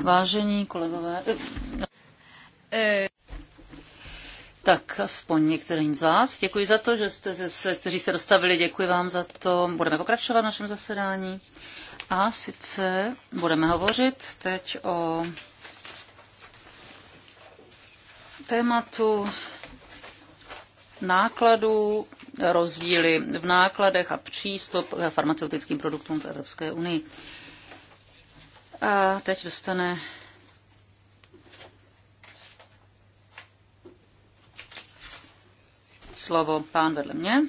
Vážení kolegové, eh, eh. tak aspoň některým z vás. Děkuji za to, že jste se, kteří se dostavili, děkuji vám za to. Budeme pokračovat v našem zasedání. A sice budeme hovořit teď o tématu nákladů rozdíly v nákladech a přístup k farmaceutickým produktům v Evropské unii. A teď dostane slovo pán vedle mě,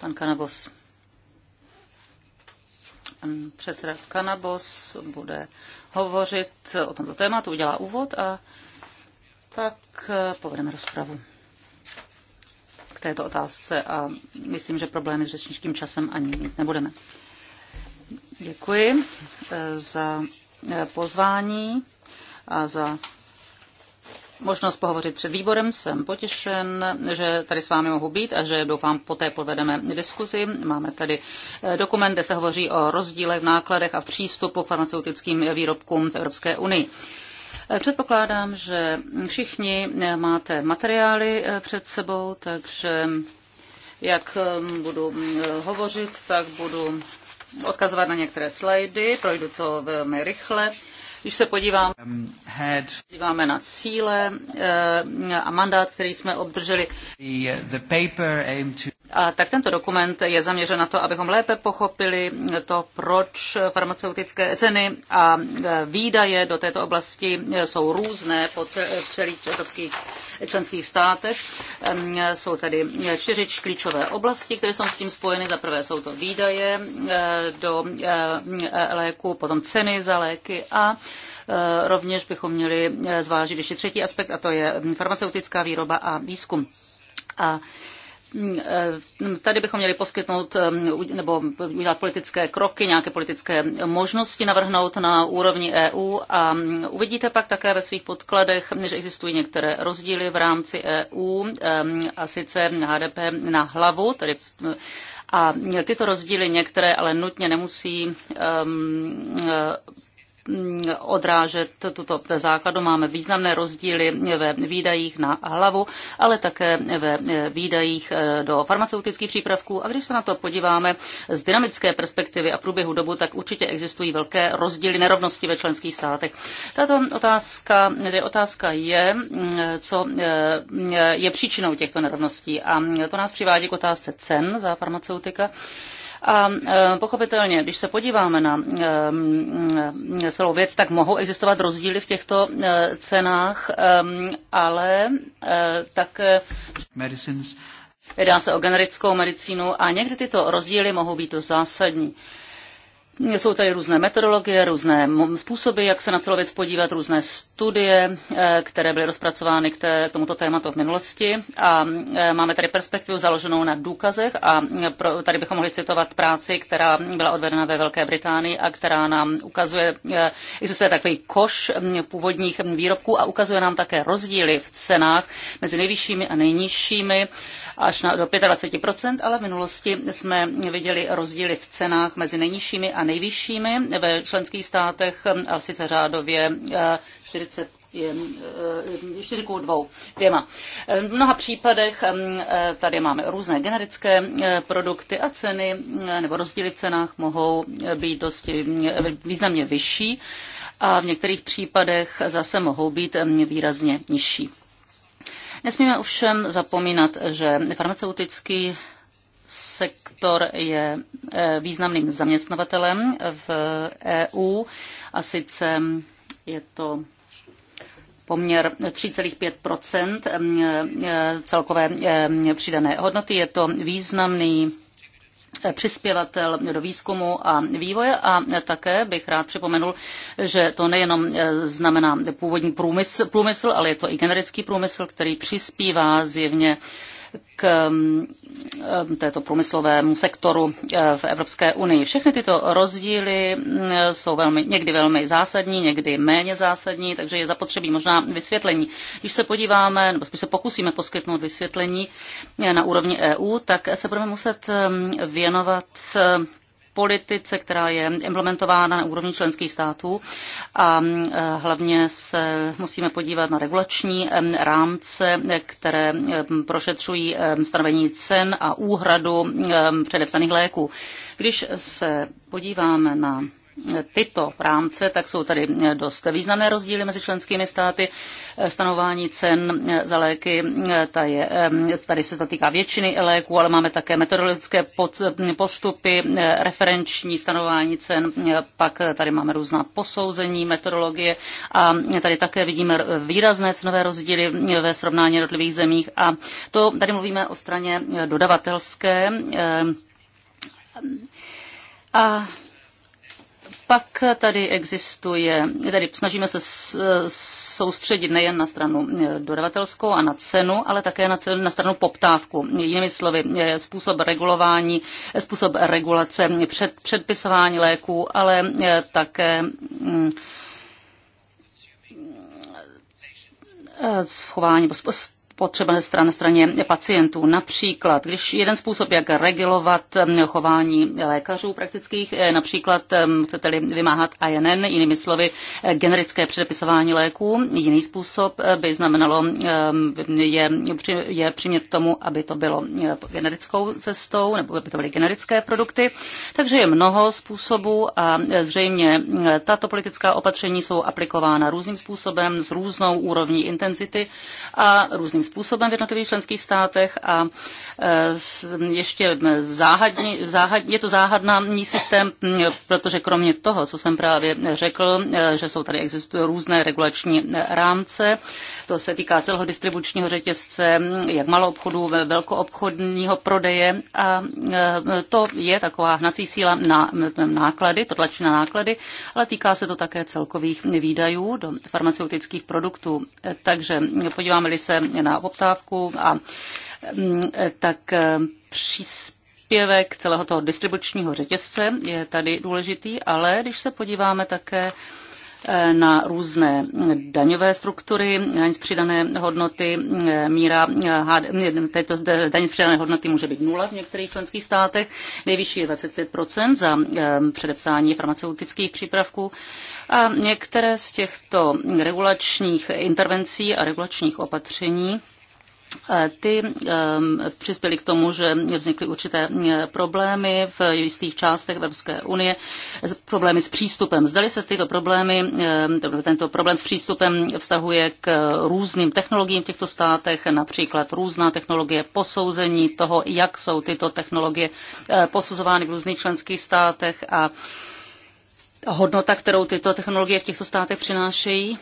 pan Kanabos. Pan předseda Kanabos bude hovořit o tomto tématu, udělá úvod a pak povedeme rozpravu této otázce a myslím, že problémy s řečnickým časem ani mít nebudeme. Děkuji eh, za eh, pozvání a za možnost pohovořit před výborem. Jsem potěšen, že tady s vámi mohu být a že doufám poté povedeme diskuzi. Máme tady eh, dokument, kde se hovoří o rozdílech v nákladech a v přístupu k farmaceutickým výrobkům v Evropské unii. Předpokládám, že všichni máte materiály eh, před sebou, takže mm, jak mm, budu mm, hovořit, tak budu odkazovat na některé slajdy, projdu to velmi rychle. Když se podívám, um, podíváme na cíle eh, a mandát, který jsme obdrželi, eh, a tak tento dokument je zaměřen na to, abychom lépe pochopili to, proč farmaceutické ceny a e, výdaje do této oblasti e, jsou různé po e, celých evropských členských státech. Jsou tady čtyři klíčové oblasti, které jsou s tím spojeny. Za prvé jsou to výdaje do léku, potom ceny za léky a rovněž bychom měli zvážit ještě třetí aspekt, a to je farmaceutická výroba a výzkum. A Mm, eh, tady bychom měli poskytnout eh, nebo udělat politické kroky, nějaké politické možnosti navrhnout na úrovni EU a mm, uvidíte pak také ve svých podkladech, že existují některé rozdíly v rámci EU eh, a sice HDP na hlavu, tedy v, a tyto rozdíly některé ale nutně nemusí um, Mm, odrážet tuto základu. Máme významné rozdíly ve výdajích na hlavu, ale také ve výdajích eh, do farmaceutických přípravků. A když se na to podíváme z dynamické perspektivy a průběhu dobu, tak určitě existují velké rozdíly nerovnosti ve členských státech. Tato otázka, otázka je, mm, co eh, je příčinou těchto nerovností. A to nás přivádí k otázce cen za farmaceutika. A e, pochopitelně, když se podíváme na e, e, celou věc, tak mohou existovat rozdíly v těchto cenách, ale tak. Jedná se o generickou medicínu a někdy tyto rozdíly mohou být zásadní. Jsou tady různé metodologie, různé způsoby, jak se na celou věc podívat, různé studie, eh, které byly rozpracovány k, té, k tomuto tématu v minulosti. A eh, máme tady perspektivu založenou na důkazech a eh, tady bychom mohli citovat práci, která byla odvedena ve Velké Británii a která nám ukazuje, existuje takový koš hm, původních hm, výrobků a ukazuje nám také rozdíly v cenách mezi nejvyššími a nejnižšími až na, do 25%, ale v minulosti jsme viděli rozdíly v cenách mezi nejnižšími a nejvyššími ve členských státech, a sice řádově 40 eh, je eh, dvěma. V mnoha případech eh, tady máme různé generické produkty a ceny nebo rozdíly v cenách mohou být dosti významně vyšší a v některých případech zase mohou být výrazně nižší. Nesmíme ovšem zapomínat, že farmaceutický sektor je eh, významným zaměstnavatelem v EU a sice je to poměr 3,5 eh, eh, celkové přidané hodnoty. Je to významný přispěvatel do výzkumu a vývoje a také bych rád připomenul, že to nejenom znamená původní průmysl, průmysl ale je to i generický průmysl, který přispívá zjevně k mm, mm, této průmyslovému sektoru eh, v Evropské unii. Všechny tyto rozdíly mm, jsou velmi, někdy velmi zásadní, někdy méně zásadní, takže je zapotřebí možná vysvětlení. Když se podíváme, nebo spíš se pokusíme poskytnout vysvětlení eh, na úrovni EU, tak se budeme muset věnovat eh, politice, která je implementována na úrovni členských států a eh, hlavně se musíme podívat na regulační eh, rámce, které eh, prošetřují stanovení cen a úhradu předepsaných léků. Když se podíváme na tyto rámce, tak jsou tady dost významné rozdíly mezi členskými státy. Stanování cen za léky, ta je, tady se to týká většiny léků, ale máme také metodologické postupy, referenční stanování cen, pak tady máme různá posouzení, metodologie a tady také vidíme výrazné cenové rozdíly ve srovnání jednotlivých zemích a to tady mluvíme o straně dodavatelské. A pak tady existuje, tady snažíme se soustředit nejen na stranu eh, dodavatelskou a na cenu, ale také na, cenu, na stranu poptávku. Jinými slovy, způsob regulování, způsob regulace, před, předpisování léků, ale eh, také mm, eh, schování, potřeba ze strany straně pacientů. Například, když jeden způsob, jak regulovat mm, chování lékařů praktických, eh, například mm, chcete-li vymáhat INN, jinými slovy eh, generické předepisování léků, jiný způsob eh, by znamenalo, je, je přimět tomu, aby to bylo generickou cestou, nebo aby to byly generické produkty. Takže je mnoho způsobů a zřejmě tato politická opatření jsou aplikována různým způsobem, s různou úrovní intenzity a různým různým způsobem v jednotlivých členských státech a e, ještě záhadní, záhad, je to záhadný systém, protože kromě toho, co jsem právě řekl, e, že jsou tady existují různé regulační e, rámce, to se týká celého distribučního řetězce, jak malou obchodu, velkoobchodního prodeje a to je taková hnací síla na náklady, to tlačí na náklady, ale týká se to také celkových výdajů do farmaceutických produktů. Takže podíváme-li se na na poptávku a mm, tak eh, příspěvek celého toho distribučního řetězce je tady důležitý, ale když se podíváme také Eh, na různé daňové struktury, daň z přidané hodnoty, eh, míra, eh, této daň z přidané hodnoty může být nula v některých členských státech, nejvyšší je 25% za předepsání farmaceutických přípravků. A některé z těchto regulačních intervencí a regulačních opatření Eh, ty ehm, přispěly k tomu, že vznikly určité eh, problémy v jistých částech Evropské unie, problémy s přístupem. Zdali se tyto problémy, ehm, tento problém s přístupem vztahuje k různým technologiím v těchto státech, například různá technologie posouzení toho, jak jsou tyto technologie eh, posuzovány v různých členských státech a hodnota, kterou tyto technologie v těchto státech přinášejí.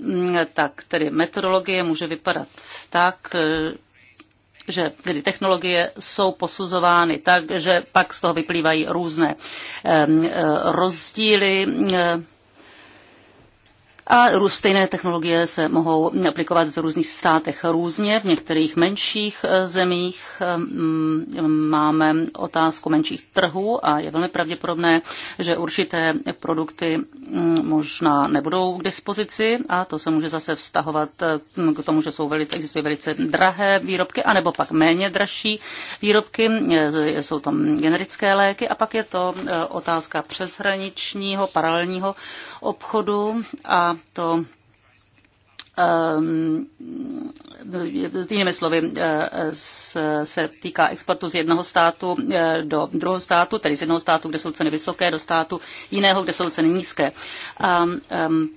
Mm, tak tedy metodologie může vypadat tak, eh, že tedy technologie jsou posuzovány tak, že pak z toho vyplývají různé eh, rozdíly eh, a stejné technologie se mohou aplikovat v různých státech různě. V některých menších eh, zemích eh, mm, máme otázku menších trhů a je velmi pravděpodobné, že určité produkty mm, možná nebudou k dispozici a to se může zase vztahovat eh, k tomu, že jsou velice, existují velice drahé výrobky, anebo pak méně dražší výrobky, jsou tam generické léky a pak je to otázka přeshraničního paralelního obchodu a to ehm, jinými slovy, eh, se týká exportu z jednoho státu eh, do druhého státu, tedy z jednoho státu, kde jsou ceny vysoké, do státu jiného, kde jsou ceny nízké. A ehm, ehm,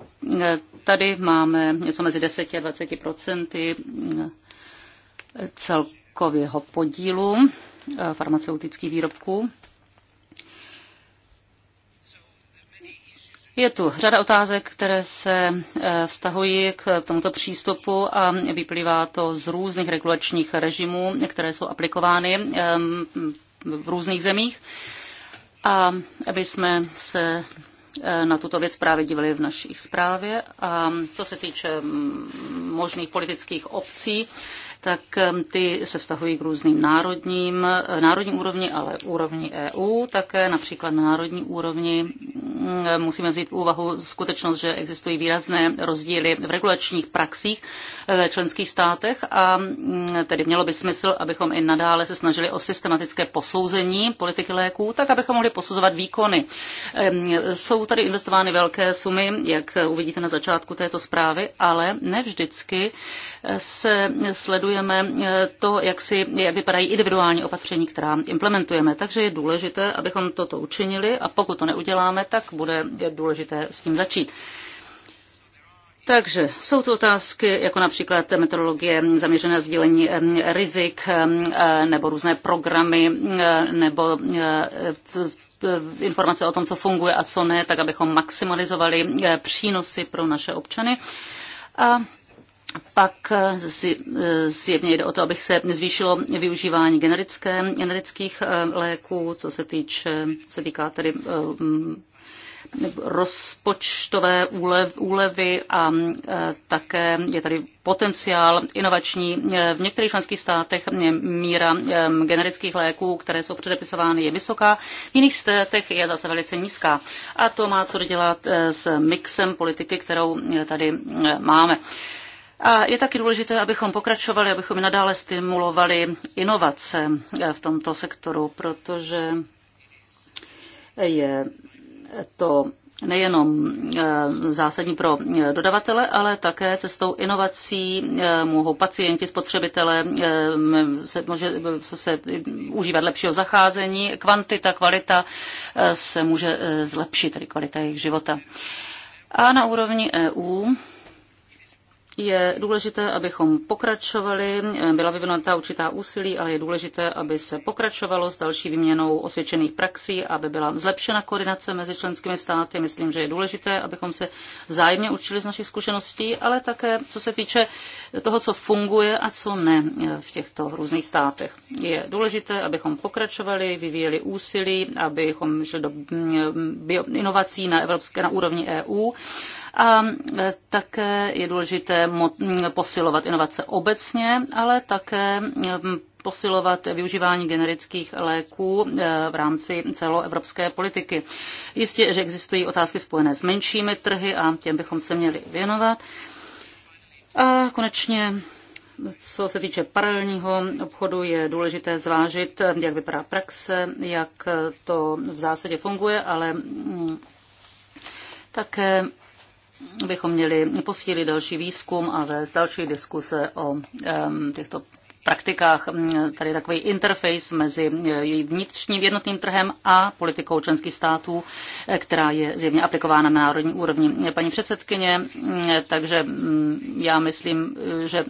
tady máme něco mezi 10 a 20 procenty eh, celkového podílu farmaceutických výrobků. Je tu řada otázek, které se eh, vztahují k tomuto přístupu a vyplývá to z různých regulačních režimů, které jsou aplikovány ehm, v různých zemích. A aby jsme se eh, na tuto věc právě dívali v naší zprávě. A co se týče mm, možných politických obcí, tak ty se vztahují k různým národním, eh, národní úrovni, ale úrovni EU také, například na národní úrovni mm, musíme vzít v úvahu skutečnost, že existují výrazné rozdíly v regulačních praxích eh, ve členských státech a mm, tedy mělo by smysl, abychom i nadále se snažili o systematické posouzení politiky léků, tak abychom mohli posuzovat výkony. Jsou tady investovány velké sumy, jak uvidíte na začátku této zprávy, ale nevždycky se sledují sledujeme eh, to, jak, si, jak vypadají individuální opatření, která implementujeme. Takže je důležité, abychom toto učinili a pokud to neuděláme, tak bude důležité s tím začít. Takže jsou to otázky jako například metodologie zaměřené sdílení eh, rizik eh, nebo různé programy nebo informace o tom, co funguje a co ne, tak abychom maximalizovali přínosy pro naše občany. A pak eh, si eh, zjevně jde o to, abych se zvýšilo využívání generické, generických eh, léků, co se, týče, co se týká tedy mm, rozpočtové úlev, úlevy a také je tady potenciál inovační. V některých členských státech míra generických léků, které jsou předepisovány, je vysoká, v jiných státech je zase velice nízká. A to má co dělat s mixem politiky, kterou tady máme. A je taky důležité, abychom pokračovali, abychom nadále stimulovali inovace eh, v tomto sektoru, protože je to nejenom eh, zásadní pro eh, dodavatele, ale také cestou inovací mohou pacienti, spotřebitele se, může, se užívat lepšího zacházení, kvantita, kvalita se může zlepšit, tedy kvalita jejich života. A na úrovni EU je důležité, abychom pokračovali, byla vyvinuta určitá úsilí, ale je důležité, aby se pokračovalo s další výměnou osvědčených praxí, aby byla zlepšena koordinace mezi členskými státy. Myslím, že je důležité, abychom se zájemně učili z našich zkušeností, ale také co se týče toho, co funguje a co ne eh, v těchto různých státech. Je důležité, abychom pokračovali, vyvíjeli úsilí, abychom šli do mm, eh, inovací na, evropské, na úrovni EU a e, také je důležité posilovat inovace obecně, ale také posilovat využívání generických léků e, v rámci celoevropské politiky. Jistě, že existují otázky spojené s menšími trhy a těm bychom se měli věnovat. A konečně co se týče paralelního obchodu, je důležité zvážit, jak vypadá praxe, jak to v zásadě funguje, ale také bychom měli posílit další výzkum a vést další diskuse o um, těchto praktikách mm, tady takový interface mezi eh, vnitřním jednotným trhem a politikou členských států, eh, která je zjevně aplikována na národní úrovni. Eh, paní předsedkyně, mm, takže mm, já myslím, že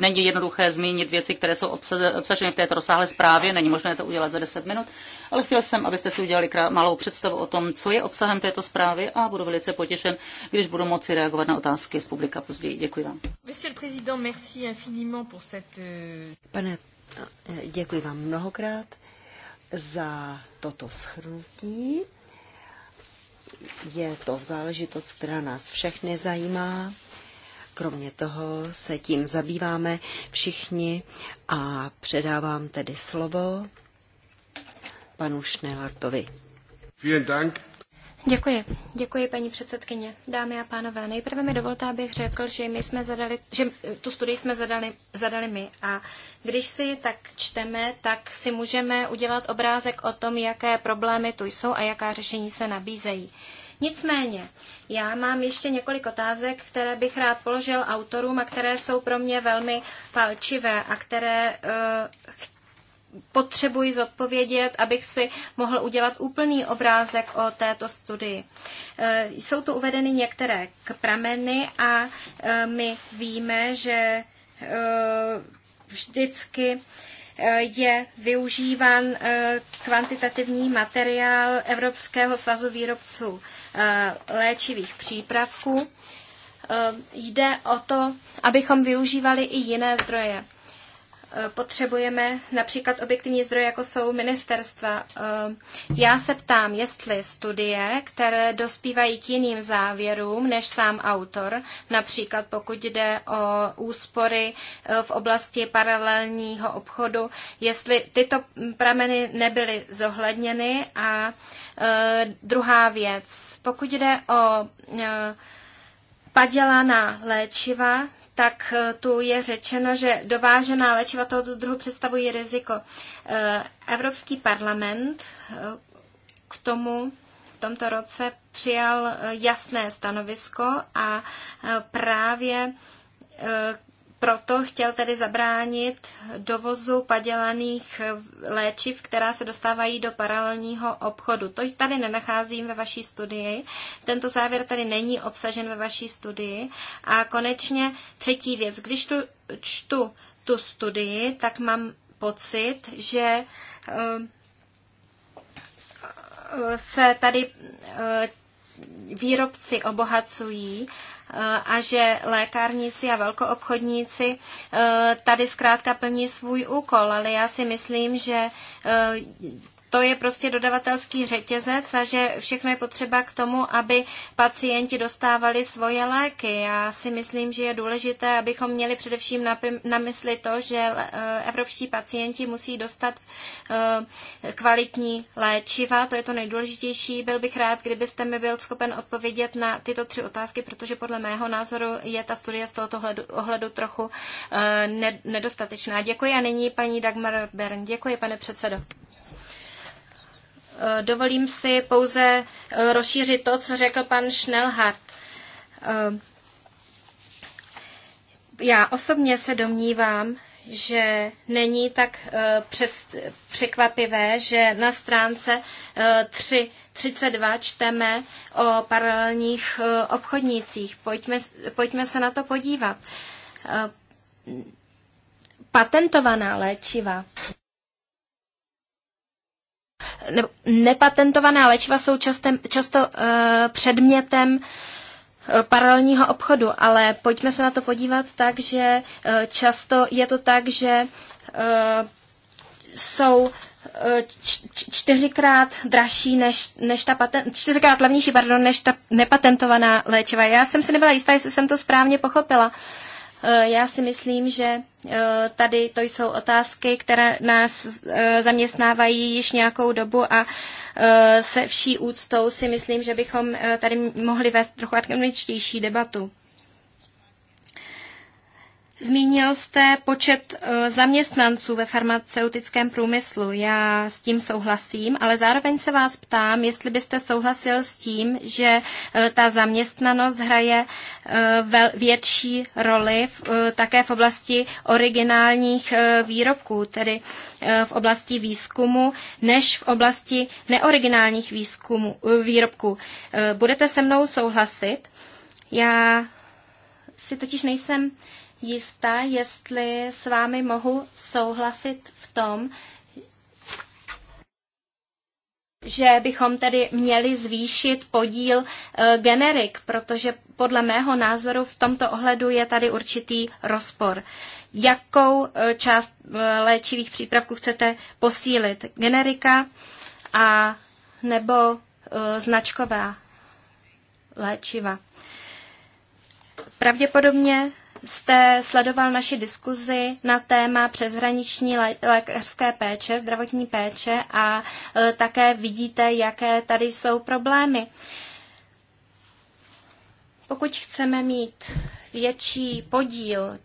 není jednoduché zmínit věci, které jsou obsaženy v této rozsáhlé zprávě, není možné to udělat za 10 minut, ale chtěl jsem, abyste si udělali malou představu o tom, co je obsahem této zprávy a budu velice potěšen, když budu moci reagovat na otázky z publika později. Děkuji vám. Monsieur le Président, merci infiniment pour cette... Euh, Pane, děkuji vám mnohokrát za toto schrnutí. Je to záležitost, která nás všechny zajímá. Kromě toho se tím zabýváme všichni a předávám tedy slovo panu Šnelartovi. Vielen Dank. Děkuji. Děkuji, paní předsedkyně. Dámy a pánové, nejprve mi dovolte, abych řekl, že, my jsme zadali, že tu studii jsme zadali, zadali my. A když si ji tak čteme, tak si můžeme udělat obrázek o tom, jaké problémy tu jsou a jaká řešení se nabízejí. Nicméně, já mám ještě několik otázek, které bych rád položil autorům a které jsou pro mě velmi palčivé a které uh, potřebuji zodpovědět, abych si mohl udělat úplný obrázek o této studii. E, jsou tu uvedeny některé prameny a e, my víme, že e, vždycky je využíván kvantitativní materiál Evropského svazu výrobců léčivých přípravků. Jde o to, abychom využívali i jiné zdroje. Eh, potřebujeme například objektivní zdroje, jako jsou ministerstva. Eh, já se ptám, jestli studie, které dospívají k jiným závěrům než sám autor, například pokud jde o úspory eh, v oblasti paralelního obchodu, jestli tyto prameny nebyly zohledněny. A druhá věc, pokud jde o padělaná léčiva, tak eh, tu je řečeno, že dovážená léčiva tohoto druhu představují riziko. Eh, Evropský parlament eh, k tomu v tomto roce přijal jasné stanovisko a právě proto chtěl tedy zabránit dovozu padělaných eh, léčiv, která se dostávají do paralelního obchodu. To tady nenacházím ve vaší studii. Tento závěr tady není obsažen ve vaší studii. A konečně třetí věc. Když tu čtu tu studii, tak mám pocit, že eh, eh, se tady výrobci obohacují a že lékárníci a velkoobchodníci eh, tady zkrátka plní svůj úkol, ale já si myslím, že eh, to je prostě dodavatelský řetězec a že všechno je potřeba k tomu, aby pacienti dostávali svoje léky. Já si myslím, že je důležité, abychom měli především na mysli to, že eh, evropští pacienti musí dostat eh, kvalitní léčiva. To je to nejdůležitější. Byl bych rád, kdybyste mi byl schopen odpovědět na tyto tři otázky, protože podle mého názoru je ta studie z tohoto ohledu, ohledu trochu eh, nedostatečná. Děkuji a nyní paní Dagmar Bern. Děkuji, pane předsedo. Eh, dovolím si pouze eh, rozšířit to, co řekl pan Schnellhardt. Eh, já osobně se domnívám, že není tak přes, překvapivé, že na stránce 3, 32 čteme o paralelních obchodnících. Pojďme, pojďme se na to podívat. Patentovaná léčiva ne, nepatentovaná léčiva jsou častem, často uh, předmětem eh, paralelního obchodu, ale pojďme se na to podívat tak, že eh, často je to tak, že jsou čtyřikrát dražší než, než ta patent, čtyřikrát levnější, pardon, než ta nepatentovaná léčiva. Já jsem si nebyla jistá, jestli jsem to správně pochopila. Uh, Eh, já si myslím, že eh, tady to jsou otázky, které nás eh, zaměstnávají již nějakou dobu a se vší úctou si myslím, že bychom tady mohli vést trochu akademičtější debatu. Zmínil jste počet eh, zaměstnanců ve farmaceutickém průmyslu. Já s tím souhlasím, ale zároveň se vás ptám, jestli byste souhlasil s tím, že eh, ta zaměstnanost hraje eh, větší roli také v oblasti originálních výrobků, tedy v oblasti výzkumu, než v oblasti neoriginálních výzkumu, výrobků. Budete se mnou souhlasit? Já si totiž nejsem jistá, jestli s vámi mohu souhlasit v tom, že bychom tedy měli zvýšit podíl eh, generik, protože podle mého názoru v tomto ohledu je tady určitý rozpor. Jakou eh, část eh, léčivých přípravků chcete posílit? Generika a nebo značková léčiva? Pravděpodobně jste sledoval naši diskuzi na téma přeshraniční lékařské péče, zdravotní péče a e, také vidíte, jaké tady jsou problémy. Pokud chceme mít větší podíl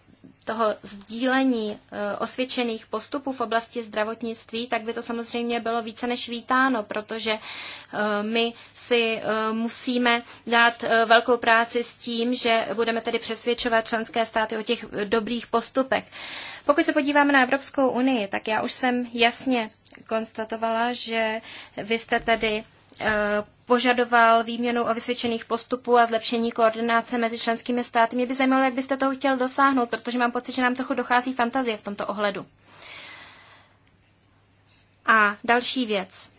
toho sdílení eh, osvědčených postupů v oblasti zdravotnictví, tak by to samozřejmě bylo více než vítáno, protože eh, my si eh, musíme dát velkou práci s tím, že budeme tedy přesvědčovat členské státy o těch dobrých postupech. Pokud se podíváme na Evropskou unii, tak já už jsem jasně konstatovala, že vy jste tedy Eh, požadoval výměnu o vysvědčených postupů a zlepšení koordinace mezi členskými státy. Mě by zajímalo, jak byste toho chtěl dosáhnout, protože mám pocit, že nám trochu dochází fantazie v tomto ohledu. A další věc.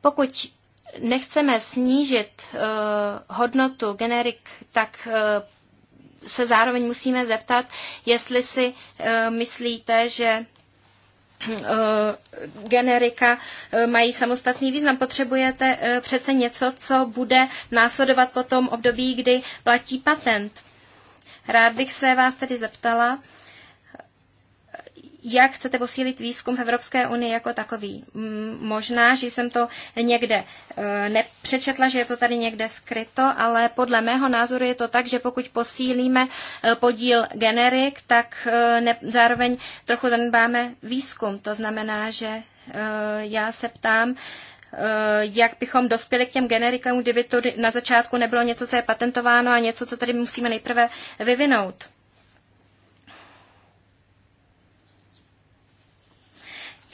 Pokud nechceme snížit uh, hodnotu generik, tak uh, se zároveň musíme zeptat, jestli si uh, myslíte, že Eh, generika eh, mají samostatný význam. Potřebujete eh, přece něco, co bude následovat po tom období, kdy platí patent. Rád bych se vás tedy zeptala, jak chcete posílit výzkum v Evropské unii jako takový. Možná, že jsem to někde e, nepřečetla, že je to tady někde skryto, ale podle mého názoru je to tak, že pokud posílíme e, podíl generik, tak e, ne, zároveň trochu zanedbáme výzkum. To znamená, že já se ptám, jak bychom dospěli k těm generikům, kdyby to na začátku nebylo něco, co je patentováno a něco, co tady musíme nejprve vyvinout.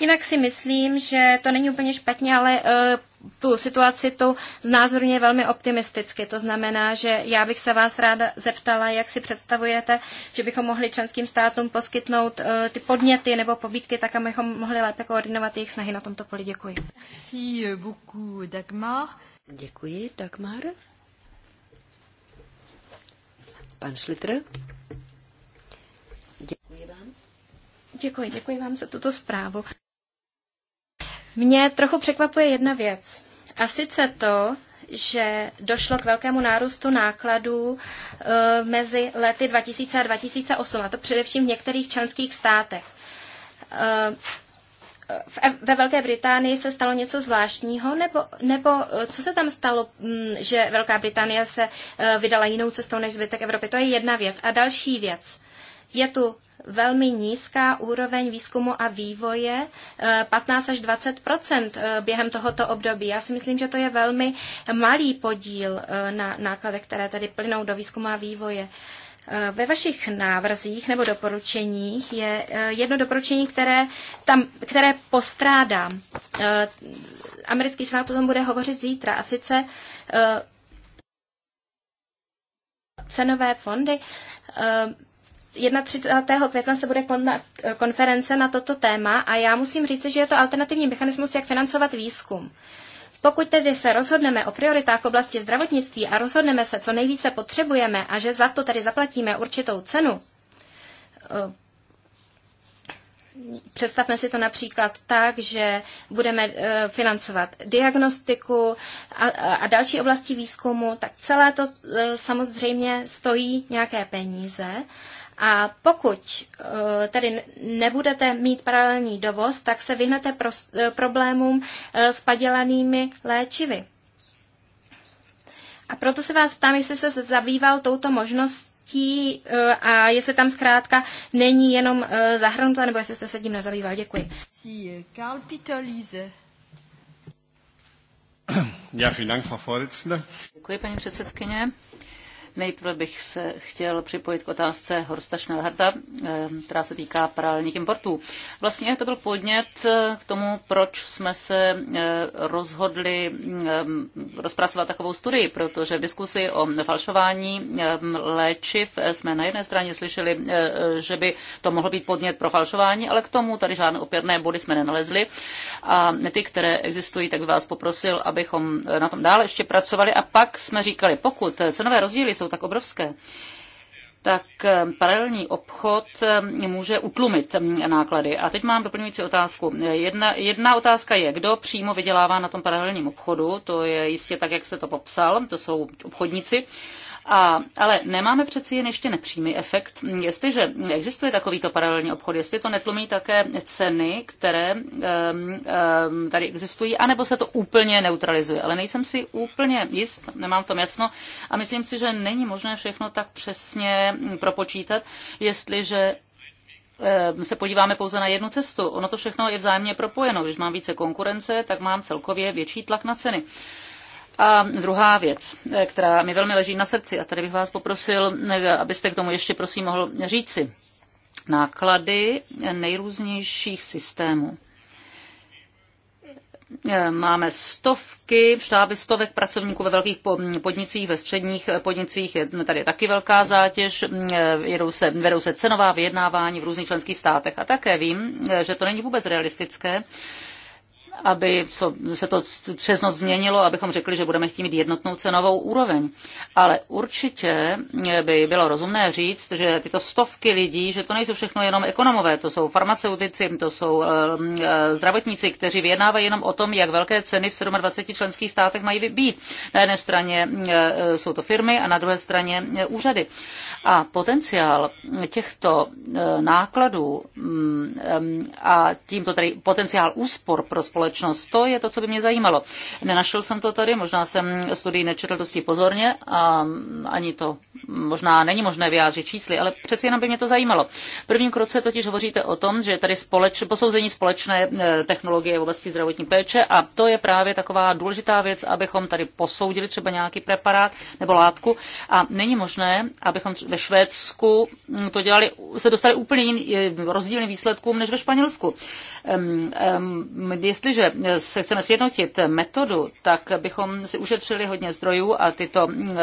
Jinak si myslím, že to není úplně špatně, ale e, tu situaci to znázorně velmi optimisticky. To znamená, že já bych se vás ráda zeptala, jak si představujete, že bychom mohli členským státům poskytnout e, ty podněty nebo pobídky, tak abychom mohli lépe koordinovat jejich snahy na tomto poli. Děkuji. Merci e, beaucoup, Dagmar. Děkuji, Dagmar. Pan Šlitr. Děkuji vám. Děkuji, děkuji vám za tuto zprávu. Mě trochu překvapuje jedna věc. A sice to, že došlo k velkému nárůstu nákladů e, mezi lety 2000 a 2008, a to především v některých členských státech. E, ve Velké Británii se stalo něco zvláštního, nebo, nebo e, co se tam stalo, že Velká Británie se vydala jinou cestou než zbytek Evropy? To je jedna věc. A další věc. Je tu velmi nízká úroveň výzkumu a vývoje, 15 eh, až 20 eh, během tohoto období. Já si myslím, že to je velmi malý podíl eh, na nákladech, které tady plynou do výzkumu a vývoje. Ve vašich návrzích nebo doporučeních je jedno doporučení, které, tam, které postrádám. Americký senát o tom bude hovořit zítra a sice cenové fondy 31. května se bude eh, konference na toto téma a já musím říct, že je to alternativní mechanismus, jak financovat výzkum. Pokud tedy se rozhodneme o prioritách v oblasti zdravotnictví a rozhodneme se, co nejvíce potřebujeme a že za to tedy zaplatíme určitou cenu, eh, představme si to například tak, že budeme eh, financovat diagnostiku a další oblasti výzkumu, tak celé to samozřejmě stojí nějaké peníze a pokud eh, tedy nebudete mít paralelní dovoz, tak se vyhnete eh, problémům eh, s padělanými léčivy. A proto se vás ptám, jestli se zabýval touto možností a jestli tam zkrátka není jenom zahrnuta, nebo jestli jste se tím nezabýval. Děkuji. Děkuji, paní předsedkyně. Nejprve bych se chtěl připojit k otázce Horsta Schnellharta, eh, která se týká paralelních importů. Vlastně to byl podnět eh, k tomu, proč jsme se eh, rozhodli rozpracovat takovou studii, protože v diskusi o falšování léčiv jsme na jedné straně slyšeli, že by to mohlo být podnět pro falšování, ale k tomu tady žádné opěrné body jsme nenalezli. A ty, které existují, tak by vás poprosil, abychom na tom dále ještě pracovali. A pak jsme říkali, pokud cenové rozdíly jsou jsou tak obrovské, tak eh, paralelní obchod eh, může utlumit mm, náklady. A teď mám doplňující otázku. Jedna, jedna otázka je, kdo přímo vydělává na tom paralelním obchodu, to je jistě tak, jak se to popsal, to jsou obchodníci. A, ale nemáme přeci jen ještě nepřímý efekt. Jestliže existuje takovýto paralelní obchod, jestli to netlumí také ceny, které um, um, tady existují, anebo se to úplně neutralizuje. Ale nejsem si úplně jist, nemám v tom jasno a myslím si, že není možné všechno tak přesně propočítat, jestliže se podíváme pouze na jednu cestu. Ono to všechno je vzájemně propojeno. Když mám více konkurence, tak mám celkově větší tlak na ceny. A druhá věc, eh, která mi velmi leží na srdci, a tady bych vás poprosil, eh, abyste k tomu ještě prosím mohl říci, náklady nejrůznějších systémů. Eh, máme stovky, štáby stovek pracovníků ve velkých podnicích, ve středních podnicích, je no, tady je taky velká zátěž, jedou se, vedou se cenová vyjednávání v různých členských státech. A také vím, že to není vůbec realistické, aby se to přes noc změnilo, abychom řekli, že budeme chtít mít jednotnou cenovou úroveň. Ale určitě eh, by bylo rozumné říct, že tyto stovky lidí, že to nejsou všechno jenom ekonomové, to jsou farmaceutici, to jsou eh, eh, zdravotníci, kteří vyjednávají jenom o tom, jak velké ceny v 27 členských státech mají být. Na jedné straně jsou to firmy a na druhé straně úřady. A potenciál těchto nákladů mm, mm, a tímto tedy potenciál úspor pro společnost společnost. To je to, co by mě zajímalo. Nenašel jsem to tady, možná jsem studii nečetl dosti pozorně a ani to možná není možné vyjádřit čísly, ale přeci jenom by mě to zajímalo. V prvním kroce totiž hovoříte o tom, že tady společ, posouzení společné eh, technologie v oblasti zdravotní péče a to je právě taková důležitá věc, abychom tady posoudili třeba nějaký preparát nebo látku a není možné, abychom ve Švédsku hm, to dělali, se dostali úplně jiný, rozdílným výsledkům než ve Španělsku. Um, ehm, um, ehm, jestli Jestliže se chceme sjednotit metodu, tak bychom si ušetřili hodně zdrojů a tyto, eh,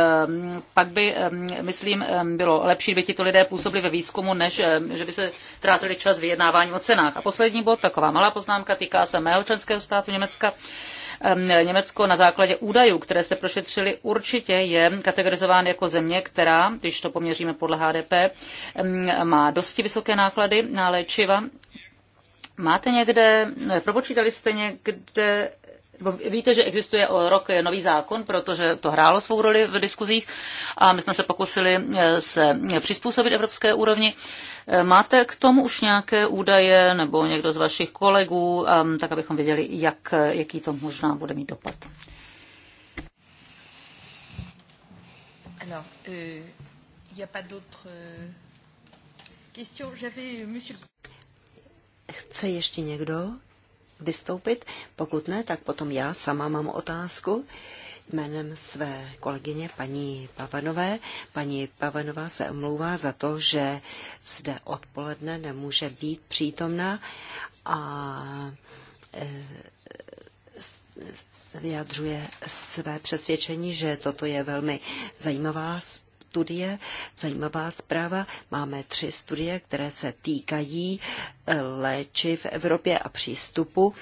pak by, eh, myslím, eh, bylo lepší, kdyby tito lidé působili ve výzkumu, než že by se trávili čas vyjednávání o cenách. A poslední bod, taková malá poznámka, týká se mého členského státu Německa. Německo na základě údajů, které se prošetřili, určitě je kategorizován jako země, která, když to poměříme podle HDP, má dosti vysoké náklady na léčiva Máte někde, propočítali jste někde, víte, že existuje o rok nový zákon, protože to hrálo svou roli v diskuzích a my jsme se pokusili eh, se přizpůsobit evropské úrovni. Eh, máte k tomu už nějaké údaje nebo někdo z vašich kolegů, ehm, tak abychom věděli, jak, eh, jaký to možná bude mít dopad? Alors, euh, il a pas d'autres euh, questions. J'avais, euh, monsieur le Chce ještě někdo vystoupit? Pokud ne, tak potom já sama mám otázku jménem své kolegyně paní Pavanové. Paní Pavanová se omlouvá za to, že zde odpoledne nemůže být přítomna. a e, vyjadřuje své přesvědčení, že toto je velmi zajímavá studie, zajímavá zpráva. Máme tři studie, které se týkají eh, léčiv v Evropě a přístupu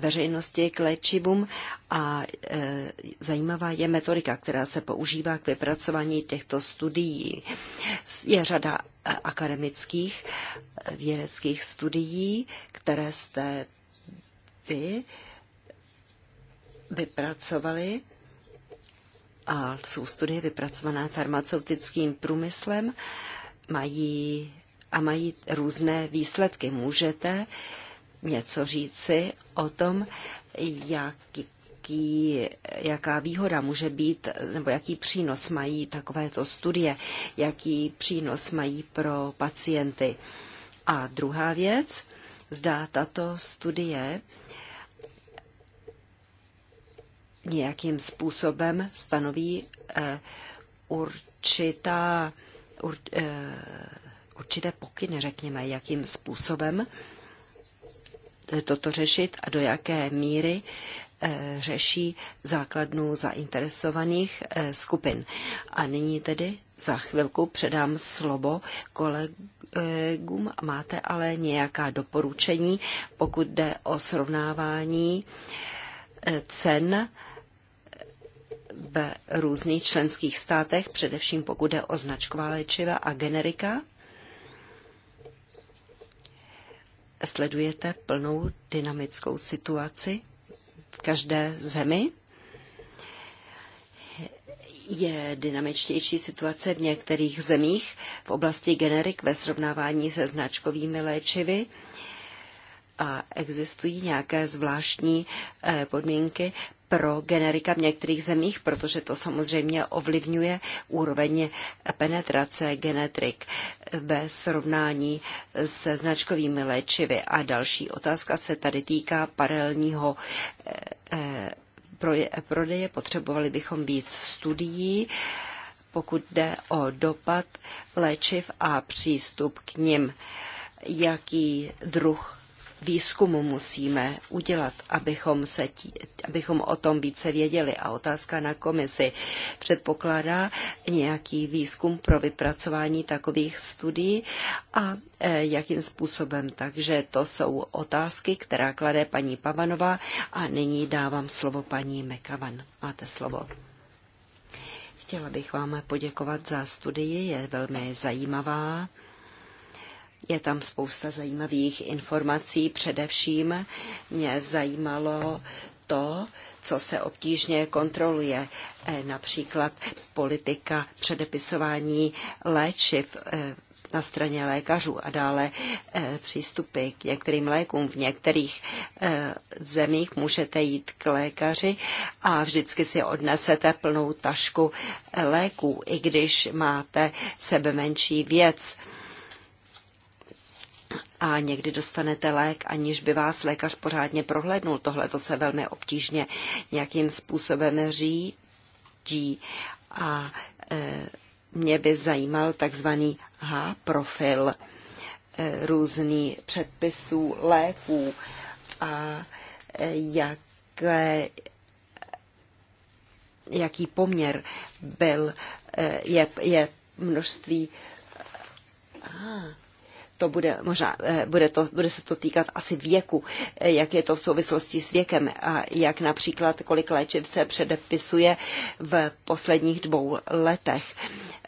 veřejnosti k léčivům a e, zajímavá je metodika, která se používá k vypracování těchto studií. Je řada eh, akademických vědeckých studií, které jste vy vypracovali a jsou studie vypracovaná farmaceutickým průmyslem, mají a mají různé výsledky. Můžete něco říci o tom, jaký, jaká výhoda může být, nebo jaký přínos mají takovéto studie, jaký přínos mají pro pacienty. A druhá věc, zdá tato studie nějakým způsobem stanoví eh, určitá, ur, eh, určité pokyny, řekněme, jakým způsobem eh, toto řešit a do jaké míry řeší základnu zainteresovaných skupin. A nyní tedy za chvilku předám slovo kolegům. Máte ale nějaká doporučení, pokud jde o srovnávání cen v různých členských státech, především pokud jde o značková léčiva a generika. Sledujete plnou dynamickou situaci v každé zemi. Je dynamičtější situace v některých zemích v oblasti generik ve srovnávání se značkovými léčivy a existují nějaké zvláštní eh, podmínky pro generika v některých zemích, protože to samozřejmě ovlivňuje úroveň penetrace genetrik ve srovnání se značkovými léčivy. A další otázka se tady týká paralelního eh, eh, prodeje. Potřebovali bychom víc studií, pokud jde o dopad léčiv a přístup k nim jaký druh výzkumu musíme udělat, abychom, se tí, abychom o tom více věděli. A otázka na komisi předpokládá nějaký výzkum pro vypracování takových studií a e, jakým způsobem. Takže to jsou otázky, která klade paní Pavanová a nyní dávám slovo paní Mekavan. Máte slovo. Chtěla bych vám poděkovat za studii, je velmi zajímavá. Je tam spousta zajímavých informací, především mě zajímalo to, co se obtížně kontroluje, e, například politika předepisování léčiv e, na straně lékařů a dále e, přístupy k některým lékům. V některých zemích můžete jít k lékaři a vždycky si odnesete plnou tašku léků, i když máte sebe menší věc a někdy dostanete lék, aniž by vás lékař pořádně prohlédnul. Tohle to se velmi obtížně nějakým způsobem řídí a e, mě by zajímal takzvaný H-profil e, různých předpisů léků a e, jak, e, jaký poměr byl, e, je, je množství... a, to bude možná, eh, bude, to, bude se to týkat asi věku, eh, jak je to v souvislosti s věkem a jak například kolik léčiv se předepisuje v posledních dvou letech,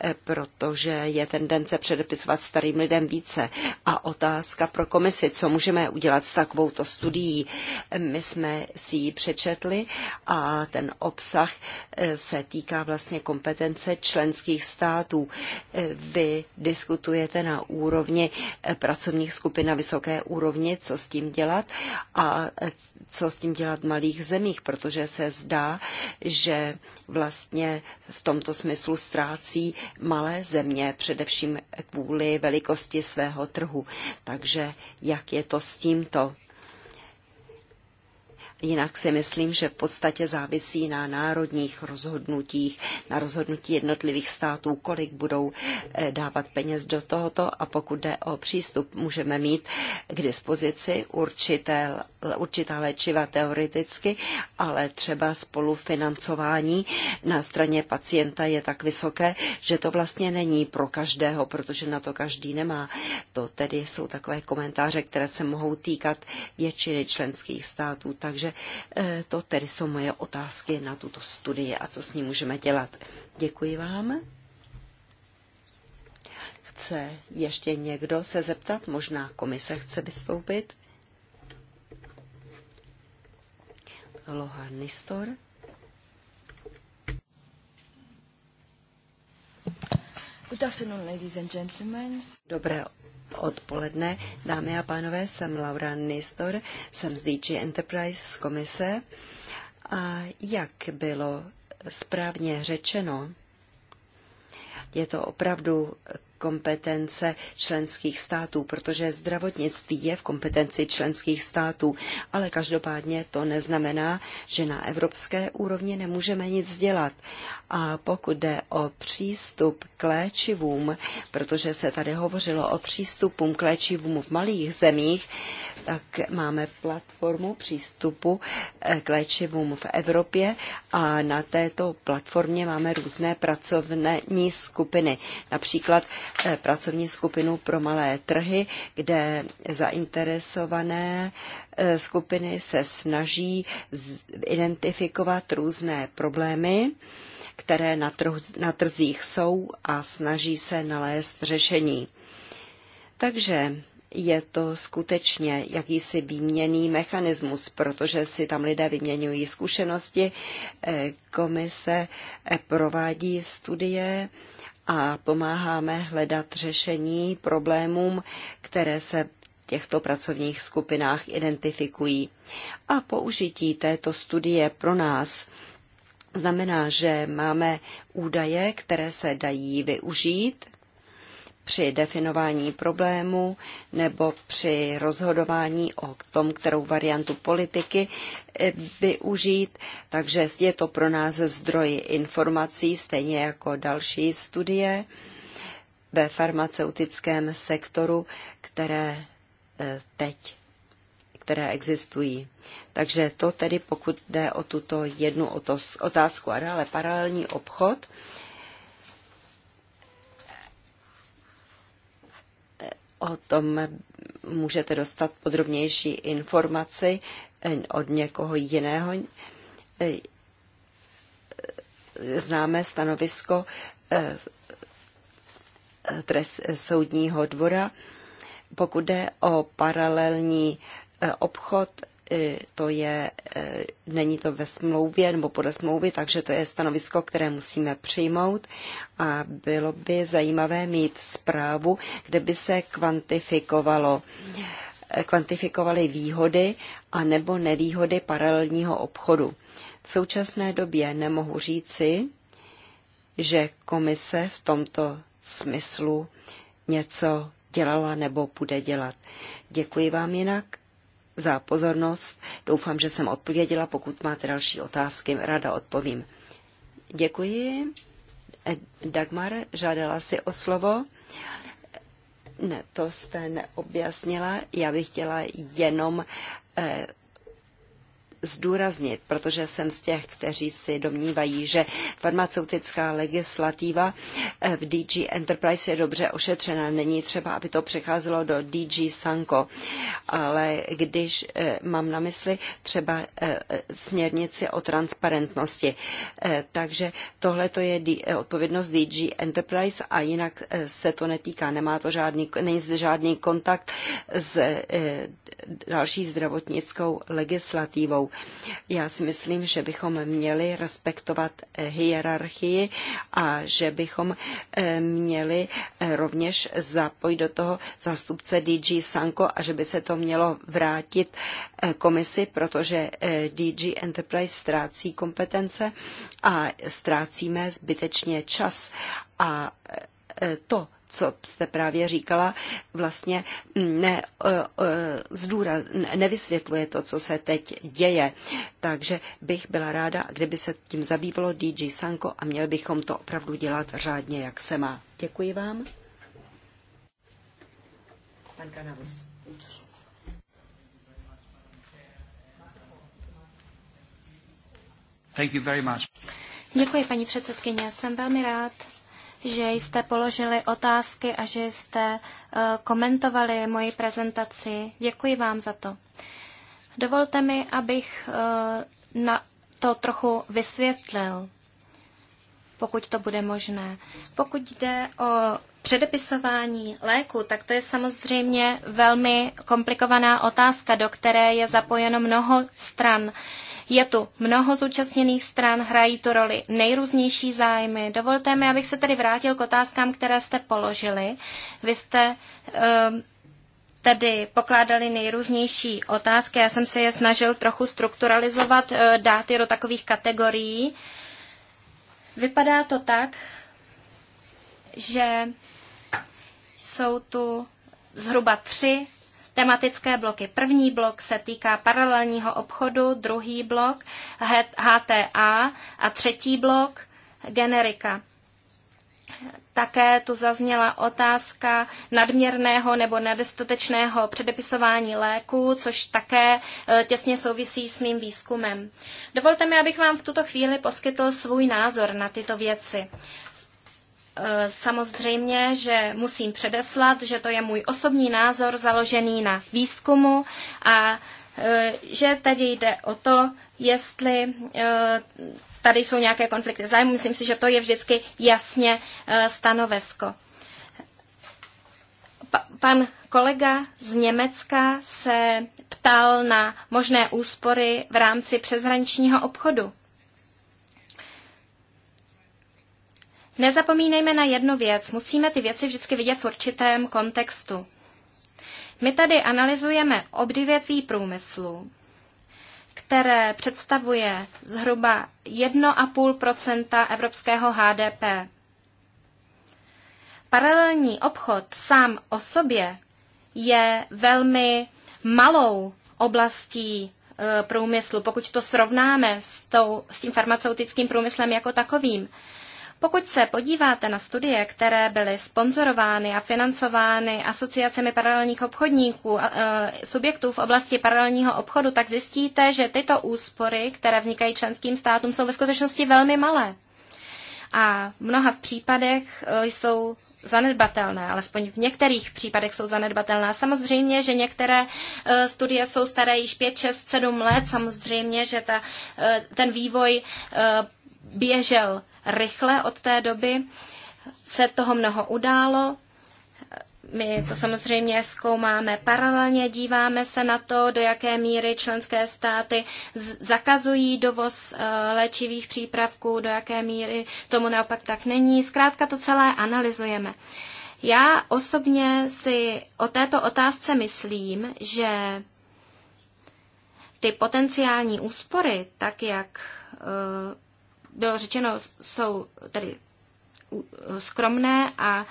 eh, protože je tendence předepisovat starým lidem více. A otázka pro komisi, co můžeme udělat s takovouto studií. My jsme si ji přečetli a ten obsah se týká vlastně kompetence členských států. Vy diskutujete na úrovni pracovních skupin na vysoké úrovni, co s tím dělat a co s tím dělat v malých zemích, protože se zdá, že vlastně v tomto smyslu ztrácí malé země, především kvůli velikosti svého trhu. Takže jak je to s tímto? Jinak si myslím, že v podstatě závisí na národních rozhodnutích, na rozhodnutí jednotlivých států, kolik budou eh, dávat peněz do tohoto a pokud jde o přístup, můžeme mít k dispozici určité, určitá léčiva teoreticky, ale třeba spolufinancování na straně pacienta je tak vysoké, že to vlastně není pro každého, protože na to každý nemá. To tedy jsou takové komentáře, které se mohou týkat většiny členských států. Takže takže eh, to tedy jsou moje otázky na tuto studii a co s ní můžeme dělat. Děkuji vám. Chce ještě někdo se zeptat? Možná komise chce vystoupit? Loha Nistor. Good afternoon, ladies and gentlemen. Dobré odpoledne. Dámy a pánové, jsem Laura Nistor, jsem z DG Enterprise z komise a jak bylo správně řečeno, je to opravdu kompetence členských států, protože zdravotnictví je v kompetenci členských států, ale každopádně to neznamená, že na evropské úrovni nemůžeme nic dělat. A pokud jde o přístup k léčivům, protože se tady hovořilo o přístupům k léčivům v malých zemích, tak máme platformu přístupu eh, k léčivům v Evropě a na této platformě máme různé pracovní skupiny. Například eh, pracovní skupinu pro malé trhy, kde zainteresované eh, skupiny se snaží identifikovat různé problémy které na, trh, na trzích jsou a snaží se nalézt řešení. Takže je to skutečně jakýsi výměný mechanismus, protože si tam lidé vyměňují zkušenosti, eh, komise eh, provádí studie a pomáháme hledat řešení problémům, které se těchto pracovních skupinách identifikují. A použití této studie pro nás znamená, že máme údaje, které se dají využít při definování problému nebo při rozhodování o tom, kterou variantu politiky eh, využít. Takže je to pro nás zdroj informací, stejně jako další studie ve farmaceutickém sektoru, které eh, teď které existují. Takže to tedy pokud jde o tuto jednu otázku a dále paralelní obchod, O tom můžete dostat podrobnější informaci eh, od někoho jiného. Eh, Známe stanovisko eh, trest soudního dvora, pokud jde o paralelní obchod to je, e, není to ve smlouvě nebo podle smlouvy, takže to je stanovisko, které musíme přijmout a bylo by zajímavé mít zprávu, kde by se kvantifikovalo e, kvantifikovaly výhody a nebo nevýhody paralelního obchodu. V současné době nemohu říci, že komise v tomto smyslu něco dělala nebo bude dělat. Děkuji vám jinak za pozornost. Doufám, že jsem odpověděla. Pokud máte další otázky, ráda odpovím. Děkuji. Dagmar žádala si o slovo. Ne, to jste neobjasnila. Já bych chtěla jenom eh, zdůraznit, protože jsem z těch, kteří si domnívají, že farmaceutická legislativa eh, v DG Enterprise je dobře ošetřena. Není třeba, aby to přecházelo do DG Sanko. Ale když eh, mám na mysli třeba eh, směrnici o transparentnosti, takže tohle to je odpovědnost DG Enterprise a jinak se to netýká. Nemá to žádný, není zde žádný kontakt s další zdravotnickou legislativou já si myslím, že bychom měli respektovat eh, hierarchii a že bychom eh, měli eh, rovněž zapojit do toho zástupce DG Sanko a že by se to mělo vrátit komisi, protože DG Enterprise ztrácí kompetence a ztrácíme zbytečně čas. A to co jste právě říkala, vlastně ne, e, e, zdůra, nevysvětluje to, co se teď děje. Takže bych byla ráda, kdyby se tím zabývalo DG Sanko a měli bychom to opravdu dělat řádně, jak se má. Děkuji vám. Pan Kanavus. Thank you very much. Děkuji, paní předsedkyně. Jsem velmi rád, že jste položili otázky a že jste eh, komentovali moji prezentaci. Děkuji vám za to. Dovolte mi, abych eh, na to trochu vysvětlil, pokud to bude možné. Pokud jde o předepisování léku, tak to je samozřejmě velmi komplikovaná otázka, do které je zapojeno mnoho stran. Je tu mnoho zúčastněných stran, hrají tu roli nejrůznější zájmy. Dovolte mi, abych se tedy vrátil k otázkám, které jste položili. Vy jste ehm, tedy pokládali nejrůznější otázky. Já jsem se je snažil trochu strukturalizovat, eh, dát je do takových kategorií. Vypadá to tak, že jsou tu zhruba tři tematické bloky. První blok se týká paralelního obchodu, druhý blok HTA a třetí blok generika. Také tu zazněla otázka nadměrného nebo nedostatečného předepisování léků, což také e, těsně souvisí s mým výzkumem. Dovolte mi, abych vám v tuto chvíli poskytl svůj názor na tyto věci. Eh, samozřejmě, že musím předeslat, že to je můj osobní názor založený na výzkumu a eh, že tady jde o to, jestli eh, tady jsou nějaké konflikty zájmu. Myslím si, že to je vždycky jasně stanovesko. pan kolega z Německa se ptal na možné úspory v rámci přeshraničního obchodu. Nezapomínejme na jednu věc. Musíme ty věci vždycky vidět v určitém kontextu. My tady analyzujeme obdivětví průmyslu, které představuje zhruba 1,5 evropského HDP. Paralelní obchod sám o sobě je velmi malou oblastí e, průmyslu, pokud to srovnáme s, tou, s tím farmaceutickým průmyslem jako takovým. Pokud se podíváte na studie, které byly sponzorovány a financovány asociacemi paralelních obchodníků, e, subjektů v oblasti paralelního obchodu, tak zjistíte, že tyto úspory, které vznikají členským státům, jsou ve skutečnosti velmi malé. A v mnoha případech e, jsou zanedbatelné, alespoň v některých případech jsou zanedbatelné. Samozřejmě, že některé e, studie jsou staré již 5, 6, 7 let, samozřejmě, že ta, ten vývoj běžel rychle. Od té doby se toho mnoho událo. My to samozřejmě zkoumáme paralelně, díváme se na to, do jaké míry členské státy zakazují dovoz eh, léčivých přípravků, do jaké míry tomu naopak tak není. Zkrátka to celé analyzujeme. Já osobně si o této otázce myslím, že ty potenciální úspory, tak jak eh, bylo řečeno, jsou tedy skromné a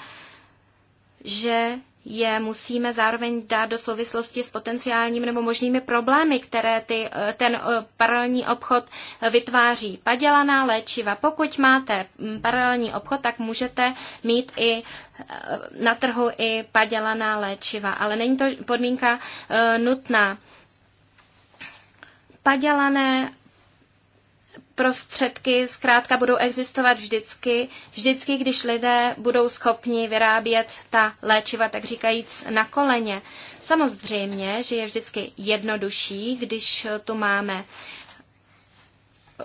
že je musíme zároveň dát do souvislosti s potenciálními nebo možnými problémy, které ty, eh, ten eh, paralelní obchod vytváří. Padělaná léčiva. Pokud máte mm, paralelní obchod, tak můžete mít i eh, na trhu i padělaná léčiva, ale není to podmínka nutná. Padělané prostředky zkrátka budou existovat vždycky, vždycky, když lidé budou schopni vyrábět ta léčiva, tak říkajíc, na koleně. Samozřejmě, že je vždycky jednodušší, když tu máme eh,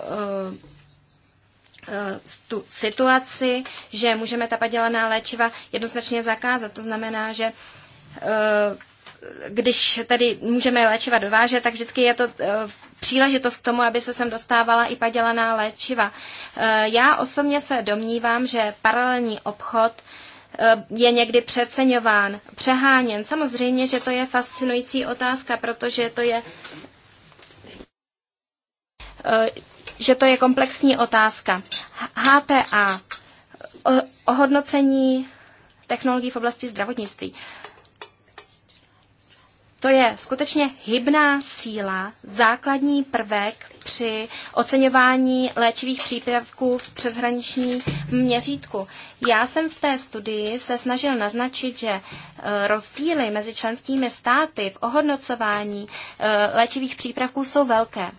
eh, tu situaci, že můžeme ta padělaná léčiva jednoznačně zakázat. To znamená, že eh, když tady můžeme léčiva dovážet, tak vždycky je to eh, příležitost k tomu, aby se sem dostávala i padělaná léčiva. Eh, já osobně se domnívám, že paralelní obchod eh, je někdy přeceňován, přeháněn. Samozřejmě, že to je fascinující otázka, protože to je že to je komplexní otázka. HTA, ohodnocení technologií v oblasti zdravotnictví. To je skutečně hybná síla, základní prvek při oceňování léčivých přípravků v přeshraniční měřítku. Já jsem v té studii se snažil naznačit, že e, rozdíly mezi členskými státy v ohodnocování e, léčivých přípravků jsou velké. E,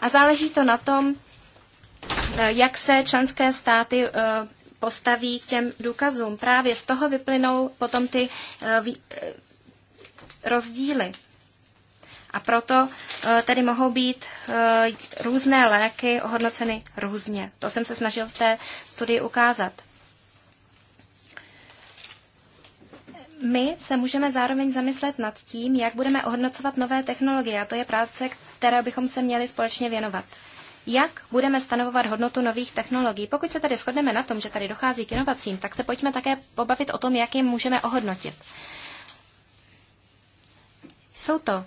a záleží to na tom, jak se členské státy postaví k těm důkazům. Právě z toho vyplynou potom ty eh, eh, rozdíly. A proto eh, tedy mohou být různé léky ohodnoceny různě. To jsem se snažil v té studii ukázat. My se můžeme zároveň zamyslet nad tím, jak budeme ohodnocovat nové technologie, a to je práce, které bychom se měli společně věnovat jak budeme stanovovat hodnotu nových technologií. Pokud se tady shodneme na tom, že tady dochází k inovacím, tak se pojďme také pobavit o tom, jak je můžeme ohodnotit. Jsou to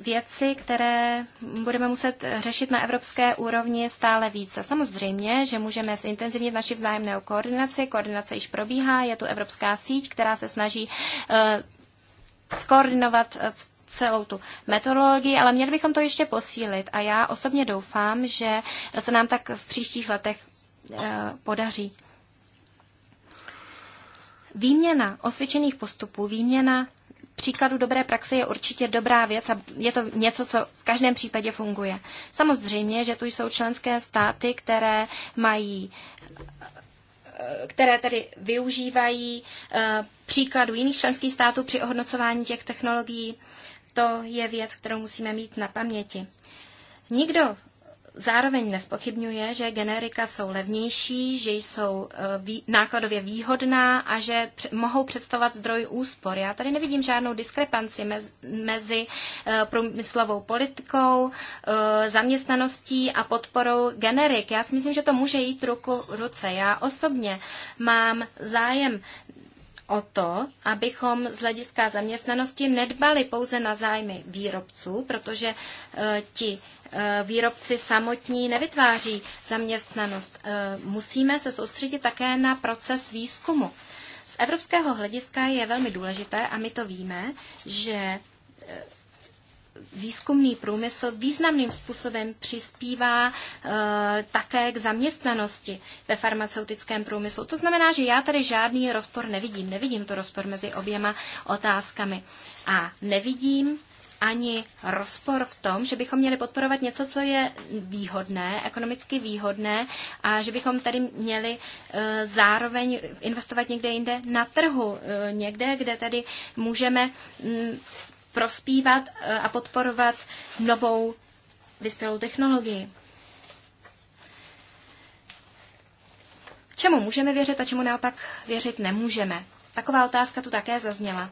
věci, které budeme muset řešit na evropské úrovni stále více. Samozřejmě, že můžeme zintenzivnit naši vzájemnou koordinaci. Koordinace již probíhá, je tu evropská síť, která se snaží uh, skoordinovat eh, celou tu metodologii, ale měli bychom to ještě posílit a já osobně doufám, že se nám tak v příštích letech eh, podaří. Výměna osvědčených postupů, výměna příkladu dobré praxe je určitě dobrá věc a je to něco, co v každém případě funguje. Samozřejmě, že tu jsou členské státy, které mají eh, které tedy využívají eh, příkladu jiných členských států při ohodnocování těch technologií. To je věc, kterou musíme mít na paměti. Nikdo zároveň nespochybňuje, že generika jsou levnější, že jsou eh, nákladově výhodná a že mohou představovat zdroj úspor. Já tady nevidím žádnou diskrepanci mezi eh, průmyslovou politikou, eh, zaměstnaností a podporou generik. Já si myslím, že to může jít ruku ruce. Já osobně mám zájem o to, abychom z hlediska zaměstnanosti nedbali pouze na zájmy výrobců, protože e, ti e, výrobci samotní nevytváří zaměstnanost. E, musíme se soustředit také na proces výzkumu. Z evropského hlediska je velmi důležité, a my to víme, že výzkumný průmysl významným způsobem přispívá eh, také k zaměstnanosti ve farmaceutickém průmyslu. To znamená, že já tady žádný rozpor nevidím. Nevidím to rozpor mezi oběma otázkami. A nevidím ani rozpor v tom, že bychom měli podporovat něco, co je výhodné, ekonomicky výhodné a že bychom tady měli eh, zároveň investovat někde jinde na trhu, eh, někde, kde tady můžeme mm, prospívat e, a podporovat novou vyspělou technologii. Čemu můžeme věřit a čemu naopak věřit nemůžeme? Taková otázka tu také zazněla.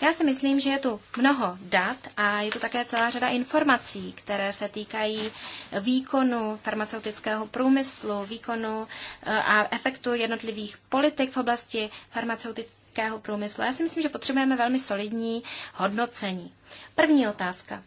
Já si myslím, že je tu mnoho dat a je tu také celá řada informací, které se týkají výkonu farmaceutického průmyslu, výkonu e, a efektu jednotlivých politik v oblasti farmaceutické chemického průmyslu. Já si myslím, že potřebujeme velmi solidní hodnocení. První otázka.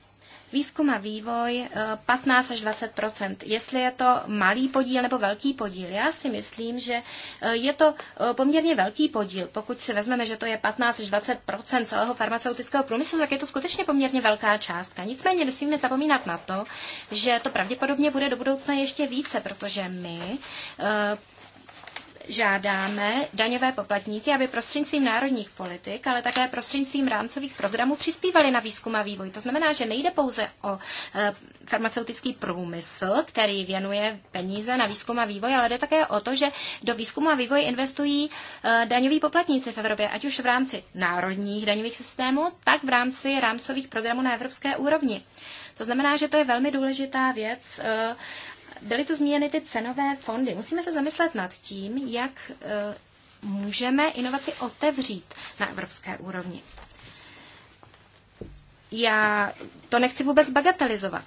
Výzkum a vývoj 15 eh, až 20 jestli je to malý podíl nebo velký podíl. Já si myslím, že eh, je to eh, poměrně velký podíl. Pokud si vezmeme, že to je 15 až 20 celého farmaceutického průmyslu, tak je to skutečně poměrně velká částka. Nicméně nesmíme zapomínat na to, že to pravděpodobně bude do budoucna ještě více, protože my žádáme daňové poplatníky, aby prostřednictvím národních politik, ale také prostřednictvím rámcových programů přispívali na výzkum a vývoj. To znamená, že nejde pouze o e, farmaceutický průmysl, který věnuje peníze na výzkum a vývoj, ale jde také o to, že do výzkumu a vývoje investují e, daňoví poplatníci v Evropě, ať už v rámci národních daňových systémů, tak v rámci rámcových programů na evropské úrovni. To znamená, že to je velmi důležitá věc e, byly tu zmíněny ty cenové fondy. Musíme se zamyslet nad tím, jak eh, můžeme inovaci otevřít na evropské úrovni. Já to nechci vůbec bagatelizovat.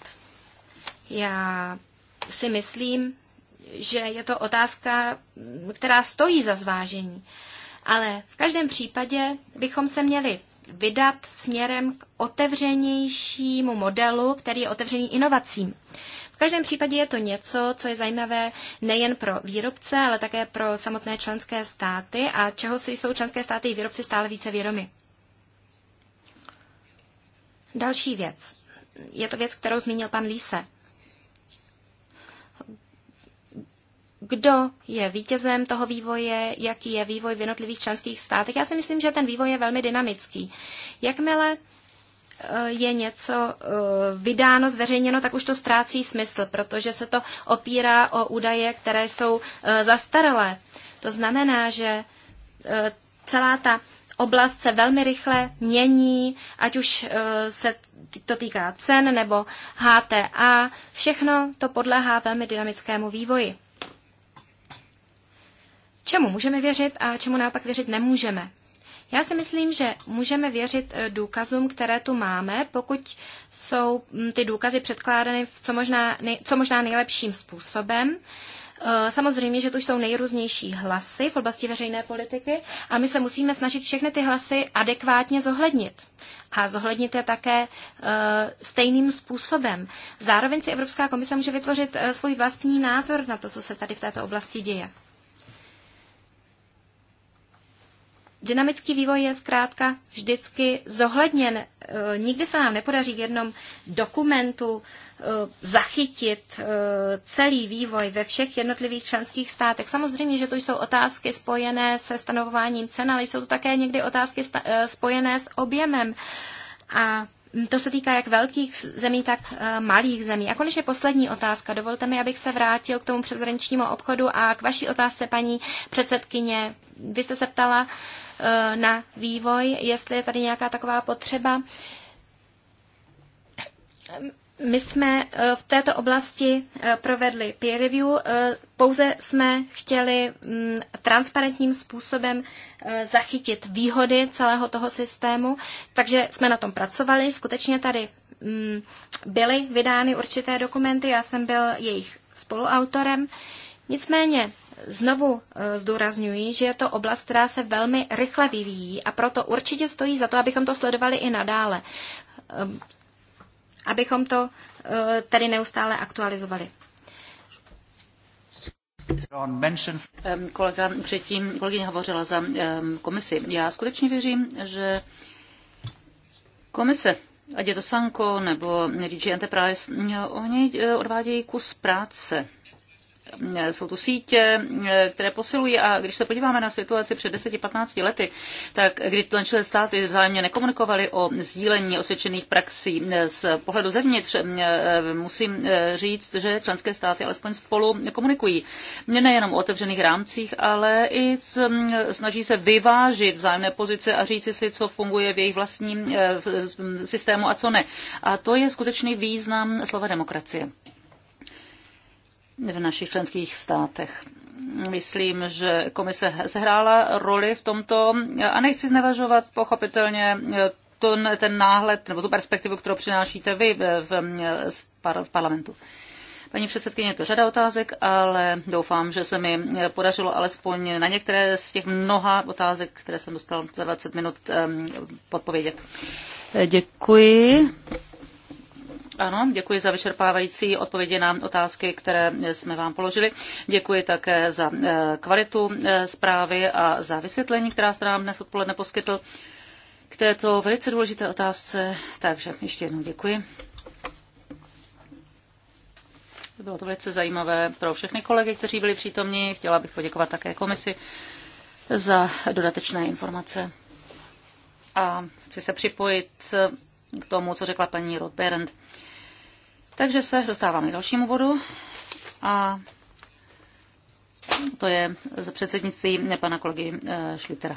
Já si myslím, že je to otázka, která stojí za zvážení. Ale v každém případě bychom se měli vydat směrem k otevřenějšímu modelu, který je otevřený inovacím. Uh, každém případě je to něco, co je zajímavé nejen pro výrobce, ale také pro samotné členské státy a čeho si jsou členské státy i výrobci stále více vědomi. Další věc. Je to věc, kterou zmínil pan Líse. kdo je vítězem toho vývoje, jaký je vývoj v jednotlivých členských státech. Já si myslím, že ten vývoj je velmi dynamický. Jakmile je něco eh, vydáno, zveřejněno, tak už to ztrácí smysl, protože se to opírá o údaje, které jsou eh, zastaralé. To znamená, že eh, celá ta oblast se velmi rychle mění, ať už se to týká cen nebo HTA, všechno to podléhá velmi dynamickému vývoji. Čemu můžeme věřit a čemu naopak věřit nemůžeme? Já si myslím, že můžeme věřit eh, důkazům, které tu máme, pokud jsou mm, ty důkazy předkládány v co možná, nej, co možná nejlepším způsobem. Eh, samozřejmě, že tu jsou nejrůznější hlasy v oblasti veřejné politiky a my se musíme snažit všechny ty hlasy adekvátně zohlednit. A zohlednit je také eh, stejným způsobem. Zároveň si Evropská komise může vytvořit svůj vlastní názor na to, co se tady v této oblasti děje. Dynamický vývoj je zkrátka vždycky zohledněn. E, nikdy se nám nepodaří v jednom dokumentu e, zachytit e, celý vývoj ve všech jednotlivých členských státech. Samozřejmě, že to jsou otázky spojené se stanovováním cen, ale jsou to také někdy otázky spojené s objemem. A to se týká jak velkých zemí, tak eh, malých zemí. A konečně poslední otázka. Dovolte mi, abych se vrátil k tomu přezhraničnímu obchodu a k vaší otázce, paní předsedkyně. Vy jste se ptala eh, na vývoj, jestli je tady nějaká taková potřeba. My jsme eh, v této oblasti eh, provedli peer review, eh, pouze jsme chtěli mm, transparentním způsobem zachytit výhody celého toho systému, takže jsme na tom pracovali. Skutečně tady mm, byly vydány určité dokumenty, já jsem byl jejich spoluautorem. Nicméně znovu zdůrazňuji, že je to oblast, která se velmi rychle vyvíjí a proto určitě stojí za to, abychom to sledovali i nadále ehm, abychom to eh, tady neustále aktualizovali. Kolega předtím, kolegyně hovořila za komisi. Já skutečně věřím, že komise, ať je to Sanko nebo DG Enterprise, oni eh, odvádějí kus práce jsou tu sítě, které posilují a když se podíváme na situaci před 10-15 lety, tak kdy členské státy vzájemně nekomunikovaly o sdílení osvědčených praxí z pohledu zevnitř, eh, musím eh, říct, že členské státy alespoň spolu komunikují. Nejenom o otevřených rámcích, ale i mm, snaží se vyvážit vzájemné pozice a říci si, co funguje v jejich vlastním eh, systému a co ne. A to je skutečný význam slova demokracie v našich členských státech. Myslím, že komise sehrála roli v tomto a nechci znevažovat pochopitelně ten, ten náhled nebo tu perspektivu, kterou přinášíte vy v, v, v parlamentu. Paní předsedkyně, je to řada otázek, ale doufám, že se mi podařilo alespoň na některé z těch mnoha otázek, které jsem dostal za 20 minut, odpovědět. Děkuji. Ano, děkuji za vyčerpávající odpovědi na otázky, které jsme vám položili. Děkuji také za eh, kvalitu eh, zprávy a za vysvětlení, která jste nám dnes odpoledne poskytl k této velice důležité otázce. Takže ještě jednou děkuji. Bylo to velice zajímavé pro všechny kolegy, kteří byli přítomní. Chtěla bych poděkovat také komisi za dodatečné informace. A chci se připojit k tomu, co řekla paní Roth Berend. Takže se dostáváme k dalšímu bodu a to je předsednictví pana kolegy eh, Šlitera.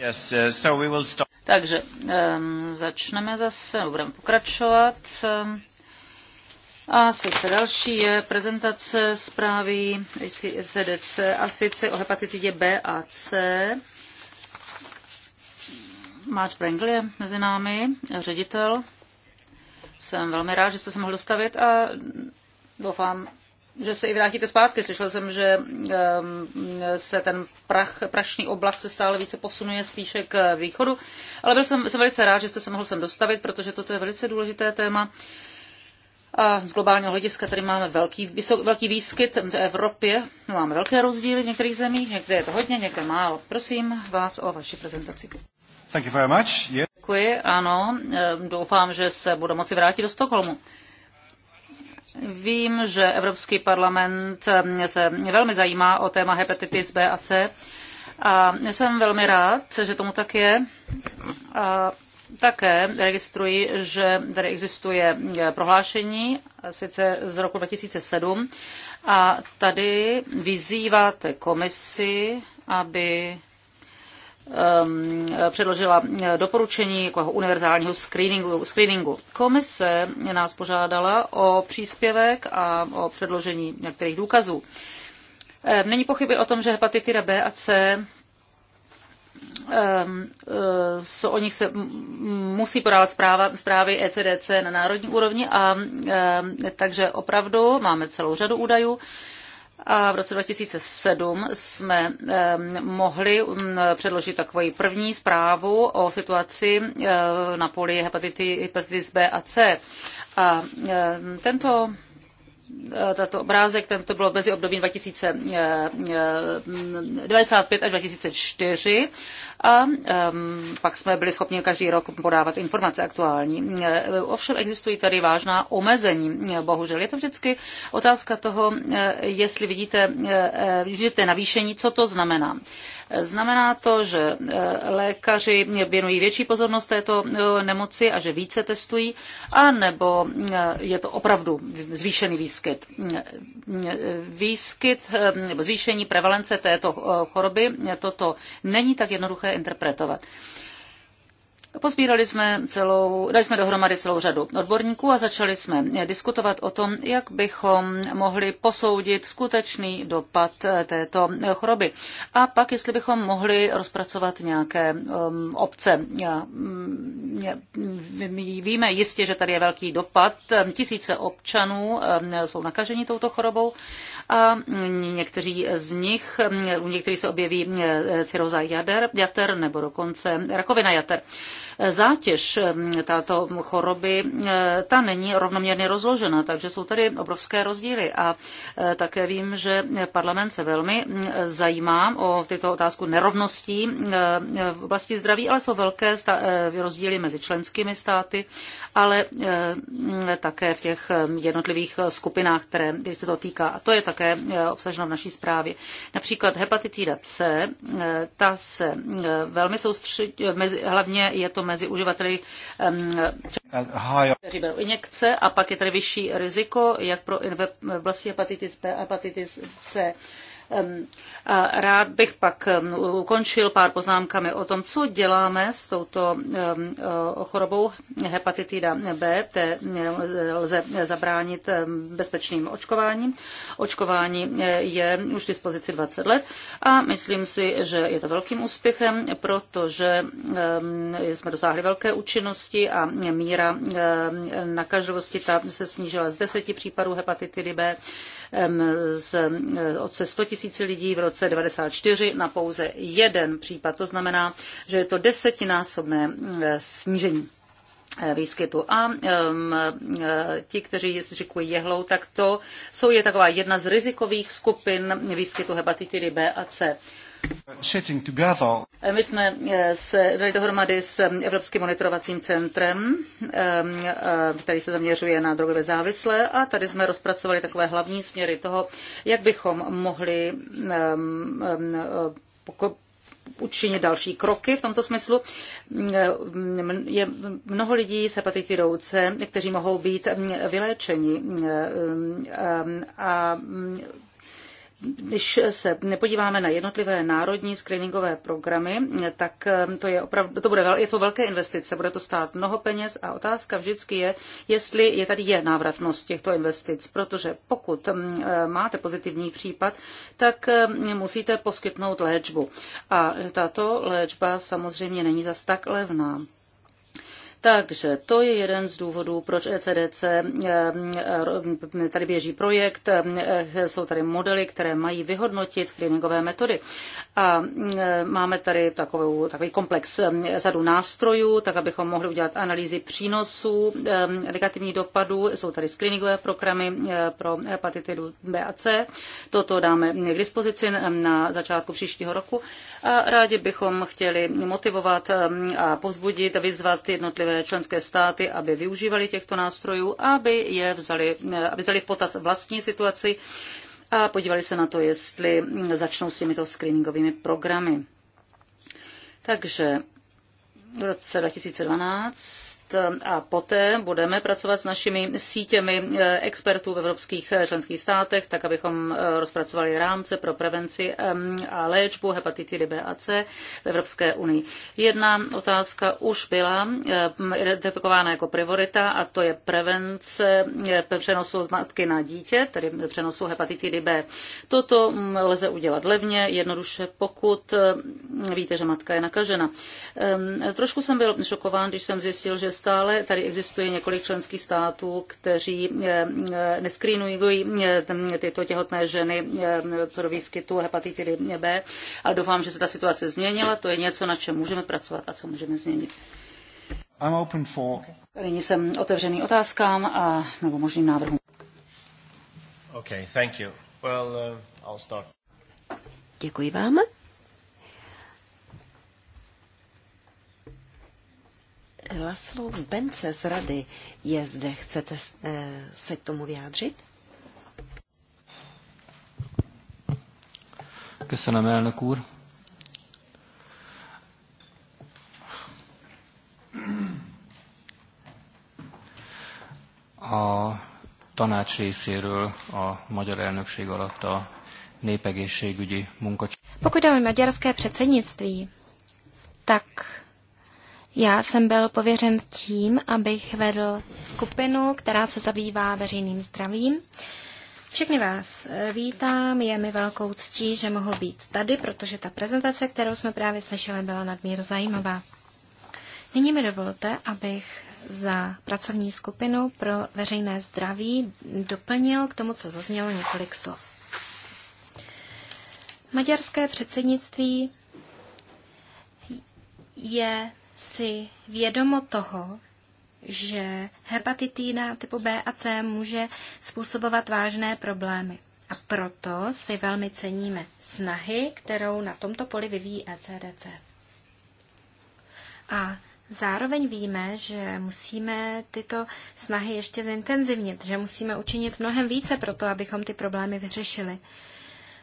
Yes, uh, so we will stop. Takže um, začneme zase, budeme pokračovat. Um, a sice další je prezentace zprávy SDC a sice o hepatitidě B a C. Máč Brengl je mezi námi, ředitel. Jsem velmi rád, že jste se mohl dostavit a doufám, že se i vrátíte zpátky. Slyšel jsem, že ehm, se ten prach, prašný oblak se stále více posunuje spíše k východu, ale byl jsem, jsem velice rád, že jste se mohl sem dostavit, protože toto je velice důležité téma. A z globálního hlediska tady máme velký, vysok, velký výskyt v Evropě. No, máme velké rozdíly v některých zemích, někde je to hodně, někde málo. Prosím vás o vaši prezentaci. Thank you very much. Yeah. Děkuji, ano. Ehm, doufám, že se budu moci vrátit do Stockholmu. Vím, že Evropský parlament eh, se velmi zajímá o téma hepatitis B a C a jsem velmi rád, že tomu tak je. A také registruji, že tady existuje eh, prohlášení, sice z roku 2007, a tady vyzýváte komisi, aby Um, předložila doporučení jako univerzálního screeningu, screeningu. Komise nás požádala o příspěvek a o předložení některých důkazů. Um, není pochyby o tom, že hepatitida B a C um, uh, o nich se musí podávat zpráva, zprávy ECDC na národní úrovni a takže opravdu máme celou řadu údajů a v roce 2007 jsme mohli předložit takovou první zprávu o situaci na poli hepatitis B a C. A tento Eh, tato obrázek, ten to bylo mezi období 1995 až 2004 a um, pak jsme byli schopni každý rok podávat informace aktuální. Eh, ovšem existují tady vážná omezení, eh, bohužel. Je to vždycky otázka toho, jestli vidíte, vidíte navýšení, co to znamená. Znamená to, že eh, lékaři věnují větší pozornost této eh, nemoci a že více testují, a nebo eh, je to opravdu zvýšený výskyt. Výskyt nebo zvýšení prevalence této choroby, toto není tak jednoduché interpretovat. Pozbírali jsme celou, dali jsme dohromady celou řadu odborníků a začali jsme diskutovat o tom, jak bychom mohli posoudit skutečný dopad eh, této eh, choroby. A pak, jestli bychom mohli rozpracovat nějaké um, obce. Já, mm, mm, víme jistě, že tady je velký dopad. Ehm, tisíce občanů ehm, jsou nakaženi touto chorobou a mm, někteří z nich, u některých se objeví eh, ciroza jader, jater nebo dokonce rakovina jater zátěž mm, této choroby, eh, ta není rovnoměrně rozložena, takže jsou tady obrovské rozdíly. A eh, také vím, že parlament se velmi mm, zajímá o tyto otázku nerovností eh, v oblasti zdraví, ale jsou velké rozdíly mezi členskými státy, ale mm, také v těch jednotlivých skupinách, které se to týká. A to je také obsaženo v naší zprávě. Například hepatitida C, ta se velmi soustředí, hlavně je to mezi uživateli, kteří berou injekce a pak je tady vyšší riziko, jak pro vlastně hepatitis B a hepatitis C. A rád bych pak ukončil pár poznámkami o tom, co děláme s touto chorobou hepatitida B. Té lze zabránit bezpečným očkováním. Očkování e, je už v dispozici 20 let a myslím si, že je to velkým úspěchem, protože jsme dosáhli velké účinnosti a míra nakažlivosti ta se snížila z 10 případů hepatitidy B z, eh, od 100 000 lidí v roce 94 na pouze jeden případ. To znamená, že je to desetinásobné eh, snížení eh, výskytu. A um, ti, kteří říkují jehlou, tak to jsou je taková jedna z rizikových skupin výskytu hepatitidy B a C. Eh, my jsme eh, se dali dohromady s eh, Evropským monitorovacím centrem, který se zaměřuje na drogové závislé a tady jsme rozpracovali takové hlavní směry toho, jak bychom mohli ehm, ehm, učinit další kroky v tomto smyslu. Je mnoho lidí s hepatitidou C, kteří mohou být mm, vyléčeni mm, a mm, když se nepodíváme na jednotlivé národní screeningové programy, tak eh, to, je opravdu, to bude je to velké investice, bude to stát mnoho peněz a otázka vždycky je, jestli je tady je návratnost těchto investic, protože pokud mm, eh, máte pozitivní případ, tak eh, musíte poskytnout léčbu. A tato léčba samozřejmě není zas tak levná. Takže to je jeden z důvodů, proč ECDC eh, eh, tady běží projekt, eh, jsou tady modely, které mají vyhodnotit screeningové metody. A máme tady takovou, takový komplex zadu nástrojů, tak abychom mohli udělat analýzy přínosů, negativních dopadů. Jsou tady screeningové programy pro hepatitidu B a C. Toto dáme k dispozici na začátku příštího roku a rádi bychom chtěli motivovat a povzbudit a vyzvat jednotlivé jednotlivé členské státy, aby využívali těchto nástrojů, aby je vzali, aby vzali v potaz vlastní situaci a podívali se na to, jestli začnou s těmito screeningovými programy. Takže v roce 2012 a poté budeme pracovat s našimi sítěmi eh, expertů v evropských eh, členských státech, tak abychom eh, rozpracovali rámce pro prevenci a léčbu hepatitidy B a C v Evropské unii. Jedna otázka už byla identifikována jako priorita a to je prevence přenosu z matky na dítě, tedy přenosu hepatitidy B. Toto mm, lze udělat levně, jednoduše, pokud víte, že matka je nakažena. Trošku jsem byl šokován, když jsem zjistil, že stále tady existuje několik členských států, kteří eh, eh, neskrýnují eh, tyto těhotné ženy co do výskytu hepatitidy B, ale doufám, že se ta situace změnila. To je něco, na čem můžeme pracovat a co můžeme změnit. I'm open for... Nyní jsem otevřený otázkám a nebo možným návrhům. Okay, thank you. Well, uh, I'll start. Děkuji vám. Laslo Bence z Rady je zde. Chcete eh, se k tomu vyjádřit? Köszönöm, elnök úr. A tanács részéről a magyar elnökség alatt a népegészségügyi munkacsoport. Pokud jde o maďarské předsednictví, tak já jsem byl pověřen tím, abych vedl skupinu, která se zabývá veřejným zdravím. Všechny vás eh, vítám, je mi velkou ctí, že mohu být tady, protože ta prezentace, kterou jsme právě slyšeli, byla nadmíru zajímavá. Nyní mi dovolte, abych za pracovní skupinu pro veřejné zdraví doplnil k tomu, co zaznělo několik slov. Maďarské předsednictví je si vědomo toho, že hepatitída typu B a C může způsobovat vážné problémy. A proto si velmi ceníme snahy, kterou na tomto poli vyvíjí ECDC. A zároveň víme, že musíme tyto snahy ještě zintenzivnit, že musíme učinit mnohem více pro to, abychom ty problémy vyřešili.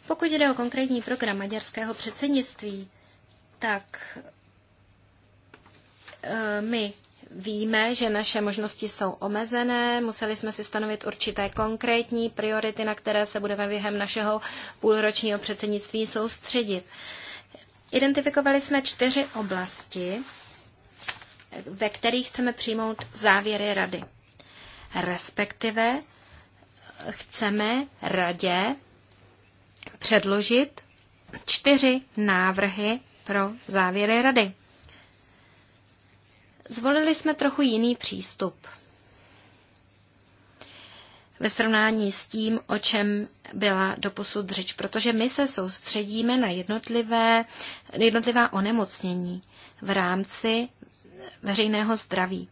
Pokud jde o konkrétní program maďarského předsednictví, tak Eh, my víme, že naše možnosti jsou omezené, museli jsme si stanovit určité konkrétní priority, na které se budeme během našeho půlročního předsednictví soustředit. Identifikovali jsme čtyři oblasti, ve kterých chceme přijmout závěry rady. Respektive chceme radě předložit čtyři návrhy pro závěry rady. Zvolili jsme trochu jiný přístup ve srovnání s tím, o čem byla doposud řeč, protože my se soustředíme na jednotlivé, jednotlivá onemocnění v rámci veřejného zdraví.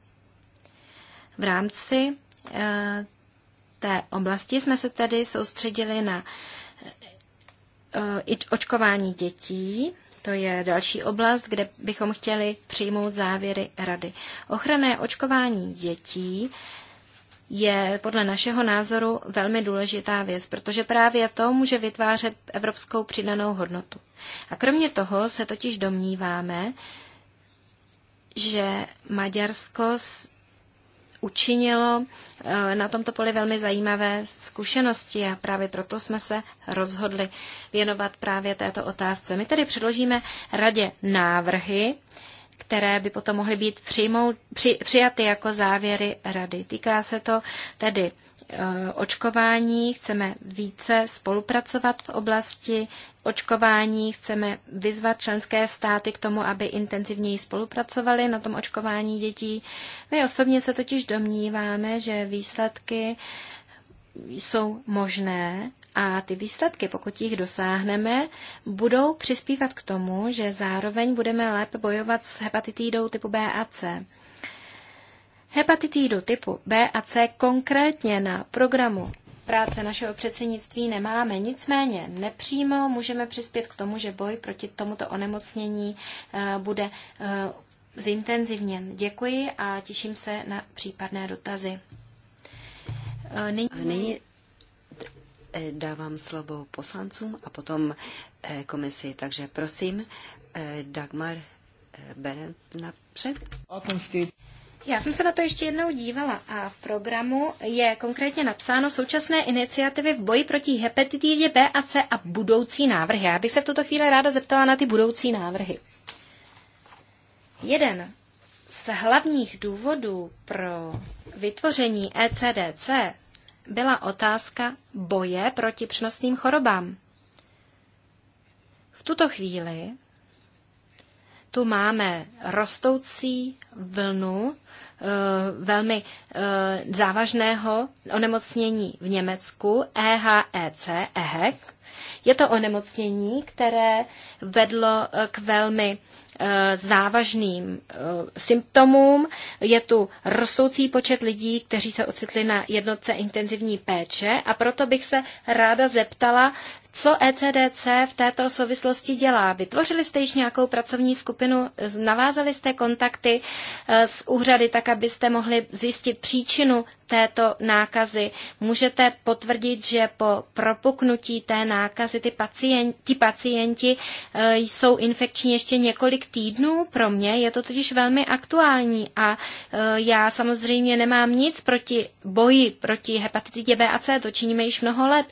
V rámci e, té oblasti jsme se tedy soustředili na e, očkování dětí, to je další oblast, kde bychom chtěli přijmout závěry rady. Ochranné očkování dětí je podle našeho názoru velmi důležitá věc, protože právě to může vytvářet evropskou přidanou hodnotu. A kromě toho se totiž domníváme, že Maďarsko učinilo eh, na tomto poli velmi zajímavé zkušenosti a právě proto jsme se rozhodli věnovat právě této otázce. My tedy předložíme radě návrhy, které by potom mohly být přijmout, při, přijaty jako závěry rady. Týká se to tedy Eh, očkování, chceme více spolupracovat v oblasti očkování, chceme vyzvat členské státy k tomu, aby intenzivněji spolupracovali na tom očkování dětí. My osobně se totiž domníváme, že výsledky jsou možné a ty výsledky, pokud jich dosáhneme, budou přispívat k tomu, že zároveň budeme lépe bojovat s hepatitidou typu B a C. Hepatitidu typu B a C konkrétně na programu práce našeho předsednictví nemáme, nicméně nepřímo můžeme přispět k tomu, že boj proti tomuto onemocnění eh, bude eh, zintenzivněn. Děkuji a těším se na případné dotazy. Eh, nyní... A nyní dávám slovo poslancům a potom komisi. Takže prosím, Dagmar Berend napřed. Já jsem se na to ještě jednou dívala a v programu je konkrétně napsáno současné iniciativy v boji proti hepatitidě B a C a budoucí návrhy. Já bych se v tuto chvíli ráda zeptala na ty budoucí návrhy. Jeden z hlavních důvodů pro vytvoření ECDC byla otázka boje proti přenosným chorobám. V tuto chvíli tu máme rostoucí vlnu eh, velmi eh, závažného onemocnění v Německu, EHEC, EHEC. Je to onemocnění, které vedlo eh, k velmi závažným symptomům. Je tu rostoucí počet lidí, kteří se ocitli na jednotce intenzivní péče a proto bych se ráda zeptala, co ECDC v této souvislosti dělá? Vytvořili jste již nějakou pracovní skupinu, navázali jste kontakty eh, s úřady, tak abyste mohli zjistit příčinu této nákazy. Můžete potvrdit, že po propuknutí té nákazy ty pacienti, ti pacienti eh, jsou infekční ještě několik týdnů. Pro mě je to totiž velmi aktuální a eh, já samozřejmě nemám nic proti boji proti hepatitidě B a C, to činíme již mnoho let.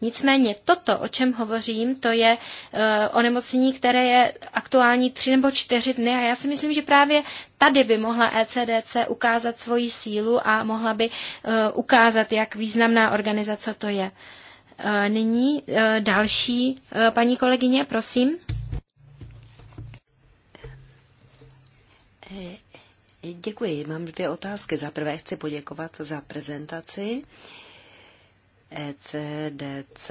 Nicméně toto, o čem hovořím, to je eh, onemocnění, které je aktuální tři nebo čtyři dny a já si myslím, že právě tady by mohla ECDC ukázat svoji sílu a mohla by eh, ukázat, jak významná organizace to je. Eh, nyní další paní kolegyně, prosím. Děkuji. Mám dvě otázky. Za prvé chci poděkovat za prezentaci ECDC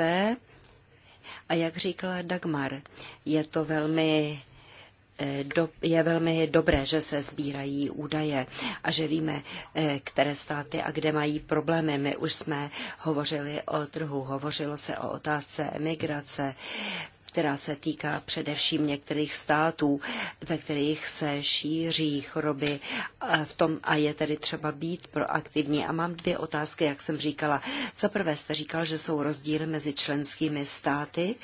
a jak říkala Dagmar, je to velmi eh, je velmi dobré, že se sbírají údaje a že víme, eh, které státy a kde mají problémy. My už jsme hovořili o trhu, hovořilo se o otázce emigrace, která se týká především některých států, ve kterých se šíří choroby v tom a je tedy třeba být proaktivní. A mám dvě otázky, jak jsem říkala. Za prvé jste říkal, že jsou rozdíly mezi členskými státy,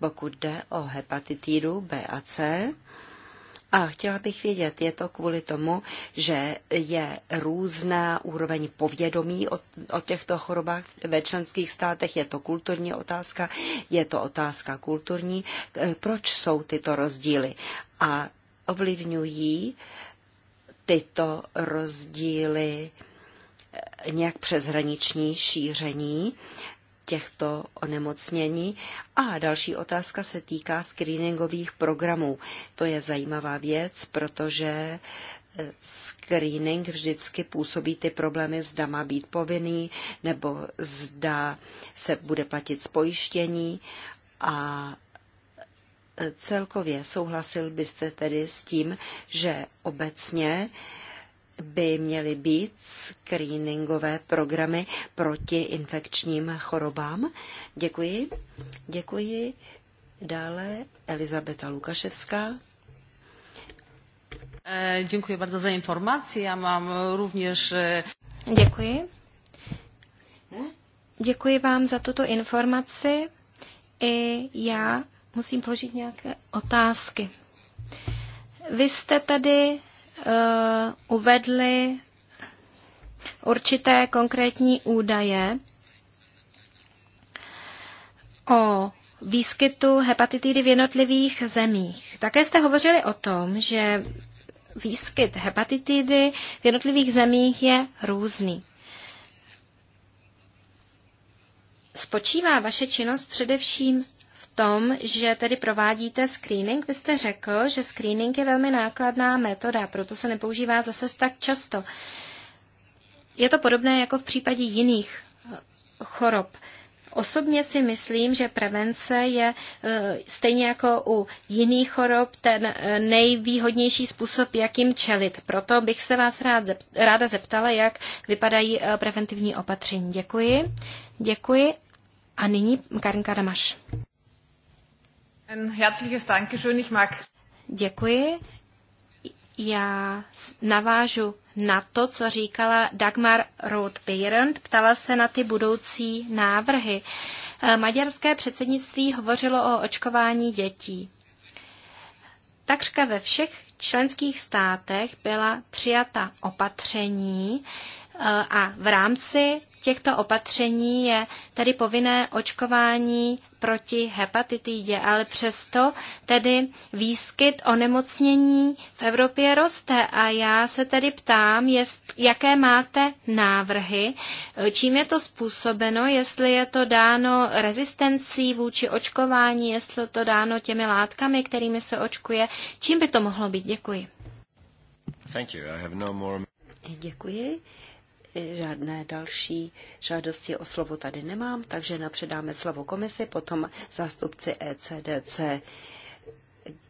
pokud jde o hepatitidu B a C. A chtěla bych vědět, je to kvůli tomu, že je různá úroveň povědomí o, o těchto chorobách ve členských státech, je to kulturní otázka, je to otázka kulturní. Proč jsou tyto rozdíly? A ovlivňují tyto rozdíly eh, nějak přeshraniční šíření těchto onemocnění. A další otázka se týká screeningových programů. To je zajímavá věc, protože eh, screening vždycky působí ty problémy, zda má být povinný, nebo zda se bude platit spojištění. A eh, celkově souhlasil byste tedy s tím, že obecně by měly být screeningové programy proti infekčním chorobám. Děkuji. Děkuji. Dále Elizabeta Lukaševská. Eh, děkuji bardzo za informaci. Já mám rovněž... Eh, děkuji. Děkuji vám za tuto informaci. I já musím položit nějaké otázky. Vy jste tady Eh, uvedli určité konkrétní údaje o výskytu hepatitidy v jednotlivých zemích. Také jste hovořili o tom, že výskyt hepatitidy v jednotlivých zemích je různý. Spočívá vaše činnost především tom, že tedy provádíte screening. Vy jste řekl, že screening je velmi nákladná metoda, proto se nepoužívá zase tak často. Je to podobné jako v případě jiných eh, chorob. Osobně si myslím, že prevence je eh, stejně jako u jiných chorob ten eh, nejvýhodnější způsob, jak jim čelit. Proto bych se vás ráda zeptala, jak vypadají preventivní opatření. Děkuji. Děkuji. A nyní Karinka Damaš. Děkuji. Já navážu na to, co říkala Dagmar Roth-Beirand. Ptala se na ty budoucí návrhy. Eh, maďarské předsednictví hovořilo o očkování dětí. Takřka ve všech členských státech byla přijata opatření, E, a v rámci těchto opatření je tedy povinné očkování proti hepatitidě, ale přesto tedy výskyt onemocnění v Evropě roste a já se tedy ptám, jest, jaké máte návrhy, e, čím je to způsobeno, jestli je to dáno rezistencí vůči očkování, jestli je to dáno těmi látkami, kterými se očkuje, čím by to mohlo být? Děkuji. Thank you. I have no more... Děkuji. Žádné další žádosti o slovo tady nemám, takže napředáme slovo komisi, potom zástupci ECDC.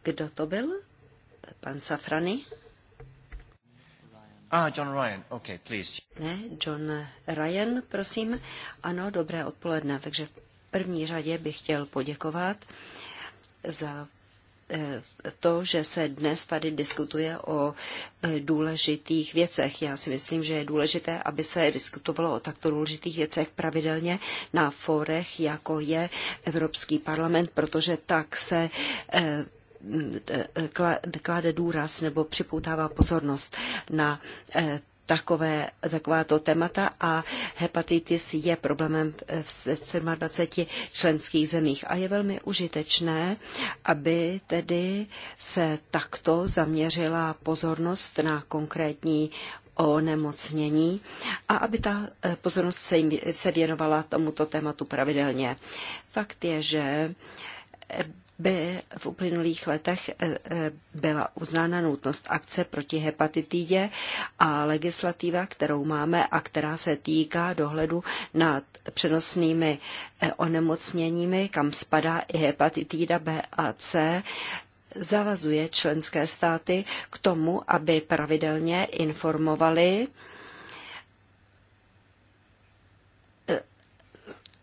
Kdo to byl? Pan Safrany? Ah, John Ryan, okay, please. Ne, John Ryan, prosím. Ano, dobré odpoledne. Takže v první řadě bych chtěl poděkovat za Eh, to, že se dnes tady diskutuje o eh, důležitých věcech. Já si myslím, že je důležité, aby se diskutovalo o takto důležitých věcech pravidelně na fórech, jako je Evropský parlament, protože tak se eh, klade důraz nebo připoutává pozornost na takové, takováto témata a hepatitis je problémem v 27 členských zemích a je velmi užitečné, aby tedy se takto zaměřila pozornost na konkrétní o nemocnění a aby ta eh, pozornost se, jim, se věnovala tomuto tématu pravidelně. Fakt je, že by v uplynulých letech e, e, byla uznána nutnost akce proti hepatitidě a legislativa, kterou máme a která se týká dohledu nad přenosnými e, onemocněními, kam spadá i hepatitida B a C, zavazuje členské státy k tomu, aby pravidelně informovali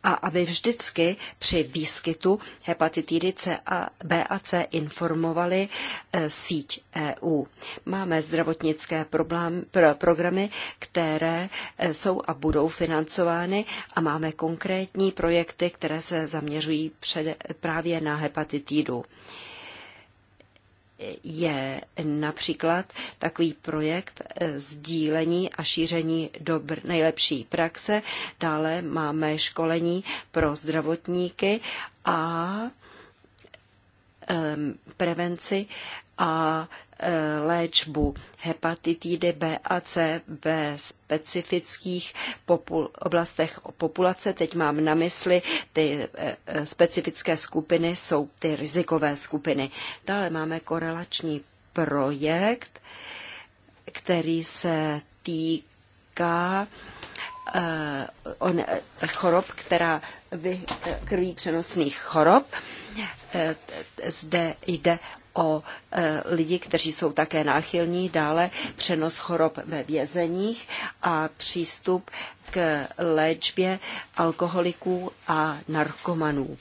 a aby vždycky při výskytu hepatitidy C a B a C informovali eh, síť EU. Máme zdravotnické problém, pro, programy, které eh, jsou a budou financovány a máme konkrétní projekty, které se zaměřují před, právě na hepatitidu je například takový projekt eh, sdílení a šíření dobr nejlepší praxe. Dále máme školení pro zdravotníky a prevenci a Eh, léčbu hepatitidy B a C ve specifických popul- oblastech populace. Teď mám na mysli ty eh, eh, specifické skupiny, jsou ty rizikové skupiny. Dále máme korelační projekt, který se týká on, chorob, která vy, krví přenosných chorob. Zde jde o e, lidi, kteří jsou také náchylní, dále přenos chorob ve vězeních a přístup k léčbě alkoholiků a narkomanů.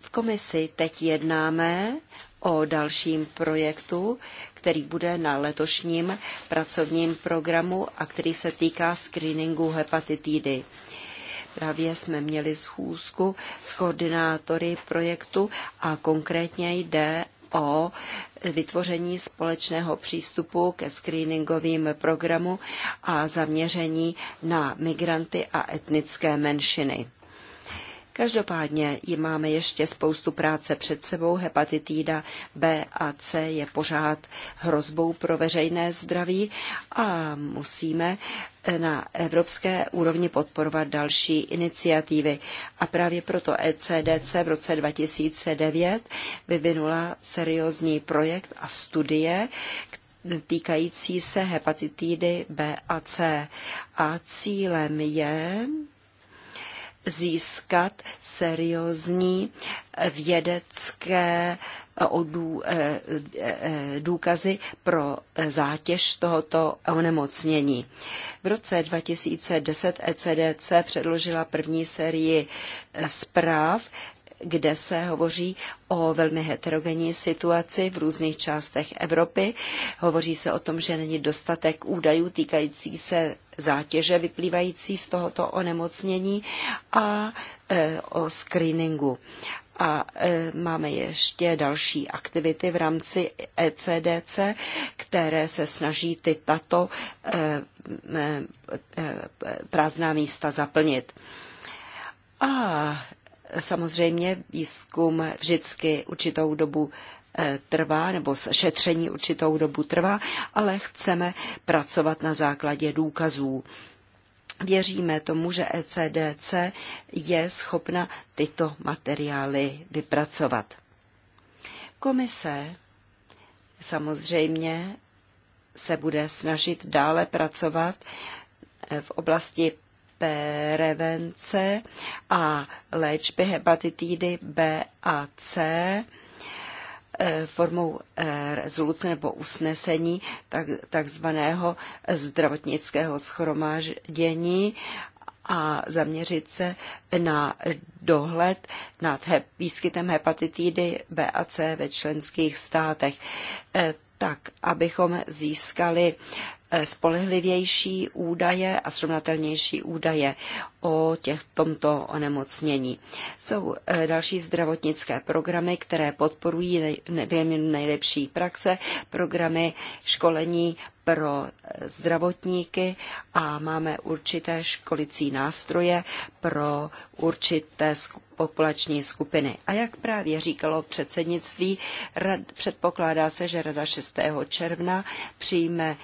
V komisi teď jednáme o dalším projektu, který bude na letošním pracovním programu a který se týká screeningu hepatitidy Právě jsme měli schůzku s koordinátory projektu a konkrétně jde o vytvoření společného přístupu ke screeningovým programu a zaměření na migranty a etnické menšiny. Každopádně máme ještě spoustu práce před sebou. Hepatitída B a C je pořád hrozbou pro veřejné zdraví a musíme na evropské úrovni podporovat další iniciativy. A právě proto ECDC v roce 2009 vyvinula seriózní projekt a studie, týkající se hepatitidy B a C. A cílem je získat seriózní vědecké eh, eh, eh, důkazy pro zátěž tohoto onemocnění. V roce 2010 ECDC předložila první sérii zpráv, kde se hovoří o velmi heterogenní situaci v různých částech Evropy. Hovoří se o tom, že není dostatek údajů týkající se zátěže vyplývající z tohoto onemocnění a e, o screeningu. A e, máme ještě další aktivity v rámci ECDC, které se snaží ty tato e, e, e, prázdná místa zaplnit. A Samozřejmě výzkum vždycky určitou dobu eh, trvá, nebo šetření určitou dobu trvá, ale chceme pracovat na základě důkazů. Věříme tomu, že ECDC je schopna tyto materiály vypracovat. Komise samozřejmě se bude snažit dále pracovat eh, v oblasti prevence a léčby hepatitidy B a C eh, formou eh, rezoluce nebo usnesení tak, takzvaného zdravotnického schromáždění a zaměřit se na dohled nad hep, výskytem hepatitidy B a C ve členských státech, eh, tak abychom získali Eh, spolehlivější údaje a srovnatelnější údaje o těch, tomto onemocnění. Jsou eh, další zdravotnické programy, které podporují výměnu nejlepší praxe, programy školení pro eh, zdravotníky a máme určité školicí nástroje pro určité populační skupiny. A jak právě říkalo předsednictví, rad, předpokládá se, že Rada 6. června přijme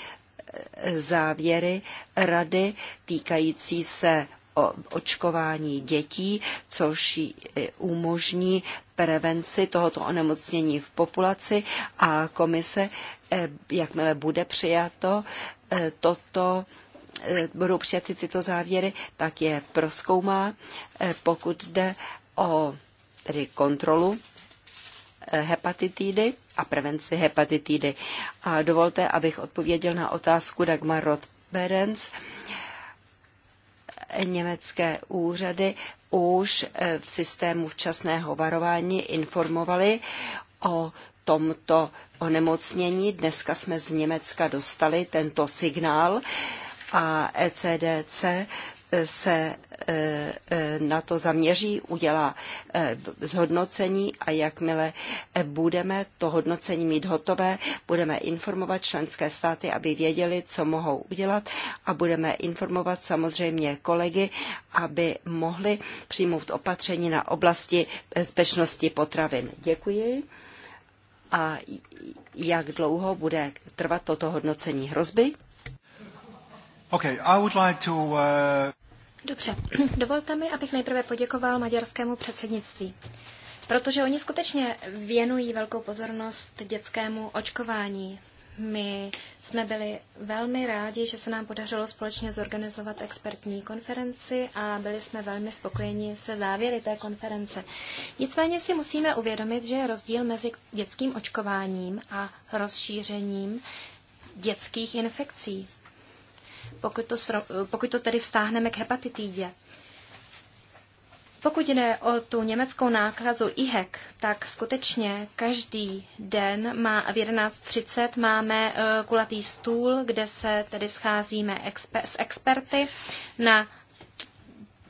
závěry rady týkající se o očkování dětí, což e, umožní prevenci tohoto onemocnění v populaci a komise, e, jakmile bude přijato e, toto budou přijaty tyto závěry, tak je proskoumá, pokud jde o tedy kontrolu hepatitidy a prevenci hepatitidy. A dovolte, abych odpověděl na otázku Dagmar Roth-Berens německé úřady už eh, v systému včasného varování informovali o tomto onemocnění. Dneska jsme z Německa dostali tento signál a ECDC se eh, eh, na to zaměří, udělá eh, zhodnocení a jakmile budeme to hodnocení mít hotové, budeme informovat členské státy, aby věděli, co mohou udělat a budeme informovat samozřejmě kolegy, aby mohli přijmout opatření na oblasti bezpečnosti potravin. Děkuji. A jak dlouho bude trvat toto hodnocení hrozby? Okay, I would like to, uh... Dobře, dovolte mi, abych nejprve poděkoval maďarskému předsednictví, protože oni skutečně věnují velkou pozornost dětskému očkování. My jsme byli velmi rádi, že se nám podařilo společně zorganizovat expertní konferenci a byli jsme velmi spokojeni se závěry té konference. Nicméně si musíme uvědomit, že je rozdíl mezi dětským očkováním a rozšířením dětských infekcí pokud to, pokud to tedy vztáhneme k hepatitidě. Pokud jde o tu německou nákazu IHEC, tak skutečně každý den má, v 11.30 máme e, kulatý stůl, kde se tedy scházíme exper, s experty na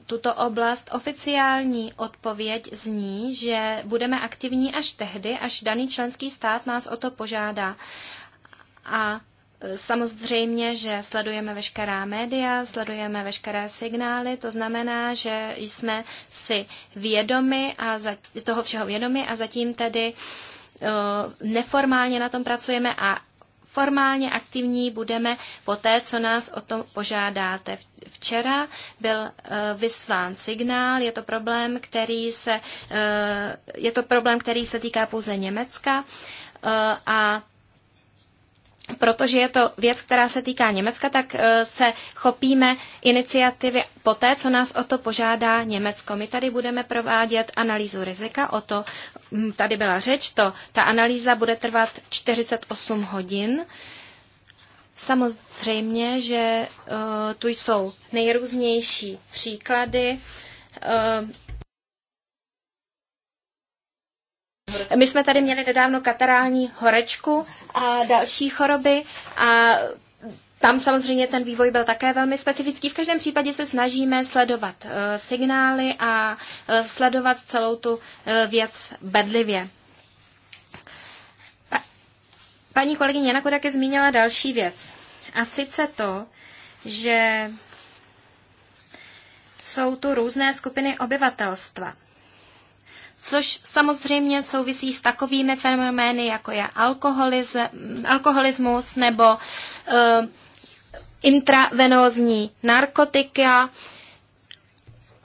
tuto oblast. Oficiální odpověď zní, že budeme aktivní až tehdy, až daný členský stát nás o to požádá. A Samozřejmě, že sledujeme veškerá média, sledujeme veškeré signály, to znamená, že jsme si vědomi a za, toho všeho vědomi a zatím tedy eh, neformálně na tom pracujeme a formálně aktivní budeme po té, co nás o tom požádáte. Včera byl eh, vyslán signál, je to problém, který se, eh, je to problém, který se týká pouze Německa a protože je to věc, která se týká Německa, tak e, se chopíme iniciativy poté, co nás o to požádá Německo. My tady budeme provádět analýzu rizika, o to tady byla řeč, to, ta analýza bude trvat 48 hodin. Samozřejmě, že uh, tu jsou nejrůznější příklady. Uh, My jsme tady měli nedávno katarální horečku a další choroby a tam samozřejmě ten vývoj byl také velmi specifický. V každém případě se snažíme sledovat uh, signály a uh, sledovat celou tu uh, věc bedlivě. Pa- paní kolegyně Jana Kodake zmínila další věc. A sice to, že jsou tu různé skupiny obyvatelstva což samozřejmě souvisí s takovými fenomény, jako je alkoholismus nebo uh, intravenózní narkotika.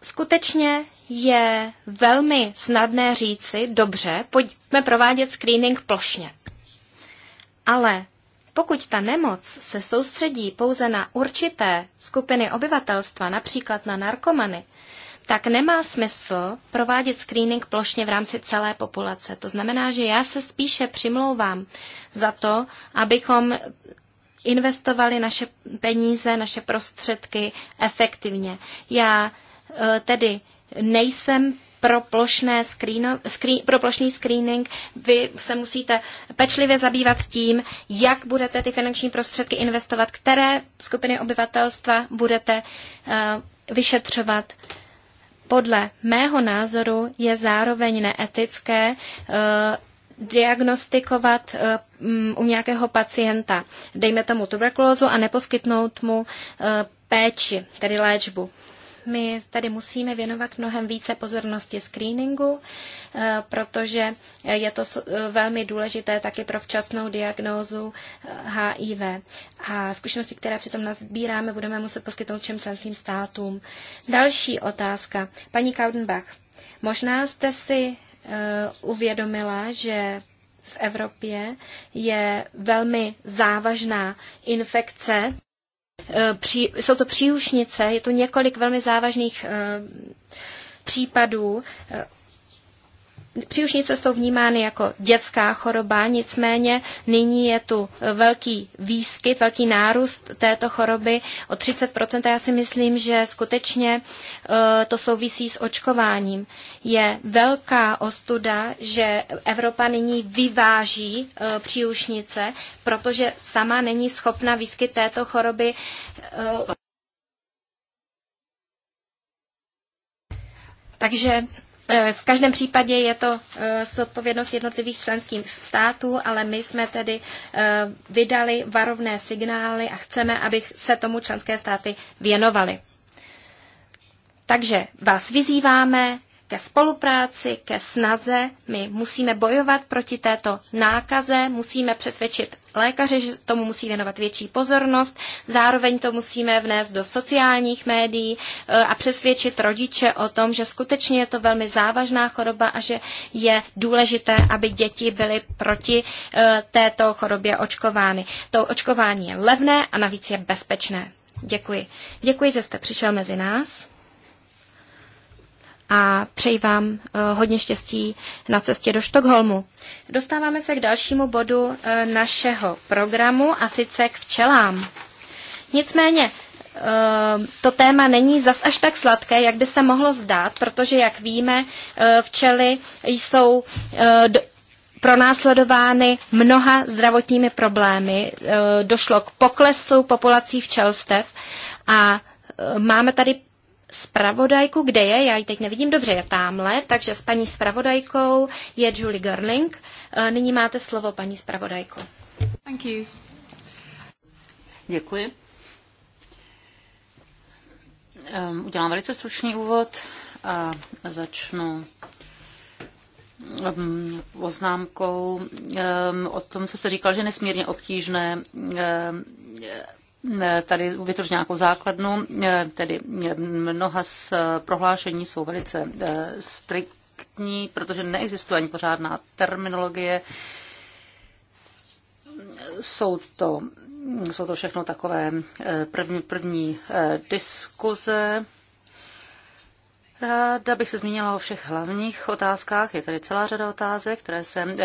Skutečně je velmi snadné říci, dobře, pojďme provádět screening plošně. Ale pokud ta nemoc se soustředí pouze na určité skupiny obyvatelstva, například na narkomany, tak nemá smysl provádět screening plošně v rámci celé populace. To znamená, že já se spíše přimlouvám za to, abychom investovali naše peníze, naše prostředky efektivně. Já e, tedy nejsem pro, plošné screeno, screen, pro plošný screening. Vy se musíte pečlivě zabývat tím, jak budete ty finanční prostředky investovat, které skupiny obyvatelstva budete uh, vyšetřovat, podle mého názoru je zároveň neetické eh, diagnostikovat eh, mm, u nějakého pacienta, dejme tomu tuberkulózu, a neposkytnout mu eh, péči, tedy léčbu my tady musíme věnovat mnohem více pozornosti screeningu, eh, protože je to eh, velmi důležité taky pro včasnou diagnózu HIV. Eh, A zkušenosti, které přitom nazbíráme, budeme muset poskytnout všem členským státům. Další otázka. Paní Kaudenbach, možná jste si uvědomila, že v Evropě je velmi závažná infekce Eh, pří, jsou to příušnice, je to několik velmi závažných eh, případů eh, Příušnice jsou vnímány jako dětská choroba, nicméně nyní je tu velký výskyt, velký nárůst této choroby o 30%. Já si myslím, že skutečně eh, to souvisí s očkováním. Je velká ostuda, že Evropa nyní vyváží eh, příušnice, protože sama není schopna výskyt této choroby eh, takže Eh, v každém případě je to eh, zodpovědnost jednotlivých členských států, ale my jsme tedy eh, vydali varovné signály a chceme, aby se tomu členské státy věnovaly. Takže vás vyzýváme, ke spolupráci, ke snaze. My musíme bojovat proti této nákaze, musíme přesvědčit lékaře, že tomu musí věnovat větší pozornost, zároveň to musíme vnést do sociálních médií e, a přesvědčit rodiče o tom, že skutečně je to velmi závažná choroba a že je důležité, aby děti byly proti e, této chorobě očkovány. To očkování je levné a navíc je bezpečné. Děkuji. Děkuji, že jste přišel mezi nás a přeji vám eh, hodně štěstí na cestě do Štokholmu. Dostáváme se k dalšímu bodu eh, našeho programu a sice k včelám. Nicméně eh, to téma není zas až tak sladké, jak by se mohlo zdát, protože, jak víme, včely jsou pronásledovány mnoha zdravotními problémy. Došlo k poklesu populací včelstev a máme tady spravodajku, kde je, já ji teď nevidím dobře, je tamhle, takže s paní spravodajkou je Julie Gerling. Eh, nyní máte slovo, paní spravodajko. Thank you. Děkuji. Ehm, udělám velice stručný úvod a začnu ehm, poznámkou ehm, o tom, co jste říkal, že nesmírně obtížné Eh, tady vytvořit nějakou základnu, eh, tedy eh, mnoha z prohlášení jsou velice striktní, protože neexistuje ani pořádná terminologie. Jsou to, jsou to všechno takové první, první diskuze Ráda bych se zmínila o všech hlavních otázkách. Je tady celá řada otázek, které se um,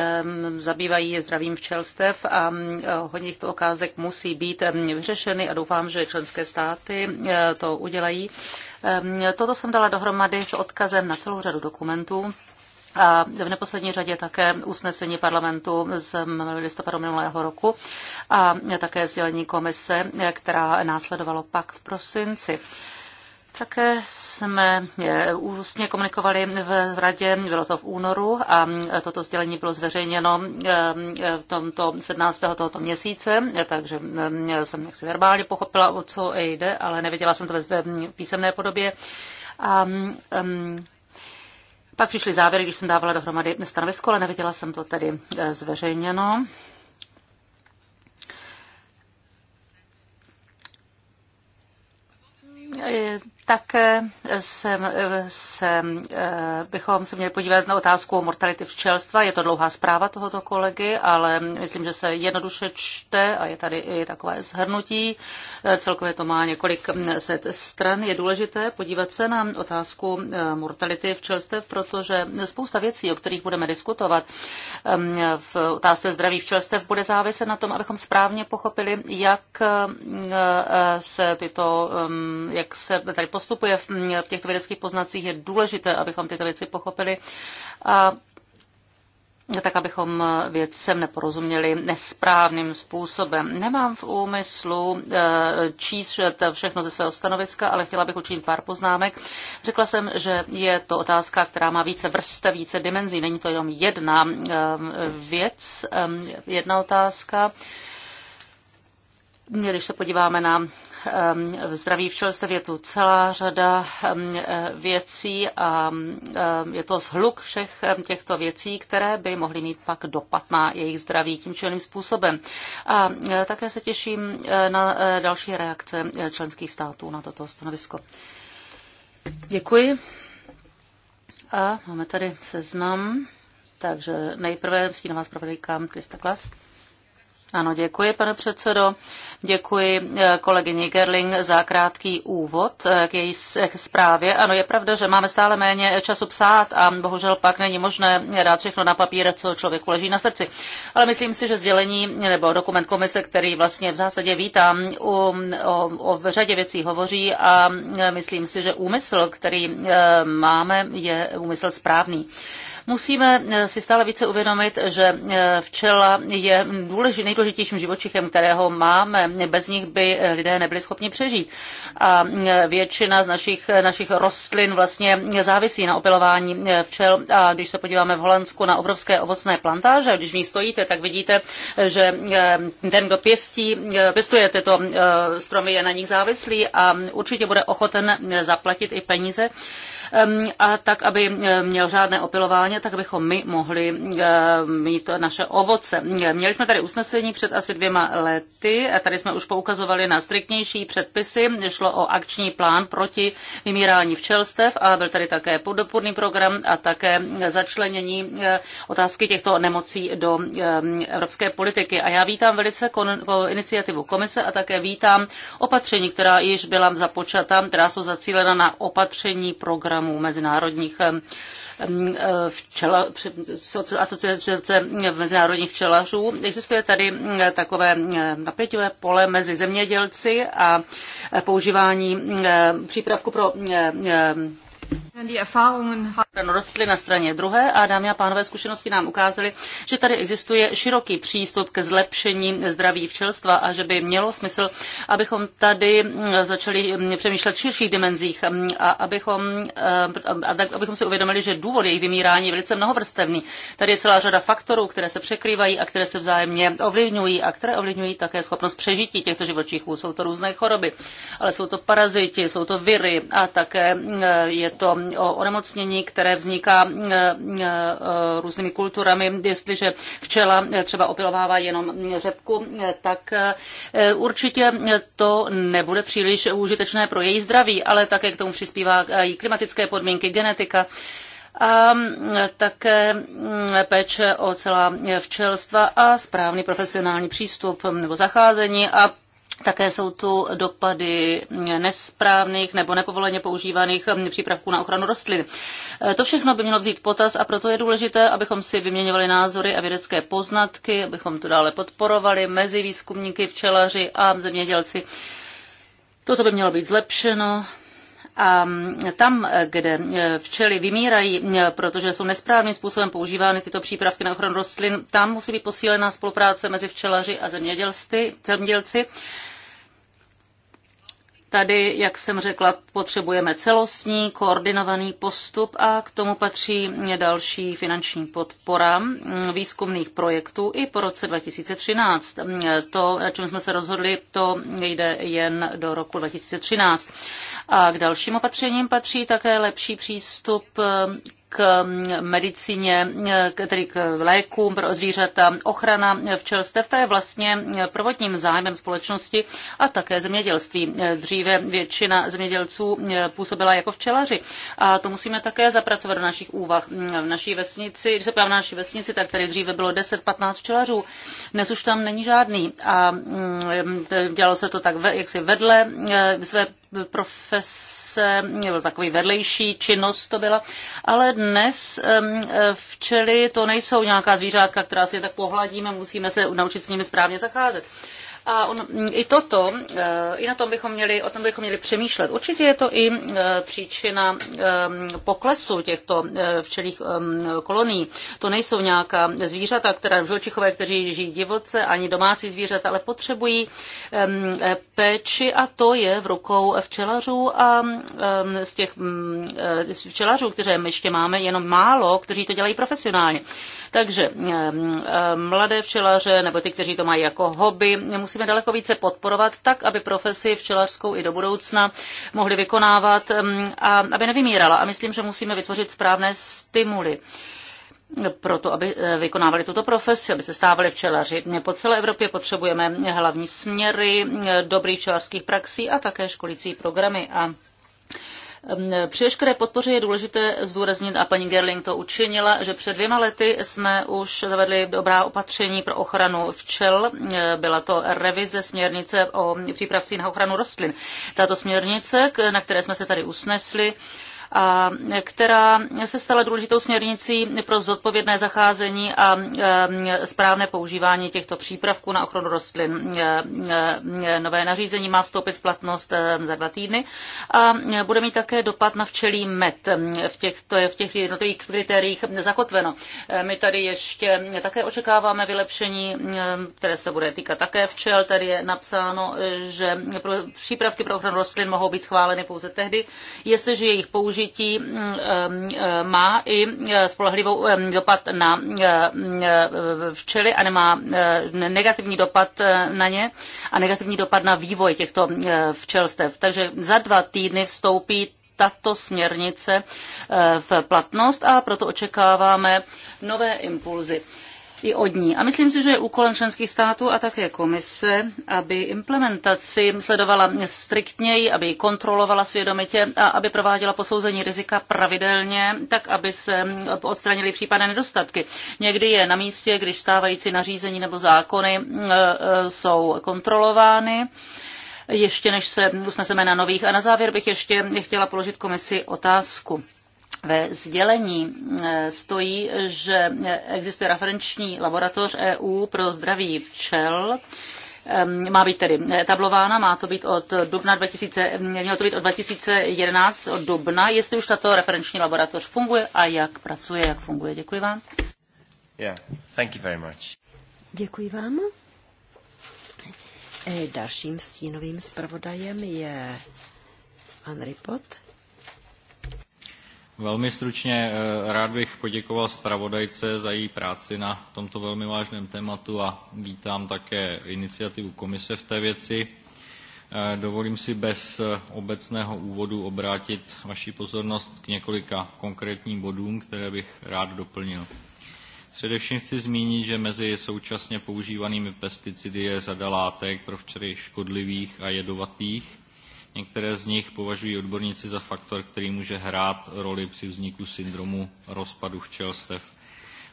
zabývají zdravím včelstev a um, hodně těchto okázek musí být um, vyřešeny a doufám, že členské státy uh, to udělají. Um, toto jsem dala dohromady s odkazem na celou řadu dokumentů. A v neposlední řadě také usnesení parlamentu z listopadu minulého roku a také sdělení komise, e, která následovalo pak v prosinci. Uh, také jsme eh, ústně komunikovali v radě, bylo to v únoru a eh, toto sdělení bylo zveřejněno eh, v tomto 17. tohoto měsíce, takže jsem jaksi verbálně pochopila, o co jde, ale neviděla jsem to ve písemné podobě. A, um, pak přišly závěry, když jsem dávala dohromady stanovisko, ale neviděla jsem to tedy zveřejněno. Tak jsem, se, bychom se měli podívat na otázku mortality včelstva. Je to dlouhá zpráva tohoto kolegy, ale myslím, že se jednoduše čte a je tady i takové zhrnutí. Celkově to má několik set stran. Je důležité podívat se na otázku eh, mortality včelstev, protože spousta věcí, o kterých budeme diskutovat ehm, v otázce zdraví včelstev, bude záviset na tom, abychom správně pochopili, jak eh, eh, se tyto, ehm, jak se tady postupuje mm, v těchto vědeckých poznacích, je důležité, abychom tyto věci pochopili. A tak abychom věcem neporozuměli nesprávným způsobem. Nemám v úmyslu eh, číst všechno ze svého stanoviska, ale chtěla bych učinit pár poznámek. Řekla jsem, že je to otázka, která má více vrstev, více dimenzí. Není to jenom jedna eh, věc, eh, jedna otázka. Když se podíváme na Um, zdraví včelstev je tu celá řada um, eh, věcí a um, eh, je to zhluk všech těchto věcí, které by mohly mít pak dopad na jejich zdraví tím či jiným způsobem. A eh, také se těším na další reakce členských států na toto stanovisko. Děkuji. A máme tady seznam. Takže nejprve vás zpravodajka Krista Klas. Ano, děkuji, pane předsedo. Děkuji eh, kolegyni Gerling za krátký úvod eh, k její zprávě. Ano, je pravda, že máme stále méně eh, času psát a bohužel pak není možné dát všechno na papír, co člověku leží na srdci. Ale myslím si, že sdělení nebo dokument komise, který vlastně v zásadě vítám, o, o, o řadě věcí hovoří a myslím si, že úmysl, který máme, je úmysl správný. Musíme eh, si stále více uvědomit, že eh, včela je důležitý, nejdůležitějším živočichem, kterého máme. Bez nich by eh, lidé nebyli schopni přežít. A většina z našich, našich rostlin vlastně závisí na opilování včel. A když se podíváme v Holandsku na obrovské ovocné plantáže, když v ní stojíte, tak vidíte, že ten, kdo pěstí, pěstuje tyto stromy, je na nich závislý a určitě bude ochoten zaplatit i peníze a tak, aby měl žádné opilování, tak abychom my mohli mít naše ovoce. Měli jsme tady usnesení před asi dvěma lety a tady jsme už poukazovali na striktnější předpisy. Šlo o akční plán proti vymírání včelstev a byl tady také podporný program a také začlenění otázky těchto nemocí do evropské politiky. A já vítám velice kon, iniciativu komise a také vítám opatření, která již byla započata, která jsou zacílena na opatření programu programů mezinárodních včela, asociace mezinárodních včelařů. Existuje tady takové napěťové pole mezi zemědělci a používání přípravku pro rostly na straně druhé a dámy a pánové, zkušenosti nám ukázaly, že tady existuje široký přístup ke zlepšení zdraví včelstva a že by mělo smysl, abychom tady mm, začali mm, přemýšlet v širších dimenzích mm, a abychom, eh, abychom si uvědomili, že důvod jejich vymírání je velice mnohovrstevný. Tady je celá řada faktorů, které se překrývají a které se vzájemně ovlivňují a které ovlivňují také schopnost přežití těchto živočichů. Jsou to různé choroby, ale jsou to paraziti, jsou to viry a také je to onemocnění, které které vzniká eh, eh, eh, různými kulturami. Jestliže včela třeba opilovává jenom řepku, tak určitě to nebude příliš užitečné pro její zdraví, ale také k tomu přispívá i klimatické podmínky, genetika a také mm, péče o celá včelstva a správný profesionální přístup mm, nebo zacházení a také jsou tu dopady nesprávných nebo nepovoleně používaných mm, přípravků na ochranu rostlin. E, to všechno by mělo vzít v potaz a proto je důležité, abychom si vyměňovali názory a vědecké poznatky, abychom to dále podporovali mezi výzkumníky, včelaři a zemědělci. Toto by mělo být zlepšeno. A mm, tam, e, kde e, včely vymírají, protože jsou nesprávným způsobem používány tyto přípravky na ochranu rostlin, tam musí být posílená spolupráce mezi včelaři a zemědělci. Tady, jak jsem řekla, potřebujeme celostní, koordinovaný postup a k tomu patří další finanční podpora výzkumných projektů i po roce 2013. To, na čem jsme se rozhodli, to jde jen do roku 2013. A k dalším opatřením patří také lepší přístup k mm, medicíně, tedy k lékům pro zvířata. Ochrana včelstev, to je vlastně prvotním zájmem společnosti a také zemědělství. Dříve většina zemědělců mm, působila jako včelaři a to musíme také zapracovat do našich úvah. Mm, v naší vesnici, když se právě v naší vesnici, tak tady dříve bylo 10-15 včelařů, dnes už tam není žádný a dělalo se to tak, jak se vedle své profese, nebo takový vedlejší činnost to byla, ale dnes eh, včely to nejsou nějaká zvířátka, která si tak pohladíme, musíme se naučit s nimi správně zacházet. A on, mm, i toto, eh, i na tom bychom měli, o tom bychom měli přemýšlet. Určitě je to i eh, příčina eh, poklesu těchto včelých kolonií. To nejsou nějaká zvířata, která v živočichové, kteří žijí divoce, ani domácí zvířata, ale potřebují péči a to je v rukou včelařů a z těch mm, včelařů, které my ještě máme, jenom málo, kteří to dělají profesionálně. Takže mladé včelaře nebo ty, kteří to mají jako hobby, musíme daleko více podporovat tak, aby profesi včelařskou i do budoucna mohli vykonávat a aby nevymírala. A myslím, že musíme vytvořit správné stimuly proto, aby eh, vykonávali tuto profesi, aby se stávali včelaři. Po celé Evropě potřebujeme hlavní směry eh, dobrých včelařských praxí a také školící programy. A Ehm, Při veškeré podpoře je důležité zúraznit, a paní Gerling to učinila, že před dvěma lety jsme už zavedli dobrá opatření pro ochranu včel. Ehm, byla to revize směrnice o přípravcích na ochranu rostlin. Tato směrnice, na které jsme se tady usnesli, a která se stala důležitou směrnicí pro zodpovědné zacházení a e, správné používání těchto přípravků na ochranu rostlin. E, e, nové nařízení má vstoupit v platnost za dva týdny a bude mít také dopad na včelí med. V těch, to je v těch jednotlivých kritériích zakotveno. My tady ještě také očekáváme vylepšení, které se bude týkat také včel. Tady je napsáno, že přípravky pro ochranu rostlin mohou být schváleny pouze tehdy, jestliže jejich použití použití mm, má i spolehlivou dopad na včely a nemá negativní dopad eh, na ně a negativní dopad na vývoj těchto včelstev. Takže za dva týdny vstoupí tato směrnice eh, v platnost a proto očekáváme nové impulzy i od ní. A myslím si, že je úkolem členských států a také komise, aby implementaci sledovala striktněji, aby ji kontrolovala svědomitě a aby prováděla posouzení rizika pravidelně, tak aby se odstranili případné nedostatky. Někdy je na místě, když stávající nařízení nebo zákony e, e, jsou kontrolovány ještě než se usneseme na nových. A na závěr bych ještě chtěla položit komisi otázku ve sdělení eh, stojí, že existuje referenční laboratoř EU pro zdraví včel, ehm, má být tedy tablována, má to být od dubna 2000, mělo to být od 2011 od dubna, jestli už tato referenční laboratoř funguje a jak pracuje, jak funguje. Děkuji vám. Yeah, thank you very much. Děkuji vám. Eh, dalším stínovým zpravodajem je Henry Pot Velmi stručně eh, rád bych poděkoval zpravodajce za její práci na tomto velmi vážném tématu a vítám také iniciativu komise v té věci. Eh, dovolím si bez eh, obecného úvodu obrátit vaši pozornost k několika konkrétním bodům, které bych rád doplnil. Především chci zmínit, že mezi současně používanými pesticidy je řada látek pro včely škodlivých a jedovatých, Některé z nich považují odborníci za faktor, který může hrát roli při vzniku syndromu rozpadu včelstev.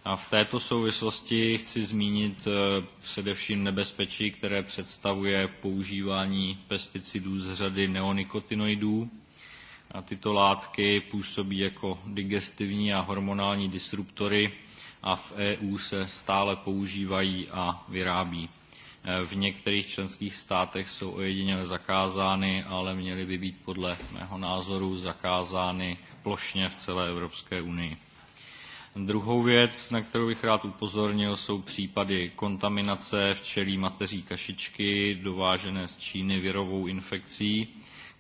A v této souvislosti chci zmínit eh, především nebezpečí, které představuje používání pesticidů z řady neonikotinoidů. A tyto látky působí jako digestivní a hormonální disruptory a v EU se stále používají a vyrábí v některých členských státech jsou ojediněle zakázány, ale měly by být podle mého názoru zakázány plošně v celé Evropské unii. Druhou věc, na kterou bych rád upozornil, jsou případy kontaminace včelí mateří kašičky dovážené z Číny virovou infekcí,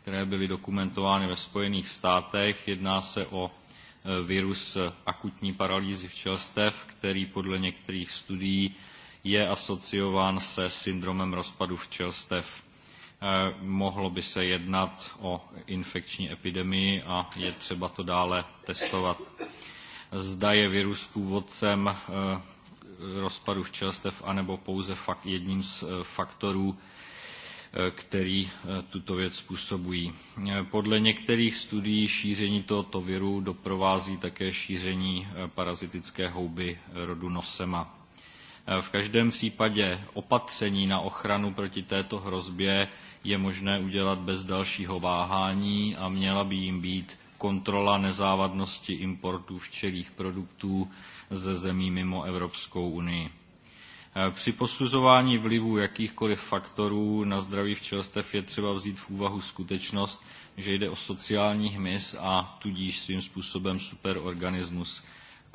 které byly dokumentovány ve Spojených státech. Jedná se o eh, virus akutní paralýzy včelstev, který podle některých studií je asociován se syndromem rozpadu včelstev. Eh, mohlo by se jednat o infekční epidemii a je třeba to dále testovat. Zda je virus původcem eh, rozpadu včelstev anebo pouze fakt jedním z eh, faktorů, který tuto věc způsobují. Podle některých studií šíření tohoto viru doprovází také šíření parazitické houby rodu nosema. V každém případě opatření na ochranu proti této hrozbě je možné udělat bez dalšího váhání a měla by jim být kontrola nezávadnosti importů včelých produktů ze zemí mimo Evropskou unii. Při posuzování vlivu jakýchkoliv faktorů na zdraví včelstev je třeba vzít v úvahu skutečnost, že jde o sociální hmyz a tudíž svým způsobem superorganismus,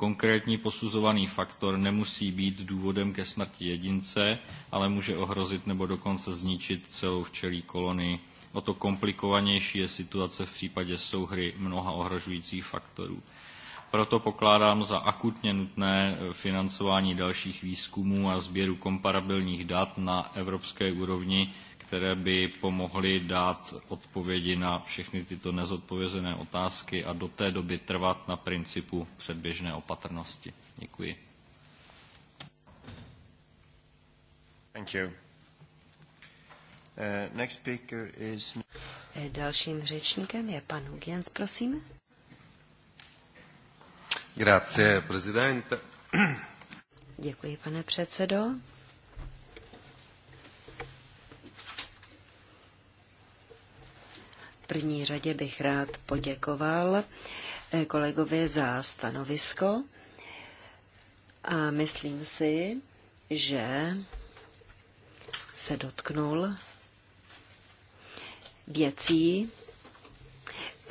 Konkrétní posuzovaný faktor nemusí být důvodem ke smrti jedince, ale může ohrozit nebo dokonce zničit celou včelí kolonii. O to komplikovanější je situace v případě souhry mnoha ohrožujících faktorů. Proto pokládám za akutně nutné financování dalších výzkumů a sběru komparabilních dat na evropské úrovni které by pomohly dát odpovědi na všechny tyto nezodpovězené otázky a do té doby trvat na principu předběžné opatrnosti. Děkuji. Thank you. Uh, next speaker is... Eh, dalším řečníkem je pan Hugens, prosím. Grazie, prezidente. Děkuji, pane předsedo. první řadě bych rád poděkoval eh, kolegovi za stanovisko a myslím si, že se dotknul věcí,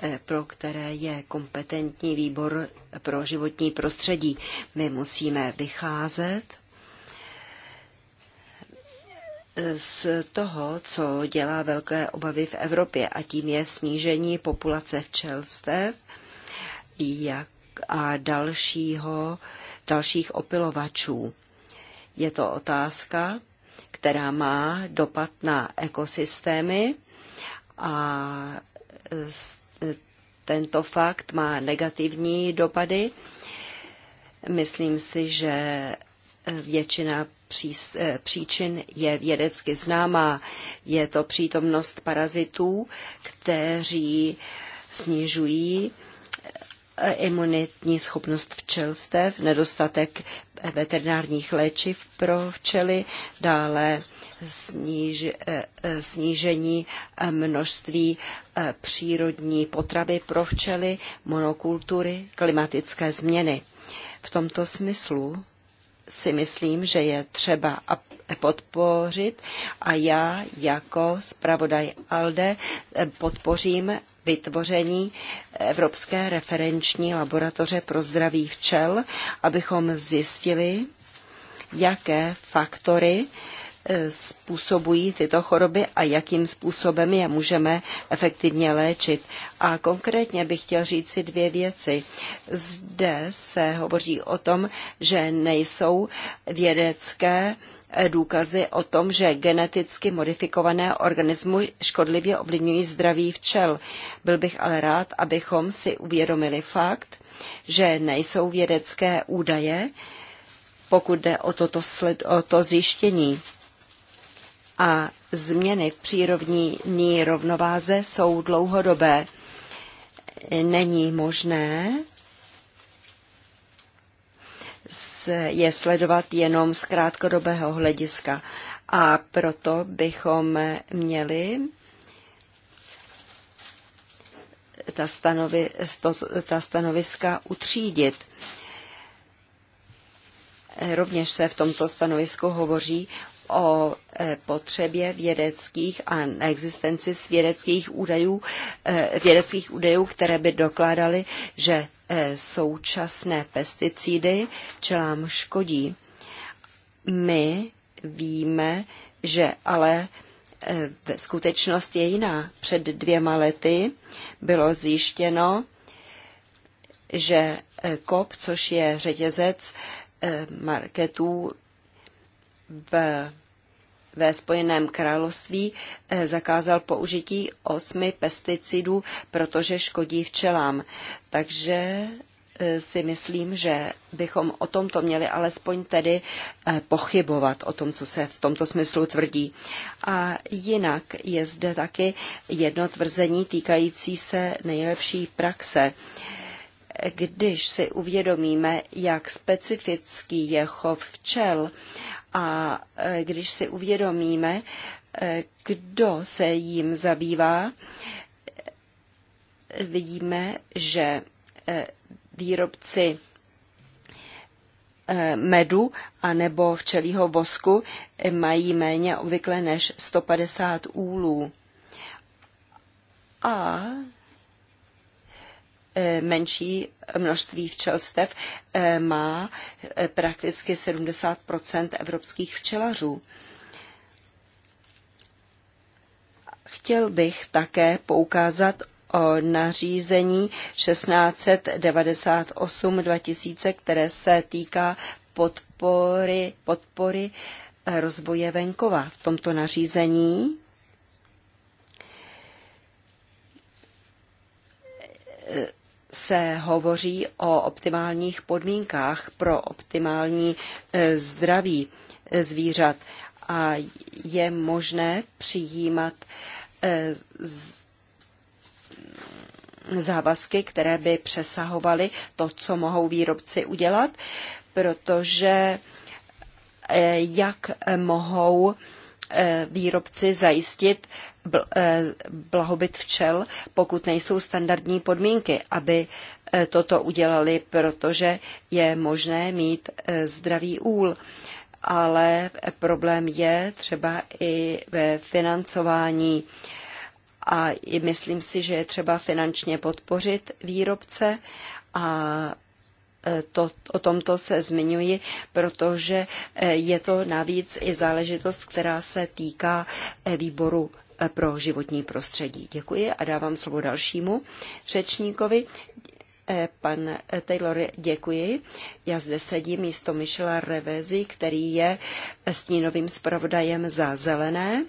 eh, pro které je kompetentní výbor pro životní prostředí. My musíme vycházet z toho, co dělá velké obavy v Evropě a tím je snížení populace včelstev a dalšího, dalších opilovačů. Je to otázka, která má dopad na ekosystémy a tento fakt má negativní dopady. Myslím si, že většina Eh, příčin je vědecky známá. Je to přítomnost parazitů, kteří snižují eh, imunitní schopnost včelstev, nedostatek veterinárních léčiv pro včely, dále sníž, eh, snížení množství přírodní potravy pro včely, monokultury, klimatické změny. V tomto smyslu si myslím, že je třeba podpořit a já jako zpravodaj ALDE eh, podpořím vytvoření Evropské referenční laboratoře pro zdraví včel, abychom zjistili, jaké faktory E, způsobují tyto choroby a jakým způsobem je můžeme efektivně léčit. A konkrétně bych chtěl říct si dvě věci. Zde se hovoří o tom, že nejsou vědecké e, důkazy o tom, že geneticky modifikované organismy škodlivě ovlivňují zdraví včel. Byl bych ale rád, abychom si uvědomili fakt, že nejsou vědecké údaje, pokud jde o, toto sled, o to zjištění a změny v přírodní rovnováze jsou dlouhodobé. Není možné je sledovat jenom z krátkodobého hlediska. A proto bychom měli ta, stanovi, sto, ta stanoviska utřídit. Rovněž se v tomto stanovisku hovoří o e, potřebě vědeckých a na existenci svědeckých údajů, e, vědeckých údajů, které by dokládaly, že e, současné pesticidy čelám škodí. My víme, že ale skutečnost je jiná. Před dvěma lety bylo zjištěno, že KOP, což je řetězec marketů v ve Spojeném království eh, zakázal použití osmi pesticidů, protože škodí včelám. Takže eh, si myslím, že bychom o tomto měli alespoň tedy eh, pochybovat o tom, co se v tomto smyslu tvrdí. A jinak je zde taky jedno tvrzení týkající se nejlepší praxe. Když si uvědomíme, jak specifický je chov včel a e, když si uvědomíme, e, kdo se jim zabývá, vidíme, že e, výrobci medu a nebo včelího vosku mají méně obvykle než 150 úlů. A Eh, menší množství včelstev eh, má eh, prakticky 70 evropských včelařů. Chtěl bych také poukázat o nařízení 1698-2000, které se týká podpory, podpory rozvoje venkova. V tomto nařízení se hovoří o optimálních podmínkách pro optimální e, zdraví e, zvířat a je možné přijímat e, závazky, které by přesahovaly to, co mohou výrobci udělat, protože jak mohou výrobci zajistit Eh, blahobyt včel, pokud nejsou standardní podmínky, aby eh, toto udělali, protože je možné mít eh, zdravý úl. Ale problém je třeba i ve financování a myslím si, že je třeba finančně podpořit výrobce a to, o tomto se zmiňuji, protože je to navíc i záležitost, která se týká výboru pro životní prostředí. Děkuji a dávám slovo dalšímu řečníkovi. Eh, pan Taylor, děkuji. Já zde sedím místo Michela Revezi, který je stínovým zpravodajem za zelené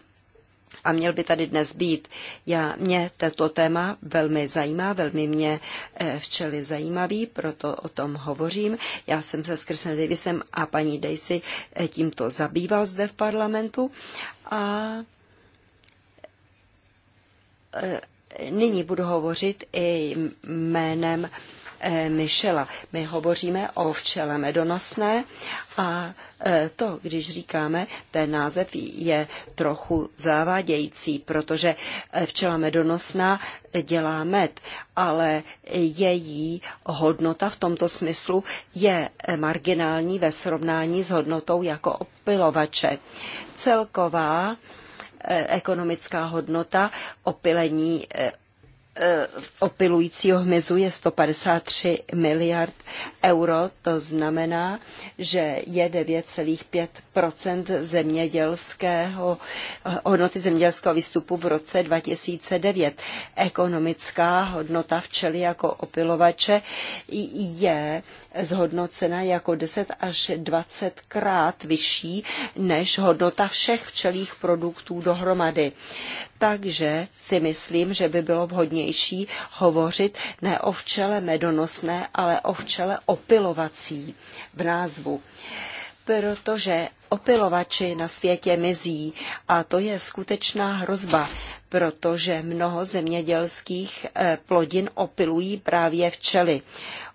a měl by tady dnes být. Já, mě toto téma velmi zajímá, velmi mě eh, včely zajímavý, proto o tom hovořím. Já jsem se s Chrisem Davisem a paní Daisy eh, tímto zabýval zde v parlamentu a Eh, nyní budu hovořit i jménem eh, Michela. My hovoříme o včele medonosné a eh, to, když říkáme, ten název je trochu závádějící, protože včela medonosná dělá med, ale její hodnota v tomto smyslu je marginální ve srovnání s hodnotou jako opilovače. Celková Eh, ekonomická hodnota opilení eh, eh, opilujícího hmyzu je 153 miliard euro, to znamená, že je 9,5 procent zemědělského, hodnoty zemědělského výstupu v roce 2009. Ekonomická hodnota včely jako opilovače je zhodnocena jako 10 až 20 krát vyšší než hodnota všech včelých produktů dohromady. Takže si myslím, že by bylo vhodnější hovořit ne o včele medonosné, ale o včele opilovací v názvu. Protože opilovači na světě mizí a to je skutečná hrozba, protože mnoho zemědělských eh, plodin opilují právě včely.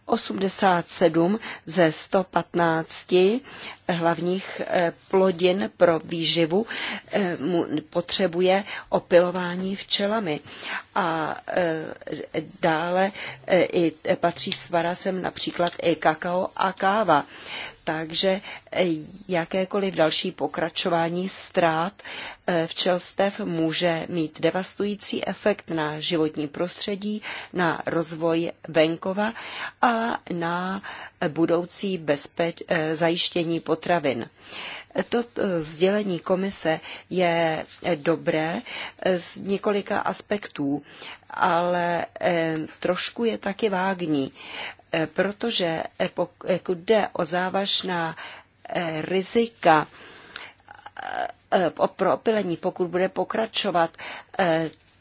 87 ze 115 eh, hlavních eh, plodin pro výživu potřebuje opilování včelami. A dále i patří svarasem například i kakao a káva. Takže e, jakékoliv další pokračování ztrát e, včelstev může mít devastující efekt na životní prostředí, na rozvoj venkova a na budoucí bezpeč- e, zajištění potravin. To sdělení komise je dobré z několika aspektů, ale trošku je taky vágní. Eh, protože pokud jako jde o závažná eh, rizika eh, pro opilení, pokud bude pokračovat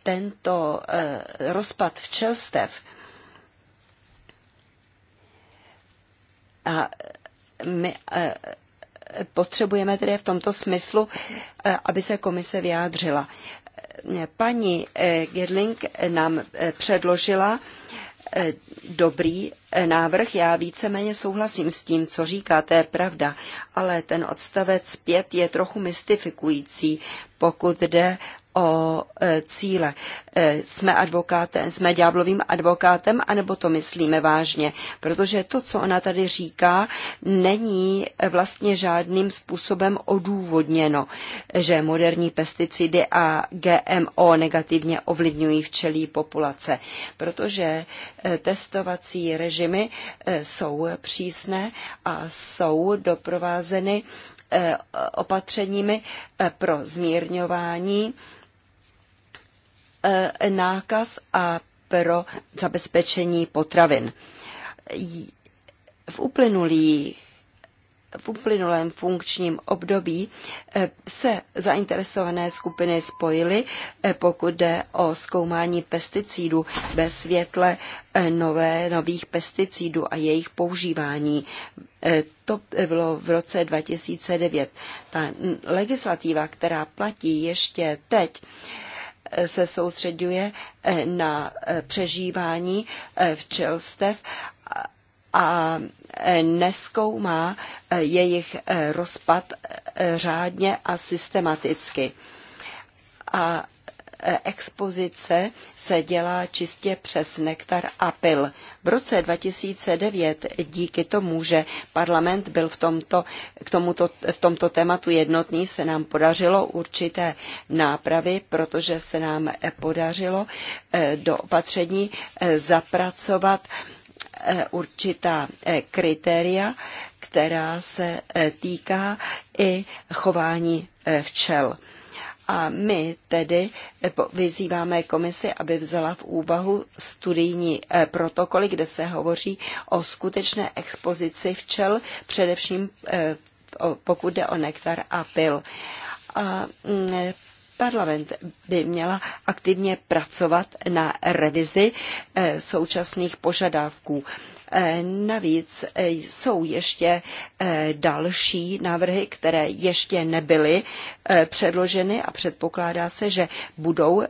tento rozpad včelstev, a my potřebujeme tedy v tomto smyslu, aby se komise vyjádřila. Paní Gedling nám předložila Eh, dobrý eh, návrh. Já víceméně souhlasím s tím, co říkáte, je pravda, ale ten odstavec 5 je trochu mystifikující, pokud jde o e, cíle. E, jsme advokátem, jsme ďáblovým advokátem, anebo to myslíme vážně. Protože to, co ona tady říká, není vlastně žádným způsobem odůvodněno, že moderní pesticidy a GMO negativně ovlivňují včelí populace. Protože e, testovací režimy jsou přísné a jsou doprovázeny opatřeními pro zmírňování Eh, nákaz a pro zabezpečení potravin. V uplynulých v uplynulém funkčním období eh, se zainteresované skupiny spojily, eh, pokud jde o zkoumání pesticidů ve světle nové, nových pesticidů a jejich používání. To bylo v roce 2009. Ta legislativa, která platí ještě teď, se soustředuje eh, na eh, přežívání eh, včelstev a neskoumá jejich rozpad řádně a systematicky. A Eh, expozice se dělá čistě přes nektar a pil. V roce 2009 díky tomu, že parlament byl v tomto, k tomuto, v tomto tématu jednotný, se nám podařilo určité nápravy, protože se nám eh, podařilo eh, do opatření zapracovat určitá kritéria, která se týká i chování včel. A my tedy eh, vyzýváme komisi, aby vzala v úvahu studijní eh, protokoly, kde se hovoří o skutečné expozici včel, především eh, pokud jde o nektar a pil. A mm, Parlament by měla aktivně pracovat na revizi eh, současných požadavků. Eh, navíc eh, jsou ještě další návrhy, které ještě nebyly předloženy a předpokládá se, že budou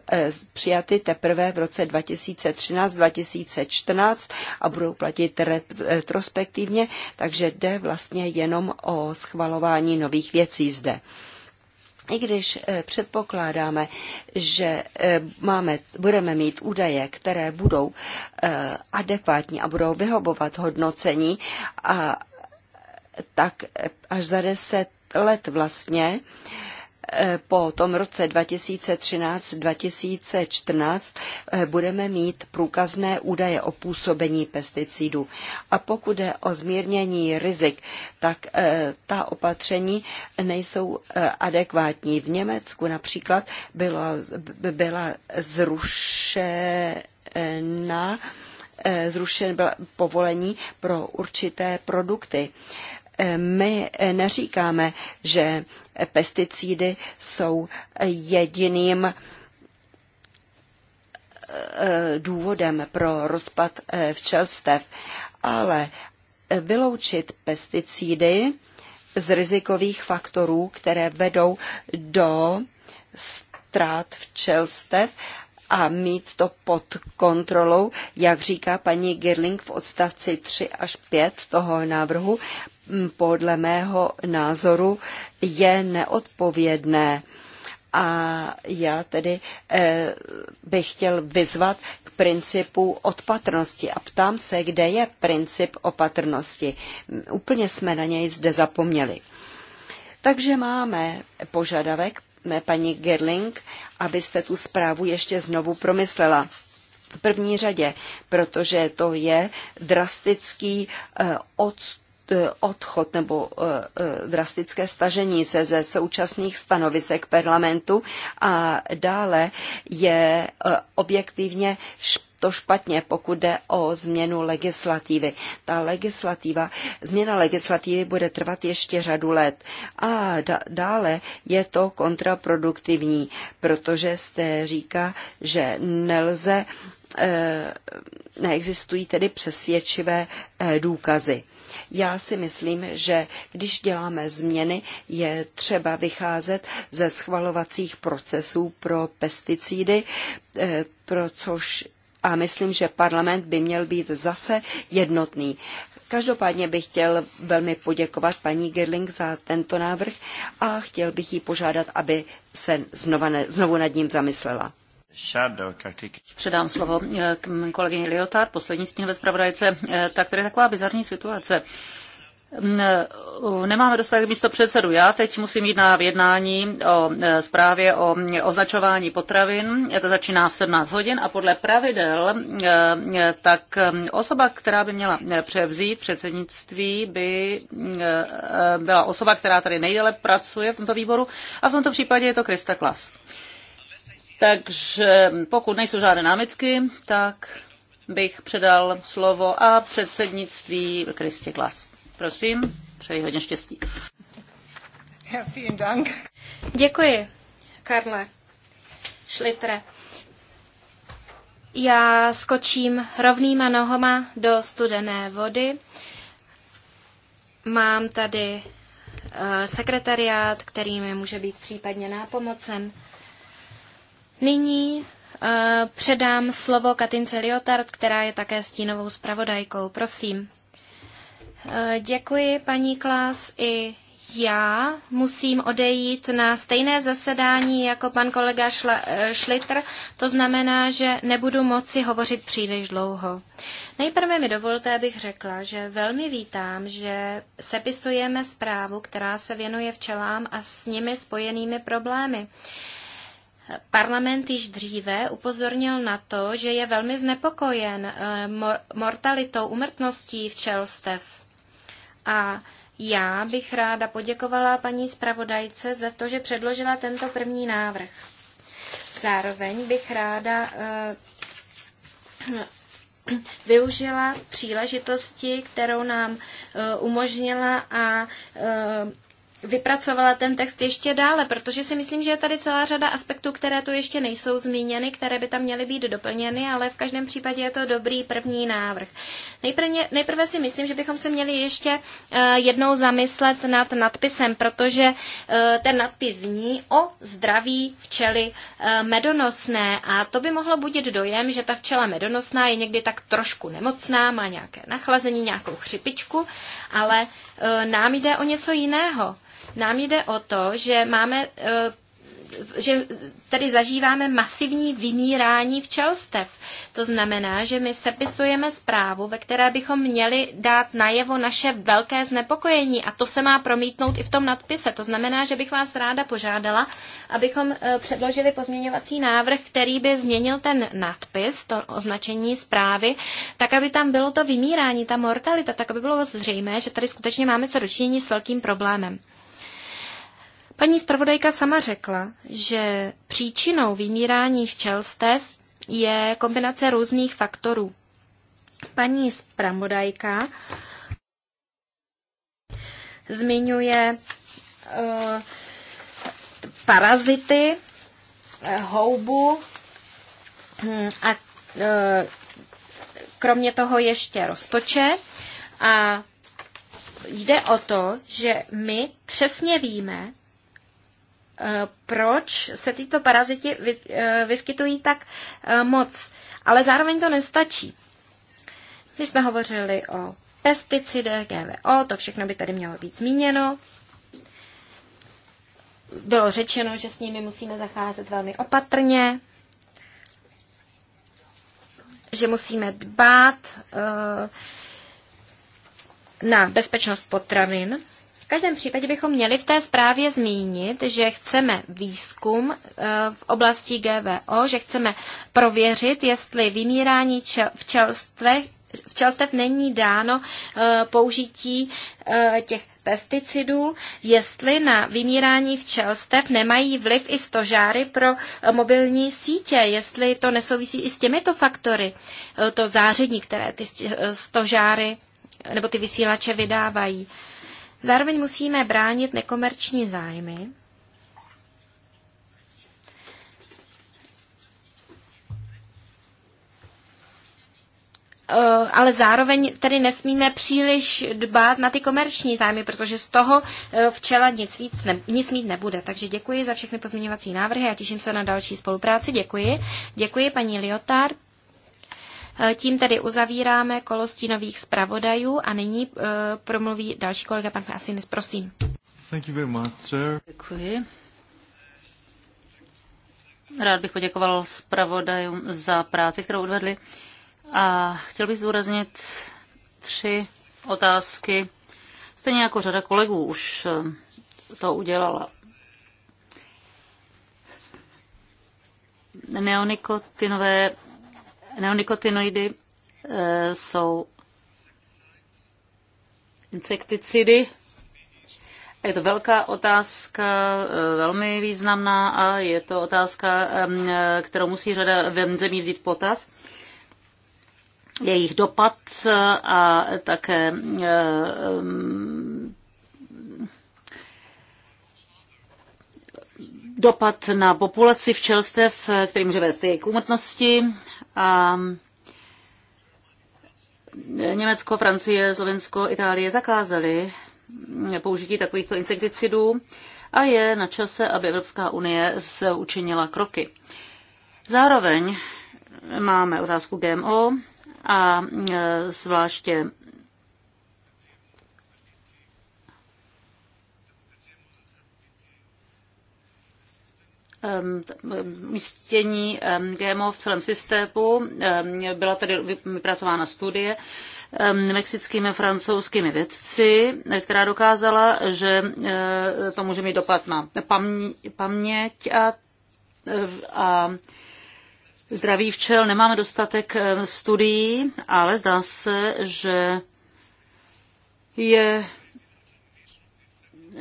přijaty teprve v roce 2013-2014 a budou platit retrospektivně, takže jde vlastně jenom o schvalování nových věcí zde i když eh, předpokládáme, že eh, máme, budeme mít údaje, které budou eh, adekvátní a budou vyhobovat hodnocení, a tak až za deset let vlastně po tom roce 2013-2014 eh, budeme mít průkazné údaje o působení pesticidů. A pokud je o zmírnění rizik, tak eh, ta opatření nejsou eh, adekvátní. V Německu například bylo, byla zrušena zrušen byl povolení pro určité produkty. My neříkáme, že Pesticidy jsou jediným eh, důvodem pro rozpad eh, včelstev, ale vyloučit pesticidy z rizikových faktorů, které vedou do ztrát včelstev a mít to pod kontrolou, jak říká paní Girling v odstavci 3 až 5 toho návrhu, podle mého názoru je neodpovědné. A já tedy eh, bych chtěl vyzvat k principu odpatrnosti a ptám se, kde je princip opatrnosti. Úplně jsme na něj zde zapomněli. Takže máme požadavek paní Gerling, abyste tu zprávu ještě znovu promyslela. V první řadě, protože to je drastický eh, eh, odchod nebo eh, drastické stažení se ze současných stanovisek parlamentu a dále je objektivně špatný to špatně, pokud jde o změnu legislativy. Ta legislativa, změna legislativy bude trvat ještě řadu let. A dále je to kontraproduktivní, protože jste říká, že nelze eh, neexistují tedy přesvědčivé eh, důkazy. Já si myslím, že když děláme změny, je třeba vycházet ze schvalovacích procesů pro pesticidy, eh, pro což a myslím, že parlament by měl být zase jednotný. Každopádně bych chtěl velmi poděkovat paní Gerling za tento návrh a chtěl bych jí požádat, aby se znova ne, znovu nad ním zamyslela. Předám slovo eh, k kolegyni Liotard, poslední ve zpravodajce. Eh, tak tady je taková bizarní situace. Nemáme dostatek místo předsedu. Já teď musím jít na jednání o e, zprávě o e, označování potravin. To začíná v 17 hodin a podle pravidel e, tak osoba, která by měla převzít předsednictví, by byla osoba, která tady nejdéle pracuje v tomto výboru a v tomto případě je to Krista Klas. Takže pokud nejsou žádné námitky, tak bych předal slovo a předsednictví Kristě Klas. Prosím, přeji hodně štěstí. Děkuji, Karle. Šlitre. Já skočím rovnýma nohama do studené vody. Mám tady eh, sekretariát, který mi může být případně nápomocen. Nyní eh, předám slovo Katince Liotard, která je také stínovou zpravodajkou. Prosím. Eh, děkuji, paní Klas. i já musím odejít na stejné zasedání jako pan kolega Šla, eh, Šlitr, to znamená, že nebudu moci hovořit příliš dlouho. Nejprve mi dovolte, abych řekla, že velmi vítám, že sepisujeme zprávu, která se věnuje včelám a s nimi spojenými problémy. Parlament již dříve upozornil na to, že je velmi znepokojen eh, mortalitou, umrtností včelstev. A já bych ráda poděkovala paní zpravodajce za to, že předložila tento první návrh. Zároveň bych ráda eh, využila příležitosti, kterou nám eh, umožnila a eh, vypracovala ten text ještě dále, protože si myslím, že je tady celá řada aspektů, které tu ještě nejsou zmíněny, které by tam měly být doplněny, ale v každém případě je to dobrý první návrh. Nejprve, nejprve si myslím, že bychom se měli ještě eh, jednou zamyslet nad nadpisem, protože eh, ten nadpis zní o zdraví včely eh, medonosné a to by mohlo budit dojem, že ta včela medonosná je někdy tak trošku nemocná, má nějaké nachlazení, nějakou chřipičku, ale nám jde o něco jiného. Nám jde o to, že máme eh, že tady zažíváme masivní vymírání včelstev. To znamená, že my sepisujeme zprávu, ve které bychom měli dát najevo naše velké znepokojení a to se má promítnout i v tom nadpise. To znamená, že bych vás ráda požádala, abychom eh, předložili pozměňovací návrh, který by změnil ten nadpis, to označení zprávy, tak aby tam bylo to vymírání, ta mortalita, tak aby bylo zřejmé, že tady skutečně máme co dočinění s velkým problémem. Paní zpravodajka sama řekla, že příčinou vymírání včelstev je kombinace různých faktorů. Paní zpravodajka zmiňuje uh, parazity, eh, houbu hm, a eh, kromě toho ještě roztoče. A jde o to, že my přesně víme, proč se tyto paraziti eh, vyskytují tak eh, moc. Ale zároveň to nestačí. My jsme hovořili o pesticidech, GVO, to všechno by tady mělo být zmíněno. Bylo řečeno, že s nimi musíme zacházet velmi opatrně, že musíme dbát eh, na bezpečnost potravin, v každém případě bychom měli v té zprávě zmínit, že chceme výzkum eh, v oblasti GVO, že chceme prověřit, jestli vymírání v včelstev není dáno eh, použití eh, těch pesticidů, jestli na vymírání včelstev nemají vliv i stožáry pro mobilní sítě, jestli to nesouvisí i s těmito faktory, to záření, které ty stožáry nebo ty vysílače vydávají. Zároveň musíme bránit nekomerční zájmy. Eh, ale zároveň tedy nesmíme příliš dbát na ty komerční zájmy, protože z toho eh, včela nic, víc ne, nic mít nebude. Takže děkuji za všechny pozměňovací návrhy a těším se na další spolupráci. Děkuji. Děkuji paní Liotard. Eh, tím tedy uzavíráme kolo stínových zpravodajů a nyní eh, promluví další kolega, pan Asinis, prosím. Thank you very much, sir. Děkuji. Rád bych poděkoval zpravodajům za práci, kterou odvedli. A chtěl bych zúraznit tři otázky. Stejně jako řada kolegů už eh, to udělala. Neonikotinové neonikotinoidy eh, jsou insekticidy. Je to velká otázka, eh, velmi významná a je to otázka, eh, kterou musí řada zemí vzít potaz jejich dopad a také dopad na populaci včelstev, který může vést k úmrtnosti. A Německo, Francie, Slovensko, Itálie zakázali použití takovýchto insekticidů a je na čase, aby Evropská unie se učinila kroky. Zároveň máme otázku GMO a e, zvláště Ehm, ehm, umístění ehm, GMO v celém systému. Byla tady vypracována studie mexickými a francouzskými vědci, eh, která dokázala, že eh, to může mít dopad na paměť a, a zdraví včel. Nemáme dostatek studií, ale zdá se, že je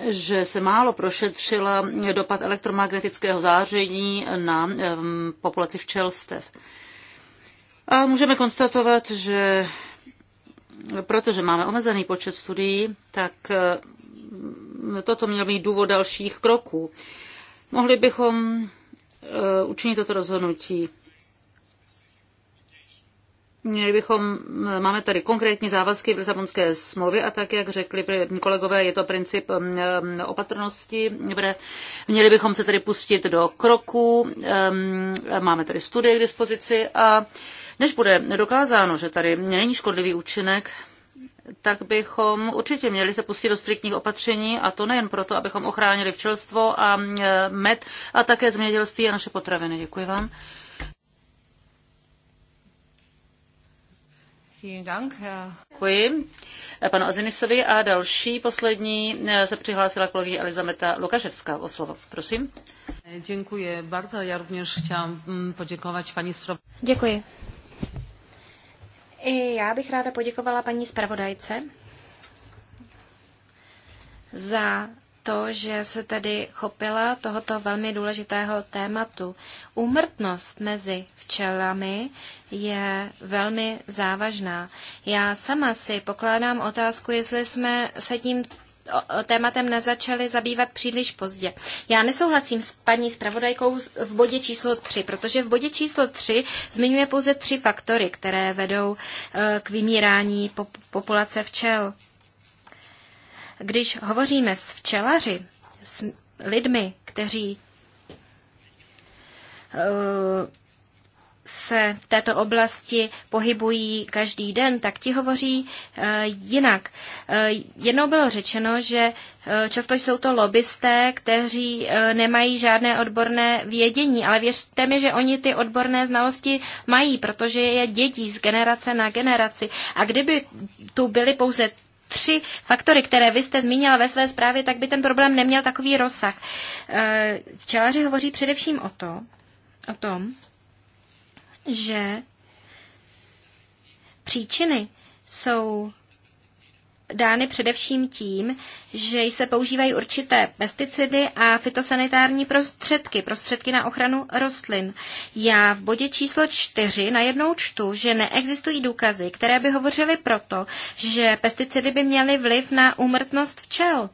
že se málo prošetřila dopad elektromagnetického záření na populaci včelstev. A můžeme konstatovat, že protože máme omezený počet studií, tak toto měl být důvod dalších kroků. Mohli bychom e, učinit toto rozhodnutí Měli bychom, máme tady konkrétní závazky v Lisabonské smlouvě a tak, jak řekli kolegové, je to princip um, um, opatrnosti. Měli bychom se tedy pustit do kroku, um, máme tady studie k dispozici a než bude dokázáno, že tady není škodlivý účinek, tak bychom určitě měli se pustit do striktních opatření a to nejen proto, abychom ochránili včelstvo a med a také zemědělství a naše potraviny. Děkuji vám. Děkuji eh, panu Azinisovi a další poslední eh, se přihlásila kolegyně Elizameta Lukaševská o slovo. Prosím. Děkuji bardzo. Já rovněž chtěla mm, poděkovat paní zpravodajce. Děkuji. I já bych ráda poděkovala paní zpravodajce za to, že se tedy chopila tohoto velmi důležitého tématu. Úmrtnost mezi včelami je velmi závažná. Já sama si pokládám otázku, jestli jsme se tím tématem nezačali zabývat příliš pozdě. Já nesouhlasím s paní zpravodajkou v bodě číslo 3, protože v bodě číslo 3 zmiňuje pouze tři faktory, které vedou eh, k vymírání populace včel. Když hovoříme s včelaři, s lidmi, kteří eh, se v této oblasti pohybují každý den, tak ti hovoří eh, jinak. Eh, jednou bylo řečeno, že často jsou to lobbysté, kteří nemají žádné odborné vědění, ale věřte mi, že oni ty odborné znalosti mají, protože je dědí z generace na generaci. A kdyby tu byli pouze tři faktory, které vy jste zmínila ve své zprávě, tak by ten problém neměl takový rozsah. Eh, včelaři hovoří především o, to, o tom, že příčiny jsou dány především tím, že se používají určité pesticidy a fitosanitární prostředky, prostředky na ochranu rostlin. Já v bodě číslo čtyři najednou čtu, že neexistují důkazy, které by hovořily proto, že pesticidy by měly vliv na úmrtnost včel.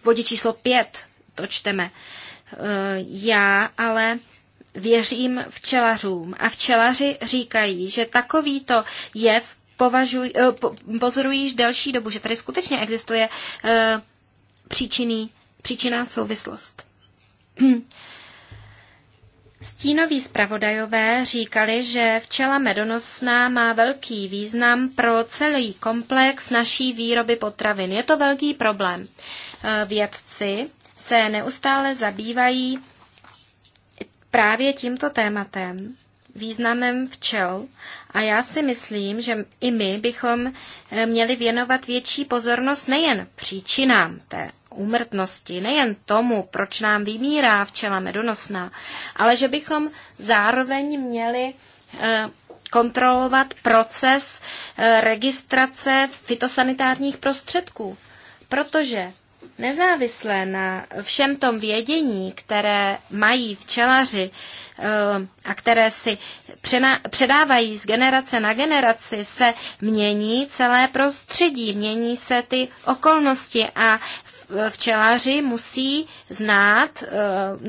V bodě číslo pět to čteme. Eh, já ale věřím včelařům a včelaři říkají, že takovýto jev považují, eh, pozorují již delší dobu, že tady skutečně existuje eh, příčinný, příčinná souvislost. Stínoví zpravodajové říkali, že včela medonosná má velký význam pro celý komplex naší výroby potravin. Je to velký problém. Eh, vědci se neustále zabývají právě tímto tématem významem včel a já si myslím, že i my bychom eh, měli věnovat větší pozornost nejen příčinám té úmrtnosti, nejen tomu, proč nám vymírá včela medonosná, ale že bychom zároveň měli eh, kontrolovat proces eh, registrace fitosanitárních prostředků. Protože Nezávisle na všem tom vědění, které mají včelaři eh, a které si předávají z generace na generaci, se mění celé prostředí, mění se ty okolnosti a včelaři musí znát eh,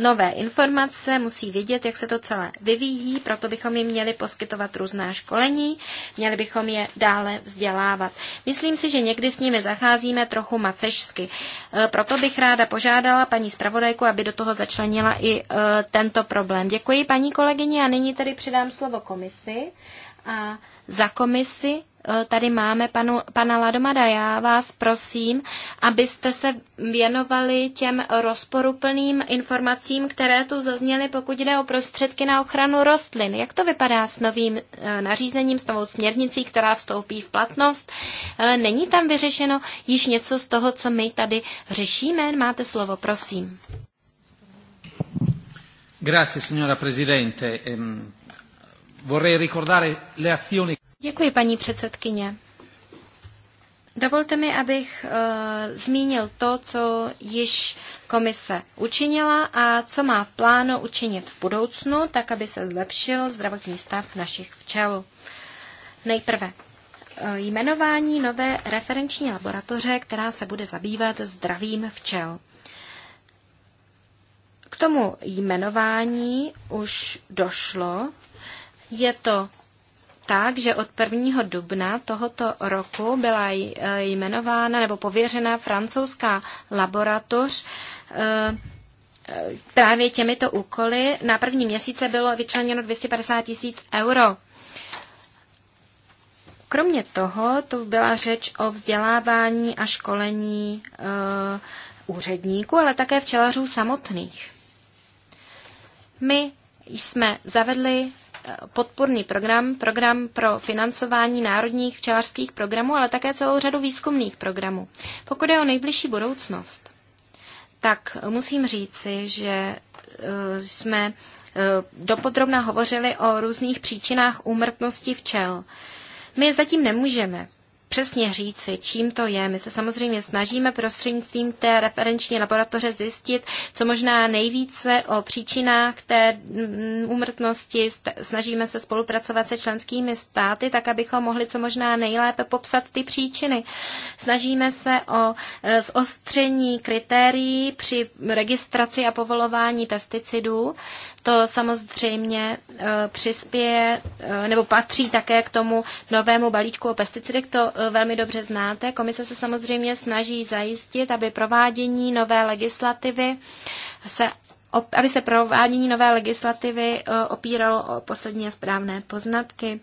nové informace, musí vědět, jak se to celé vyvíjí, proto bychom jim měli poskytovat různá školení, měli bychom je dále vzdělávat. Myslím si, že někdy s nimi zacházíme trochu macežsky. Eh, proto bych ráda požádala paní zpravodajku, aby do toho začlenila i eh, tento problém. Děkuji paní kolegyně a nyní tedy přidám slovo komisi. A za komisi tady máme panu, pana Ladomada. Já vás prosím, abyste se věnovali těm rozporuplným informacím, které tu zazněly, pokud jde o prostředky na ochranu rostlin. Jak to vypadá s novým eh, nařízením, s novou směrnicí, která vstoupí v platnost? Eh, není tam vyřešeno již něco z toho, co my tady řešíme? Máte slovo, prosím. Grazie signora Presidente. Ehm, vorrei ricordare le azioni Děkuji, paní předsedkyně. Dovolte mi, abych eh, zmínil to, co již komise učinila a co má v plánu učinit v budoucnu, tak aby se zlepšil zdravotní stav našich včel. Nejprve eh, jmenování nové referenční laboratoře, která se bude zabývat zdravím včel. K tomu jmenování už došlo. Je to tak, že od 1. dubna tohoto roku byla e, jmenována nebo pověřena francouzská laboratoř e, e, právě těmito úkoly. Na první měsíce bylo vyčleněno 250 tisíc euro. Kromě toho to byla řeč o vzdělávání a školení e, úředníků, ale také včelařů samotných. My jsme zavedli podporný program, program pro financování národních včelařských programů, ale také celou řadu výzkumných programů. Pokud je o nejbližší budoucnost, tak musím říci, že e, jsme e, dopodrobna hovořili o různých příčinách úmrtnosti včel. My zatím nemůžeme přesně říci, čím to je. My se samozřejmě snažíme prostřednictvím té referenční laboratoře zjistit, co možná nejvíce o příčinách té mm, úmrtnosti. Snažíme se spolupracovat se členskými státy, tak abychom mohli co možná nejlépe popsat ty příčiny. Snažíme se o e, zostření kritérií při registraci a povolování pesticidů. To samozřejmě eh, přispěje eh, nebo patří také k tomu novému balíčku o pesticidech, to eh, velmi dobře znáte. Komise se samozřejmě snaží zajistit, aby provádění nové legislativy se aby se provádění nové legislativy opíralo o poslední a správné poznatky.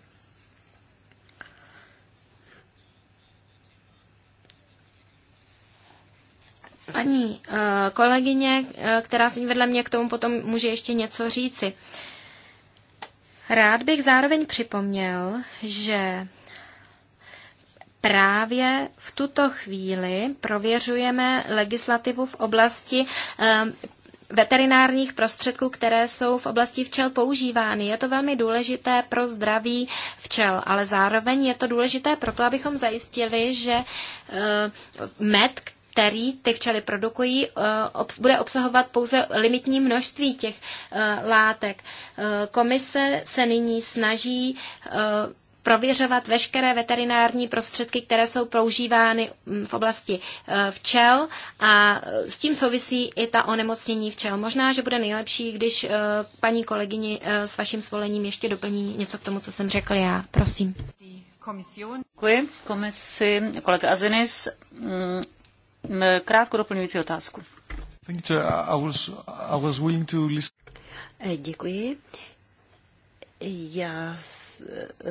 Paní eh, kolegyně, eh, která sedí vedle mě, k tomu potom může ještě něco říci. Rád bych zároveň připomněl, že právě v tuto chvíli prověřujeme legislativu v oblasti eh, veterinárních prostředků, které jsou v oblasti včel používány. Je to velmi důležité pro zdraví včel, ale zároveň je to důležité proto, abychom zajistili, že med, který ty včely produkují, eh, bude obsahovat pouze limitní množství těch eh, látek. Eh, komise se nyní snaží prověřovat veškeré veterinární prostředky, které jsou používány mm, v oblasti včel a s tím souvisí i ta onemocnění včel. Možná, že bude nejlepší, když paní kolegyni s vaším svolením ještě doplní něco k tomu, co jsem řekl já. Prosím. Děkuji komisi. Kolega Azenis, mm, krátkou doplňující otázku. E, děkuji. Já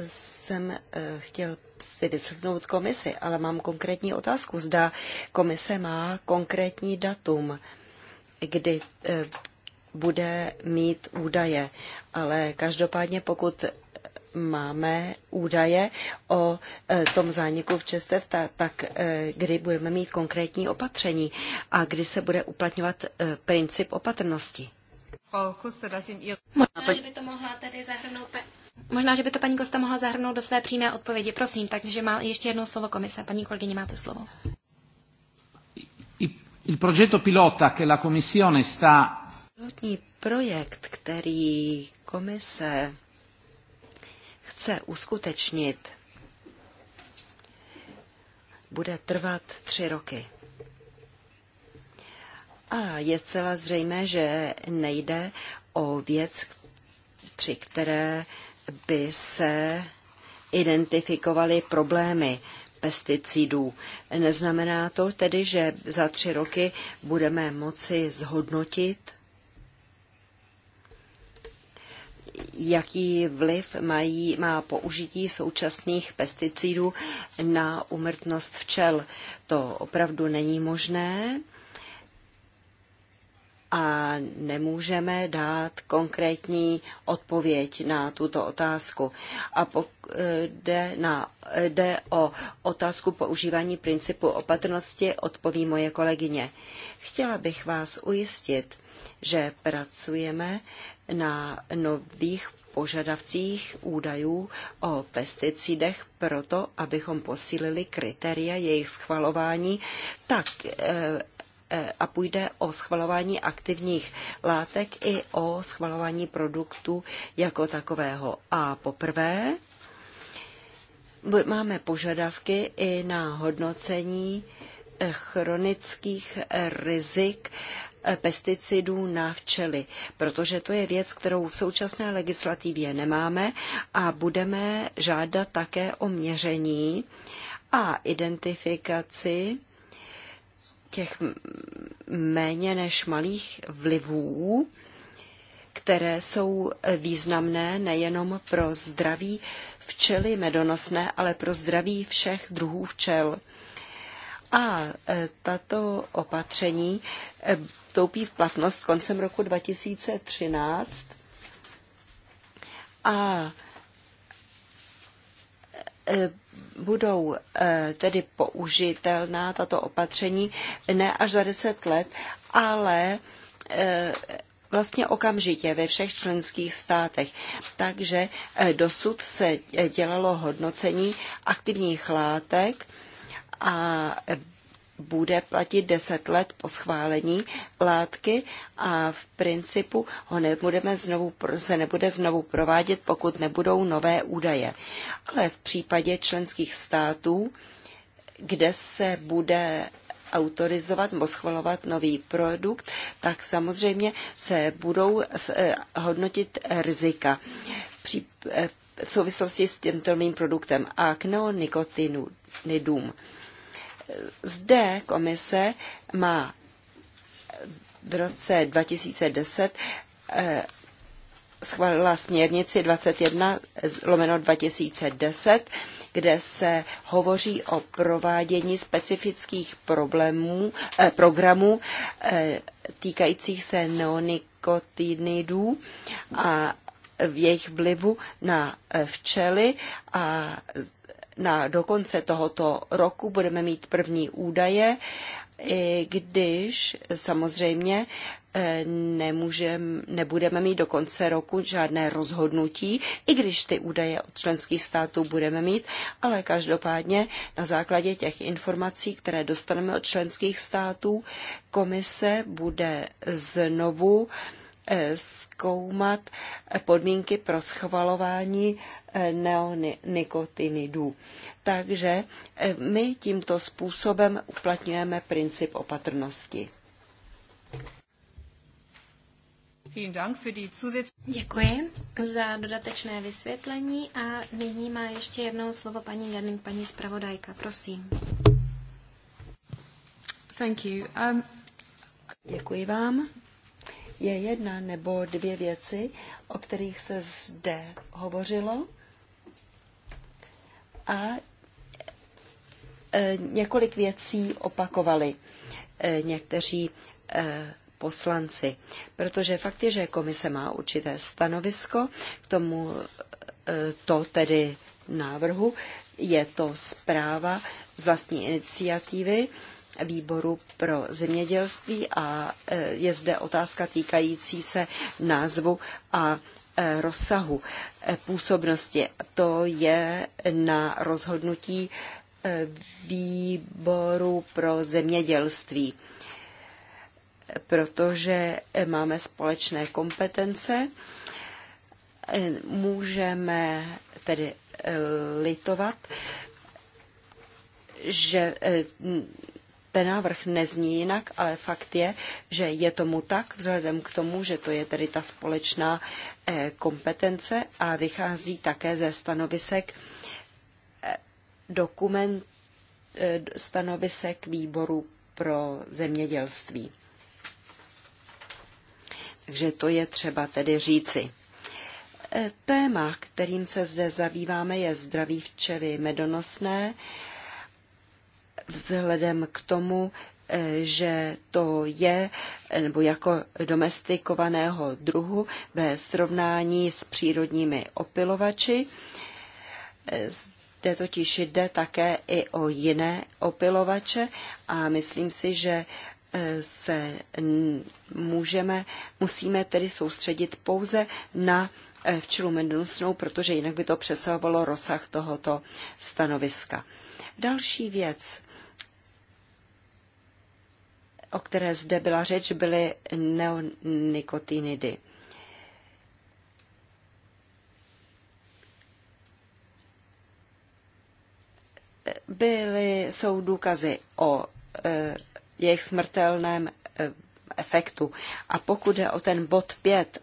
jsem e, chtěl si vyslechnout komisi, ale mám konkrétní otázku. Zda komise má konkrétní datum, kdy e, bude mít údaje. Ale každopádně, pokud máme údaje o e, tom zániku v čestev, tak e, kdy budeme mít konkrétní opatření a kdy se bude uplatňovat e, princip opatrnosti. Možná, že by to mohla tedy zahrnout Možná, že by to paní Kosta mohla zahrnout do své přímé odpovědi. Prosím, takže má ještě jednou slovo komise. Paní kolegyně, máte slovo. Il progetto pilota che la Commissione sta... Pilotní projekt, který komise chce uskutečnit, bude trvat tři roky. A je zcela zřejmé, že nejde o věc, při které by se identifikovaly problémy pesticidů. Neznamená to tedy, že za tři roky budeme moci zhodnotit jaký vliv mají, má použití současných pesticidů na umrtnost včel. To opravdu není možné a nemůžeme dát konkrétní odpověď na tuto otázku. A eh, jde, na, eh, jde o otázku používání principu opatrnosti, odpoví moje kolegyně. Chtěla bych vás ujistit, že pracujeme na nových požadavcích údajů o pesticidech proto, abychom posílili kritéria jejich schvalování tak eh, eh, a půjde o schvalování aktivních látek i o schvalování produktu jako takového. A poprvé máme požadavky i na hodnocení eh, chronických rizik Eh, pesticidů na včely, protože to je věc, kterou v současné legislativě nemáme a budeme žádat také o měření a identifikaci těch méně než malých vlivů, které jsou významné nejenom pro zdraví včely medonosné, ale pro zdraví všech druhů včel. A eh, tato opatření eh, vstoupí v platnost koncem roku 2013. A e, budou e, tedy použitelná tato opatření ne až za 10 let, ale e, vlastně okamžitě ve všech členských státech. Takže dosud se dělalo hodnocení aktivních látek a bude platit 10 let po schválení látky a v principu ho nebudeme znovu, se nebude znovu provádět, pokud nebudou nové údaje. Ale v případě členských států, kde se bude autorizovat nebo schvalovat nový produkt, tak samozřejmě se budou eh, hodnotit rizika eh, v souvislosti s tímto novým produktem a k neonikotinu. Nidům. Zde komise má v roce 2010 eh, schválila směrnici 21 lomeno 2010, kde se hovoří o provádění specifických problémů, eh, programů eh, týkajících se neonikotinidů a v jejich vlivu na eh, včely a na do konce tohoto roku budeme mít první údaje, i když samozřejmě eh, nemůžem, nebudeme mít do konce roku žádné rozhodnutí, i když ty údaje od členských států budeme mít, ale každopádně na základě těch informací, které dostaneme od členských států, komise bude znovu eh, Eh, zkoumat podmínky pro schvalování eh, neonikotinidů. Takže eh, my tímto způsobem uplatňujeme princip opatrnosti. Děkuji za dodatečné vysvětlení a nyní má ještě jednou slovo paní Gerning, paní zpravodajka. Prosím. Thank you. Um... Děkuji vám je jedna nebo dvě věci, o kterých se zde hovořilo. A e, několik věcí opakovali e, někteří e, poslanci, protože fakt je, že komise má určité stanovisko k tomu to tedy návrhu. Je to zpráva z vlastní iniciativy výboru pro zemědělství a e, je zde otázka týkající se názvu a e, rozsahu e, působnosti. To je na rozhodnutí výboru pro zemědělství, protože máme společné kompetence. Můžeme tedy litovat, že ten návrh nezní jinak, ale fakt je, že je tomu tak, vzhledem k tomu, že to je tedy ta společná eh, kompetence a vychází také ze stanovisek eh, dokument, eh, stanovisek výboru pro zemědělství. Takže to je třeba tedy říci. Téma, kterým se zde zabýváme, je zdraví včely medonosné, vzhledem k tomu, eh, že to je, eh, nebo jako domestikovaného druhu ve srovnání s přírodními opilovači. Eh, zde totiž jde také i o jiné opilovače a myslím si, že se můžeme, musíme tedy soustředit pouze na včelu medonosnou, protože jinak by to přesahovalo rozsah tohoto stanoviska. Další věc o které zde byla řeč, byly neonikotinidy. Byly, jsou důkazy o e, jejich smrtelném e, efektu. A pokud je o ten bod 5,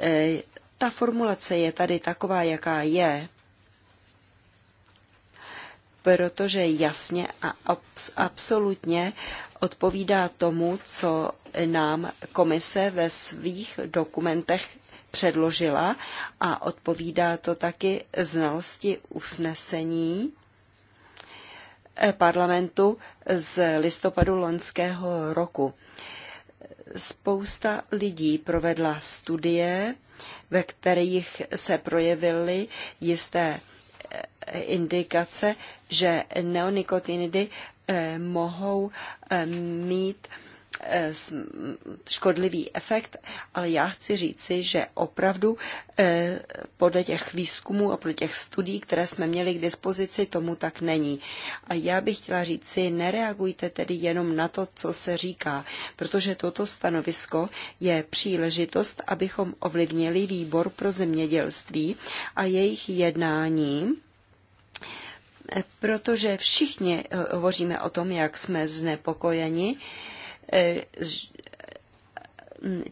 e, ta formulace je tady taková, jaká je protože jasně a abs- absolutně odpovídá tomu, co nám komise ve svých dokumentech předložila a odpovídá to taky znalosti usnesení eh, parlamentu z listopadu loňského roku. Spousta lidí provedla studie, ve kterých se projevily jisté indikace, že neonikotinidy eh, mohou eh, mít eh, škodlivý efekt, ale já chci říci, že opravdu podle těch výzkumů a podle těch studií, které jsme měli k dispozici, tomu tak není. A já bych chtěla říci, nereagujte tedy jenom na to, co se říká, protože toto stanovisko je příležitost, abychom ovlivnili výbor pro zemědělství a jejich jednání protože všichni eh, hovoříme o tom, jak jsme znepokojeni eh,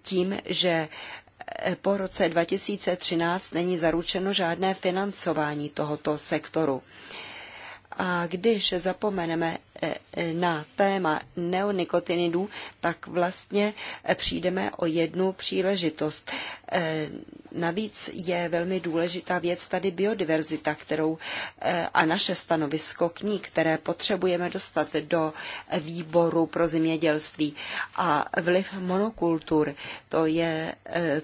tím, že eh, po roce 2013 není zaručeno žádné financování tohoto sektoru. A když zapomeneme eh, eh, na téma neonikotinidů, tak vlastně eh, přijdeme o jednu příležitost. Navíc je velmi důležitá věc tady biodiverzita, kterou a naše stanovisko k ní, které potřebujeme dostat do výboru pro zemědělství a vliv monokultur. To je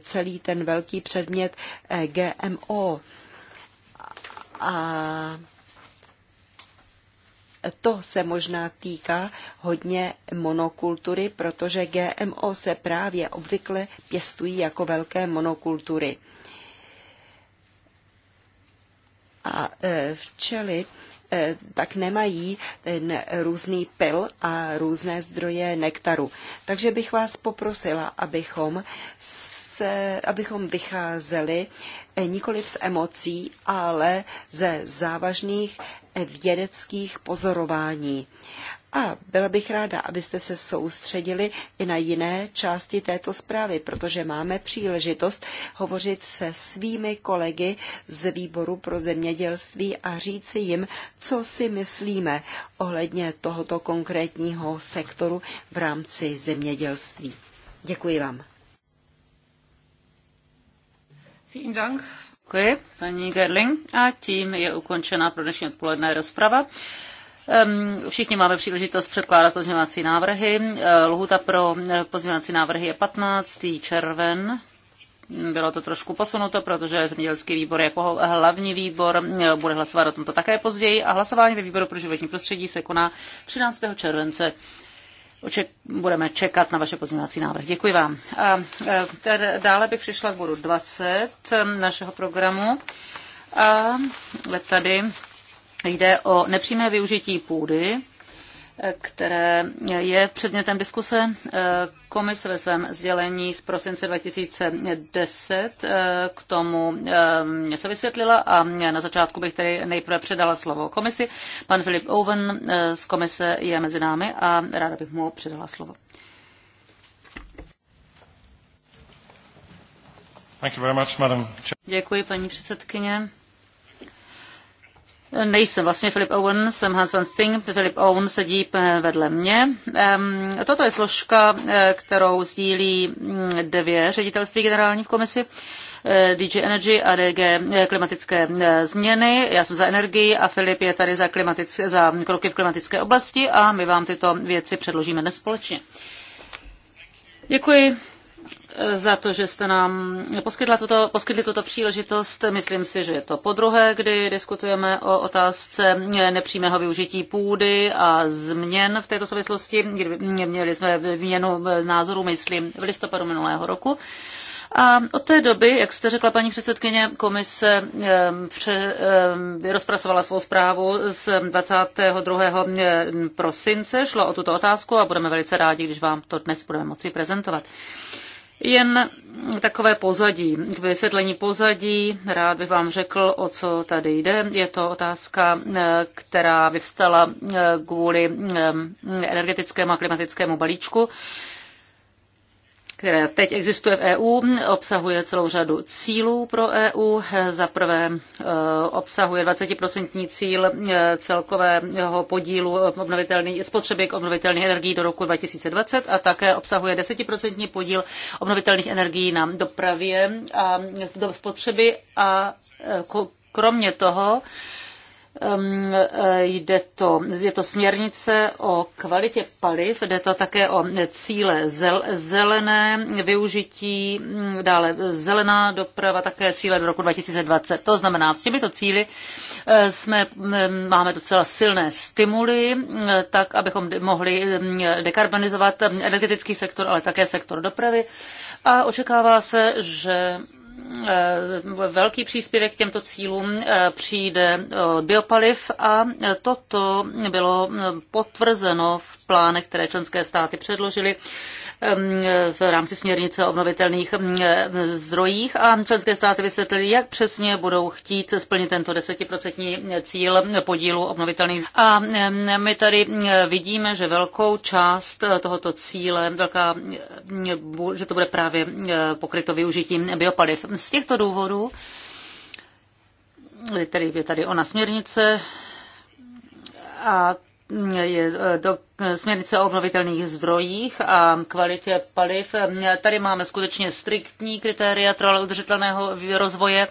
celý ten velký předmět GMO. A to se možná týká hodně monokultury, protože GMO se právě obvykle pěstují jako velké monokultury. A e, včely e, tak nemají ten různý pil a různé zdroje nektaru. Takže bych vás poprosila, abychom se, abychom vycházeli e, nikoli z emocí, ale ze závažných vědeckých pozorování. A byla bych ráda, abyste se soustředili i na jiné části této zprávy, protože máme příležitost hovořit se svými kolegy z výboru pro zemědělství a říci jim, co si myslíme ohledně tohoto konkrétního sektoru v rámci zemědělství. Děkuji vám. Vielen Dank, Děkuji, paní Gerling. A tím je ukončena pro dnešní odpoledne rozprava. Všichni máme příležitost předkládat pozměňovací návrhy. E, Lhuta pro e, pozměňovací návrhy je 15. červen bylo to trošku posunuto, protože zemědělský výbor jako hlavní výbor e, bude hlasovat o tomto také později a hlasování ve výboru pro životní prostředí se koná 13. července Oček, budeme čekat na vaše pozměňovací návrh. Děkuji vám. A, a, e, dále bych přišla k bodu 20 e, našeho programu. A tady jde o nepřímé využití půdy které je předmětem diskuse. Eh, komise ve svém sdělení z prosince 2010 eh, k tomu eh, něco vysvětlila a na začátku bych tedy nejprve předala slovo komisi. Pan Filip Owen z komise je mezi námi a ráda bych mu předala slovo. Děkuji, paní předsedkyně. Nejsem vlastně Philip Owen, jsem Hans van Sting. Philip Owen sedí eh, vedle mě. Toto je složka, eh, kterou sdílí mm, dvě ředitelství generální v komisi. Eh, DG Energy a DG klimatické změny. Já jsem za energii a Filip je tady za, klimatické, za kroky v klimatické oblasti a my vám tyto věci předložíme dnes společně. Děkuji za to, že jste nám poskytla tuto, poskytli tuto příležitost. Myslím si, že je to podruhé, kdy diskutujeme o otázce nepřímého využití půdy a změn v této souvislosti. Měli jsme výměnu názorů, myslím, v listopadu minulého roku. A od té doby, jak jste řekla paní předsedkyně, komise pře, rozpracovala svou zprávu z 22. prosince. Šlo o tuto otázku a budeme velice rádi, když vám to dnes budeme moci prezentovat. Jen takové pozadí, k vysvětlení pozadí, rád bych vám řekl, o co tady jde. Je to otázka, která vyvstala eh, kvůli eh, energetickému a klimatickému balíčku které teď existuje v EU, obsahuje celou řadu cílů pro EU. Za prvé e, obsahuje 20% cíl e, celkového podílu obnovitelný, spotřeby k obnovitelných energií do roku 2020 a také obsahuje 10% podíl obnovitelných energií na dopravě a do spotřeby a e, kromě toho Ehm, eh, jde to, je to směrnice o kvalitě paliv, jde to také o cíle zelené využití, hm, dále zelená doprava, také cíle do roku 2020. To znamená, s těmito cíly eh, jsme, hm, máme docela silné stimuly, eh, tak abychom mohli hm, dekarbonizovat energetický sektor, ale také sektor dopravy. A očekává se, že Eh, velký příspěvek k těmto cílům eh, přijde eh, biopaliv a toto bylo potvrzeno v plánech, které členské státy předložily Um, v rámci směrnice o obnovitelných um, zdrojích a členské státy vysvětlili, jak přesně budou chtít splnit tento desetiprocentní cíl podílu obnovitelných. A um, my tady uh, vidíme, že velkou část uh, tohoto cíle, velká, uh, že to bude právě pokryto využitím biopaliv. Z těchto důvodů tedy je tady ona směrnice a je e, do směrnice o obnovitelných zdrojích a kvalitě paliv. E, tady máme skutečně striktní kritéria trvale udržitelného rozvoje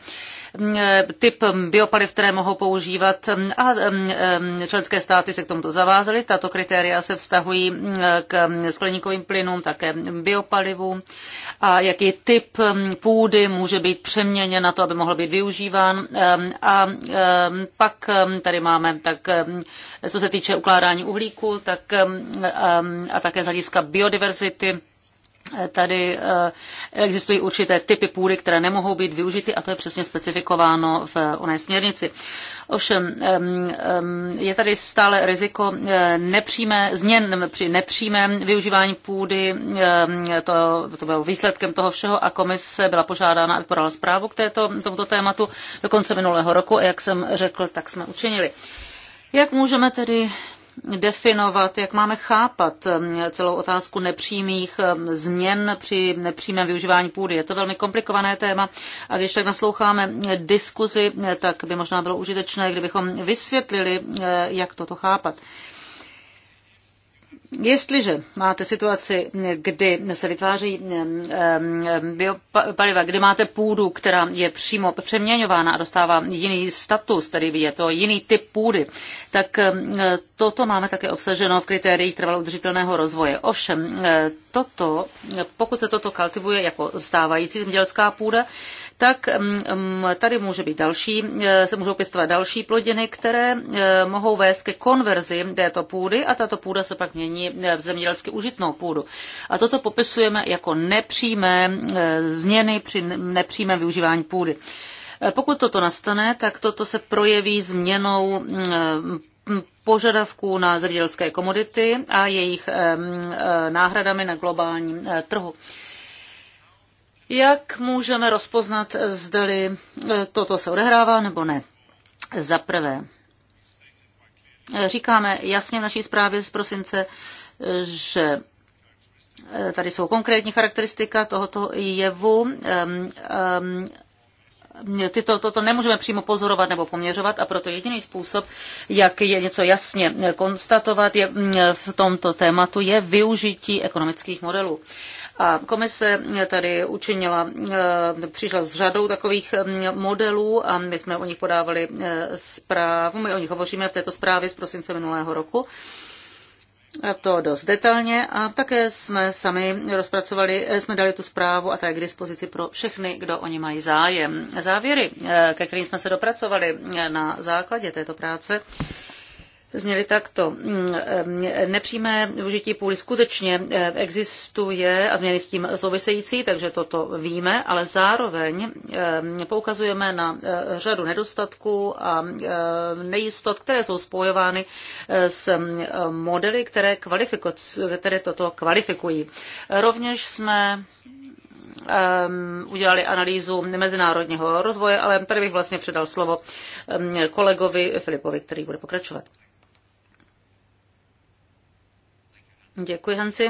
Eh, typ eh, biopaliv, které mohou používat eh, a členské státy se k tomuto zavázaly. Tato kritéria se vztahují k skleníkovým plynům, také biopalivu, a jaký typ půdy může být přeměněn na to, aby mohl být využíván. A pak tady máme tak, co se týče ukládání uhlíku tak, a také z hlediska biodiverzity, Tady eh, existují určité typy půdy, které nemohou být využity a to je přesně specifikováno v oné směrnici. Ovšem, je tady stále riziko eh, nepřímé, změn při nepřímém využívání půdy, to, to bylo výsledkem toho všeho a komise byla požádána, aby podala zprávu k této, tomuto tématu do konce minulého roku a jak jsem řekl, tak jsme učinili. Jak můžeme tedy definovat, jak máme chápat um, celou otázku nepřímých um, změn při nepřímém využívání půdy. Je to velmi komplikované téma a když tak nasloucháme diskuzi, tak by možná bylo užitečné, kdybychom vysvětlili, uh, jak toto chápat. Jestliže máte situaci, kdy se vytváří biopaliva, kdy máte půdu, která je přímo přeměňována a dostává jiný status, tedy je to jiný typ půdy, tak toto máme také obsaženo v kritériích trvalo udržitelného rozvoje. Ovšem, toto, pokud se toto kultivuje jako stávající zemědělská půda, tak mm, mm, tady může být další, eh, se můžou pěstovat další plodiny, které eh, mohou vést ke konverzi této půdy a tato půda se pak mění eh, v zemědělsky užitnou půdu. A toto popisujeme jako nepřímé změny při nepřímém využívání půdy. Pokud toto nastane, tak toto se projeví změnou mm, požadavků na zemědělské komodity a jejich náhradami na globálním trhu. Jak můžeme rozpoznat, zdali e, toto se odehrává nebo ne? Za prvé, e, říkáme jasně v naší zprávě z prosince, e, že tady jsou konkrétní charakteristika tohoto jevu. Tyto, toto nemůžeme přímo pozorovat nebo poměřovat a proto jediný způsob, jak je něco jasně konstatovat je v tomto tématu, je využití ekonomických modelů. A komise tady učinila, eh, přišla s řadou takových eh, modelů a my jsme o nich podávali eh, zprávu, my o nich hovoříme v této zprávě z prosince minulého roku to dost detailně a také jsme sami rozpracovali, jsme dali tu zprávu a ta je k dispozici pro všechny, kdo o ní mají zájem. Závěry, ke kterým jsme se dopracovali na základě této práce, zněly takto. Mm, eh, mm, nepřímé využití půdy skutečně eh, existuje a změny s tím související, takže toto víme, ale zároveň eh, poukazujeme na řadu nedostatků a nejistot, které jsou spojovány s mm, modely, které, které toto kvalifikují. Rovněž jsme ehm, udělali analýzu mezinárodního rozvoje, ale tady bych vlastně předal slovo ehm, kolegovi Filipovi, který bude pokračovat. Děkuji, Hanci.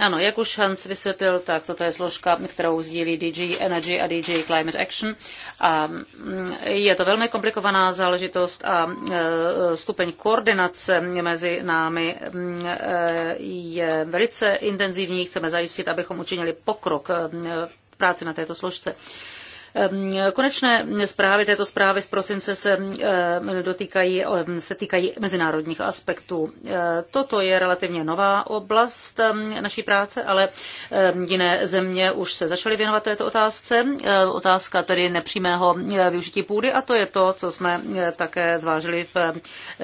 Ano, jak už Hans vysvětlil, tak toto je složka, kterou sdílí DG Energy a DG Climate Action. A mm, je to velmi komplikovaná záležitost a e, stupeň koordinace mezi námi mm, e, je velice intenzivní. Chceme zajistit, abychom učinili pokrok e, v práci na této složce. Ehm, konečné zprávy této zprávy z prosince se ehm, dotýkají, ehm, se týkají mezinárodních aspektů. Toto je relativně nová oblast naší práce, ale jiné země už se začaly věnovat této otázce. Otázka tedy nepřímého využití půdy a to je to, co jsme také zvážili v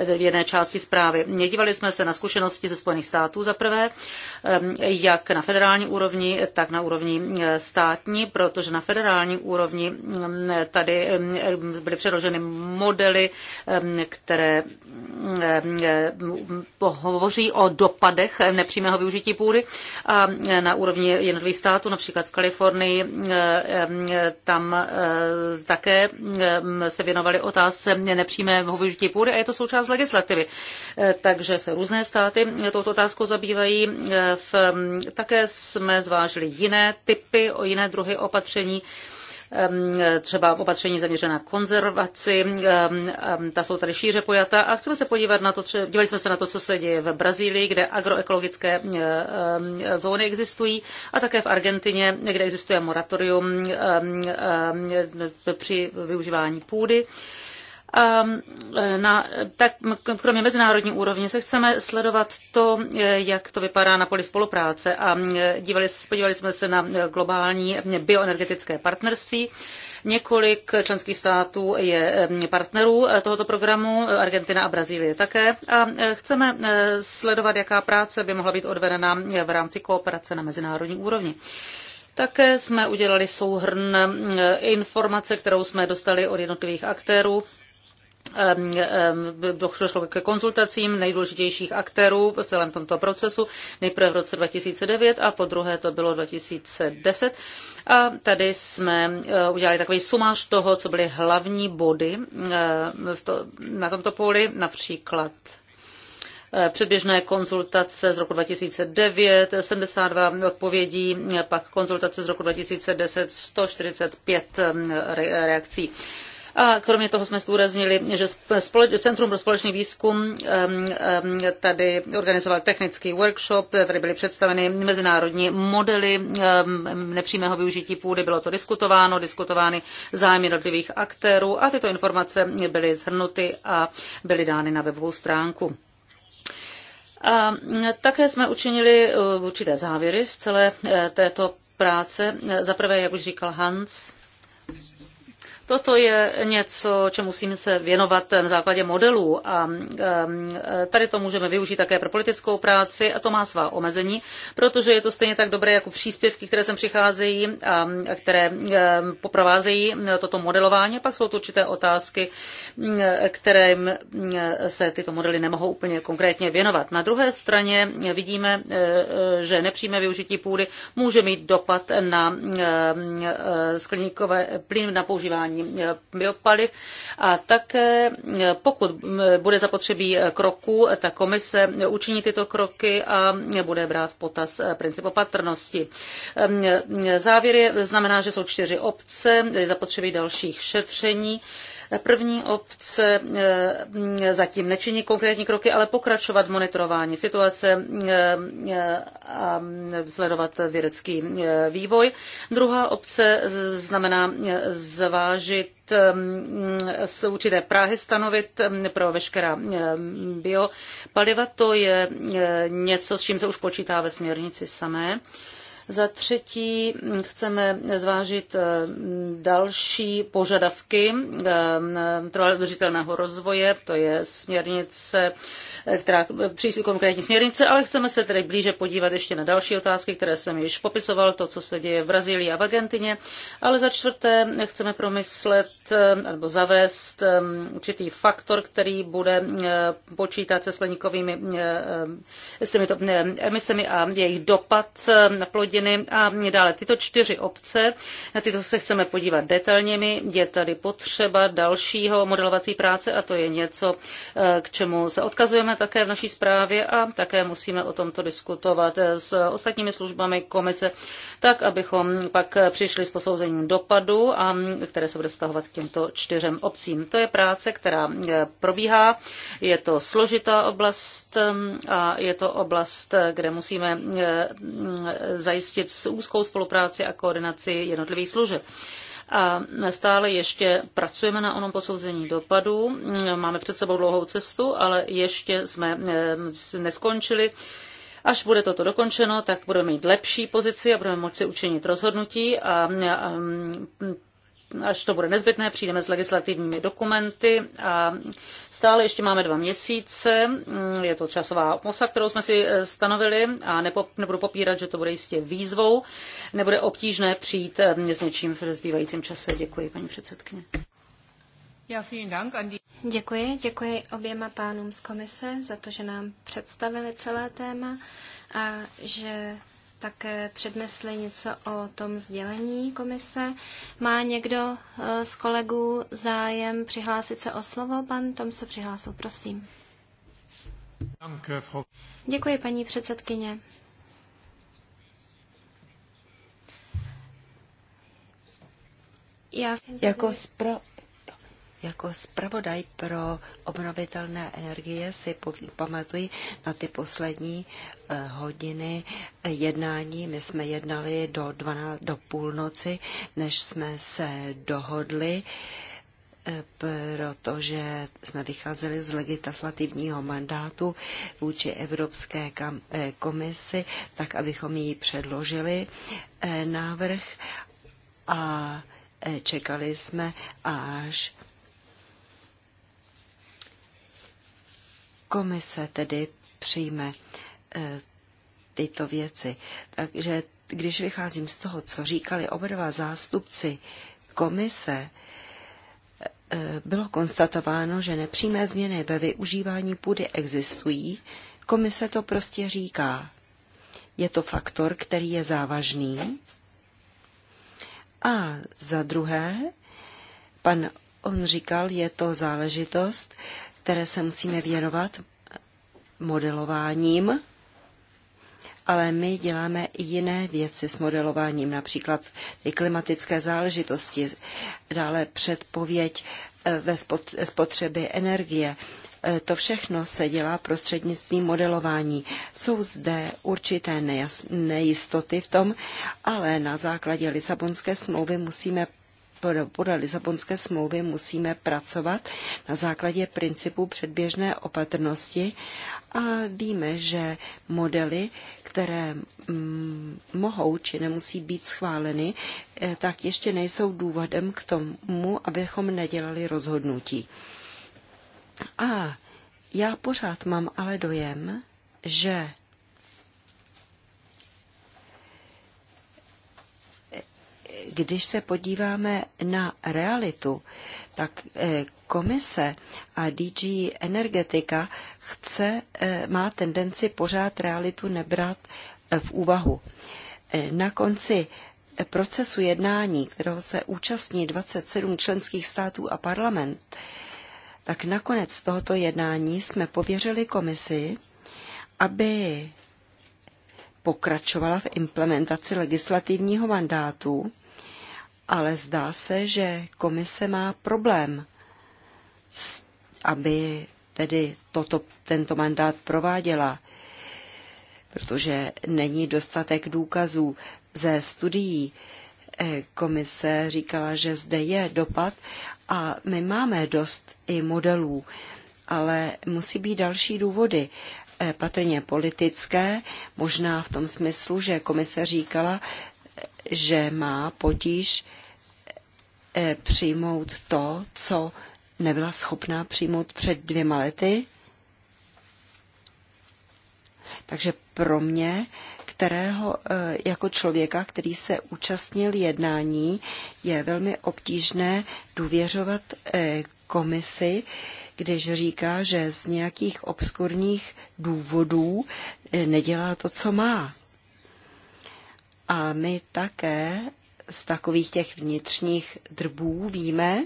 jedné části zprávy. Dívali jsme se na zkušenosti ze Spojených států za prvé, jak na federální úrovni, tak na úrovni státní, protože na federální úrovni úrovni. Tady byly předloženy modely, které hovoří o dopadech nepřímého využití půdy a na úrovni jednotlivých států, například v Kalifornii, tam eh, také se věnovali otázce nepřímého využití půdy a je to součást legislativy. Eh, takže se různé státy touto otázkou zabývají. Eh, také jsme zvážili jiné typy, o jiné druhy opatření, třeba opatření zaměřená konzervaci, ta jsou tady šíře pojata a chceme se podívat na to, třeba, dívali jsme se na to, co se děje v Brazílii, kde agroekologické zóny existují a také v Argentině, kde existuje moratorium při využívání půdy. Ehm, na, tak kromě mezinárodní úrovně se chceme sledovat to, eh, jak to vypadá na poli spolupráce a mm, dívali, podívali jsme se na eh, globální eh, bioenergetické partnerství. Několik členských států je mm, partnerů tohoto programu, Argentina a Brazílie také. A chceme sledovat, jaká práce by mohla být odvedena v rámci kooperace na mezinárodní úrovni. Také jsme udělali souhrn informace, kterou jsme dostali od jednotlivých aktérů Ehm, ehm, došlo ke konzultacím nejdůležitějších aktérů v celém tomto procesu, nejprve v roce 2009 a po druhé to bylo 2010. A tady jsme eh, udělali takový sumář toho, co byly hlavní body ehm, na tomto poli, například eh, předběžné konzultace z roku 2009, 72 odpovědí, eh, pak konzultace z roku 2010, 145 reakcí. A kromě toho jsme zdůraznili, že Centrum pro společný výzkum tady organizoval technický workshop, tady byly představeny mezinárodní modely nepřímého využití půdy, bylo to diskutováno, diskutovány zájmy jednotlivých aktérů a tyto informace byly zhrnuty a byly dány na webovou stránku. A také jsme učinili e, určité závěry z celé e, této práce. E, za prvé, jak už říkal Hans, Toto je něco, čemu musíme se věnovat na základě modelů a um, tady to můžeme využít také pro politickou práci a to má svá omezení, protože je to stejně tak dobré jako příspěvky, které sem přicházejí a které um, provázejí toto modelování. Pak jsou tu určité otázky, um, kterým se tyto modely nemohou úplně konkrétně věnovat. Na druhé straně vidíme, uh, že nepřímé využití půdy může mít dopad na uh, skleníkové plyn na používání používání biopaliv a také pokud bude zapotřebí kroků, ta komise učiní tyto kroky a bude brát v potaz princip opatrnosti. Závěry znamená, že jsou čtyři obce, je zapotřebí dalších šetření První obce eh, zatím nečiní konkrétní kroky, ale pokračovat v monitorování situace eh, eh, a sledovat vědecký vývoj. Druhá obce znamená zvážit z určité práhy stanovit pro veškerá biopaliva. To je něco, s čím se už počítá ve směrnici samé. Za třetí mm, chceme zvážit eh, další požadavky eh, mm, trvalé držitelného rozvoje, to je směrnice, eh, která přísí konkrétní směrnice, ale chceme se tedy blíže podívat ještě na další otázky, které jsem již popisoval, to, co se děje v Brazílii a v Argentině, ale za čtvrté chceme promyslet nebo zavést mm, určitý faktor, který bude počítat se skleníkovými s těmito emisemi a jejich dopad na plodí rodiny a dále tyto čtyři obce, na tyto se chceme podívat detailněmi. Je tady potřeba dalšího modelovací práce a to je něco, eh, k čemu se odkazujeme také v naší zprávě a také musíme o tomto diskutovat s ostatními službami komise, tak abychom pak přišli s posouzením dopadu, a, které se bude vztahovat k těmto čtyřem obcím. To je práce, která eh, probíhá. Je to složitá oblast eh, a je to oblast, kde musíme zajistit zajistit s úzkou spolupráci a koordinaci jednotlivých služeb a stále ještě pracujeme na onom posouzení dopadů. Máme před sebou dlouhou cestu, ale ještě jsme eh, neskončili. Až bude toto dokončeno, tak budeme mít lepší pozici a budeme moci učinit rozhodnutí a, a až to bude nezbytné, přijdeme s legislativními dokumenty a stále ještě máme dva měsíce, mm, je to časová osa, kterou jsme si eh, stanovili a nebudu popírat, že to bude jistě výzvou, nebude obtížné přijít eh, s něčím v zbývajícím čase. Děkuji, paní předsedkyně. Děkuji, děkuji oběma pánům z komise za to, že nám představili celé téma a že také přednesli něco o tom sdělení komise. Má někdo eh, z kolegů zájem přihlásit se o slovo? Pan Tom se přihlásil, prosím. Eh, Děkuji, paní předsedkyně. Já jsem jako spro... Jako zpravodaj pro obnovitelné energie si pamatuji na ty poslední eh, hodiny jednání. My jsme jednali do, 12, do půlnoci, než jsme se dohodli eh, protože jsme vycházeli z legislativního mandátu vůči Evropské eh, komisi, tak abychom jí předložili návrh a čekali jsme až Komise tedy přijme eh, tyto věci. Takže když vycházím z toho, co říkali oba dva zástupci komise, eh, bylo konstatováno, že nepřímé změny ve využívání půdy existují, komise to prostě říká. Je to faktor, který je závažný. A za druhé, pan on říkal, je to záležitost, které se musíme věnovat modelováním, ale my děláme i jiné věci s modelováním, například i klimatické záležitosti, dále předpověď eh, ve spotřeby energie. Eh, to všechno se dělá prostřednictvím modelování. Jsou zde určité nejistoty v tom, ale na základě Lisabonské smlouvy musíme podle Lisabonské smlouvy musíme pracovat na základě principů předběžné opatrnosti a víme, že modely, které mm, mohou či nemusí být schváleny, eh, tak ještě nejsou důvodem k tomu, abychom nedělali rozhodnutí. A já pořád mám ale dojem, že když se podíváme na realitu, tak eh, komise a DG Energetika chce, eh, má tendenci pořád realitu nebrat eh, v úvahu. Na konci procesu jednání, kterého se účastní 27 členských států a parlament, tak nakonec tohoto jednání jsme pověřili komisi, aby pokračovala v implementaci legislativního mandátu ale zdá se, že komise má problém, aby tedy toto, tento mandát prováděla, protože není dostatek důkazů ze studií. Eh, komise říkala, že zde je dopad a my máme dost i modelů, ale musí být další důvody eh, patrně politické, možná v tom smyslu, že komise říkala, že má potíž eh, přijmout to, co nebyla schopná přijmout před dvěma lety. Takže pro mě, kterého eh, jako člověka, který se účastnil jednání, je velmi obtížné důvěřovat eh, komisi, když říká, že z nějakých obskurních důvodů nedělá to, co má. A my také z takových těch vnitřních drbů víme,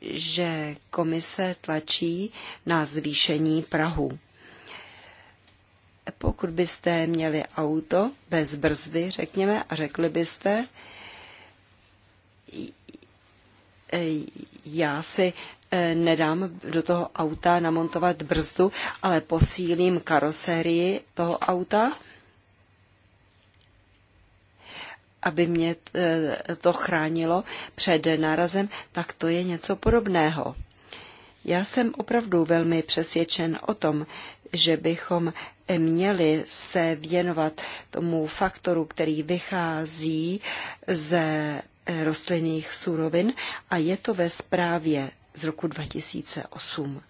že komise tlačí na zvýšení Prahu. Pokud byste měli auto bez brzdy, řekněme, a řekli byste, já si eh, nedám do toho auta namontovat brzdu, ale posílím karoserii toho auta, aby mě eh, to chránilo před nárazem, tak to je něco podobného. Já jsem opravdu velmi přesvědčen o tom, že bychom měli se věnovat tomu faktoru, který vychází ze eh, rostlinných surovin a je to ve zprávě z roku 2008.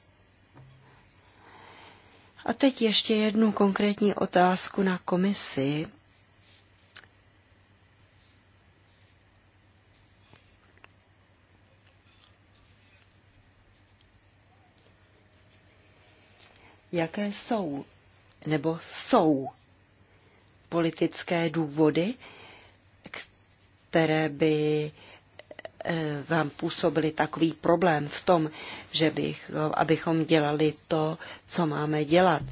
A teď ještě jednu konkrétní otázku na komisi. jaké jsou nebo jsou politické důvody, které by eh, vám působily takový problém v tom, že bych, abychom dělali to, co máme dělat,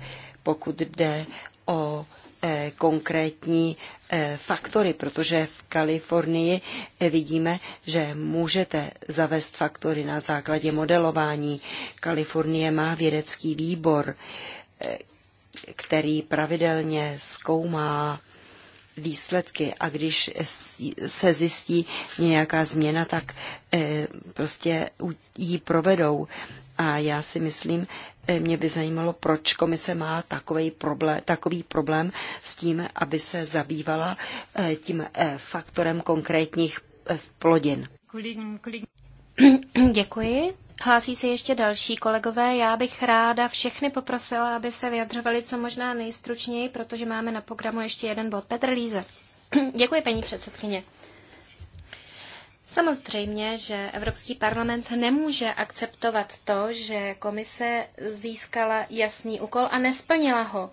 pokud jde o Eh, konkrétní eh, faktory, protože v Kalifornii eh, vidíme, že můžete zavést faktory na základě modelování. Kalifornie má vědecký výbor, který pravidelně zkoumá výsledky a když se zjistí nějaká změna, tak prostě ji provedou. A já si myslím, eh, mě by zajímalo, proč komise má takový problém, takový problém s tím, aby se zabývala eh, tím eh, faktorem konkrétních plodin. Děkuji. Hlásí se ještě další kolegové. Já bych ráda všechny poprosila, aby se vyjadřovali co možná nejstručněji, protože máme na programu ještě jeden bod. Petr Líze. Děkuji, paní předsedkyně. Samozřejmě, že Evropský parlament nemůže akceptovat to, že komise získala jasný úkol a nesplnila ho.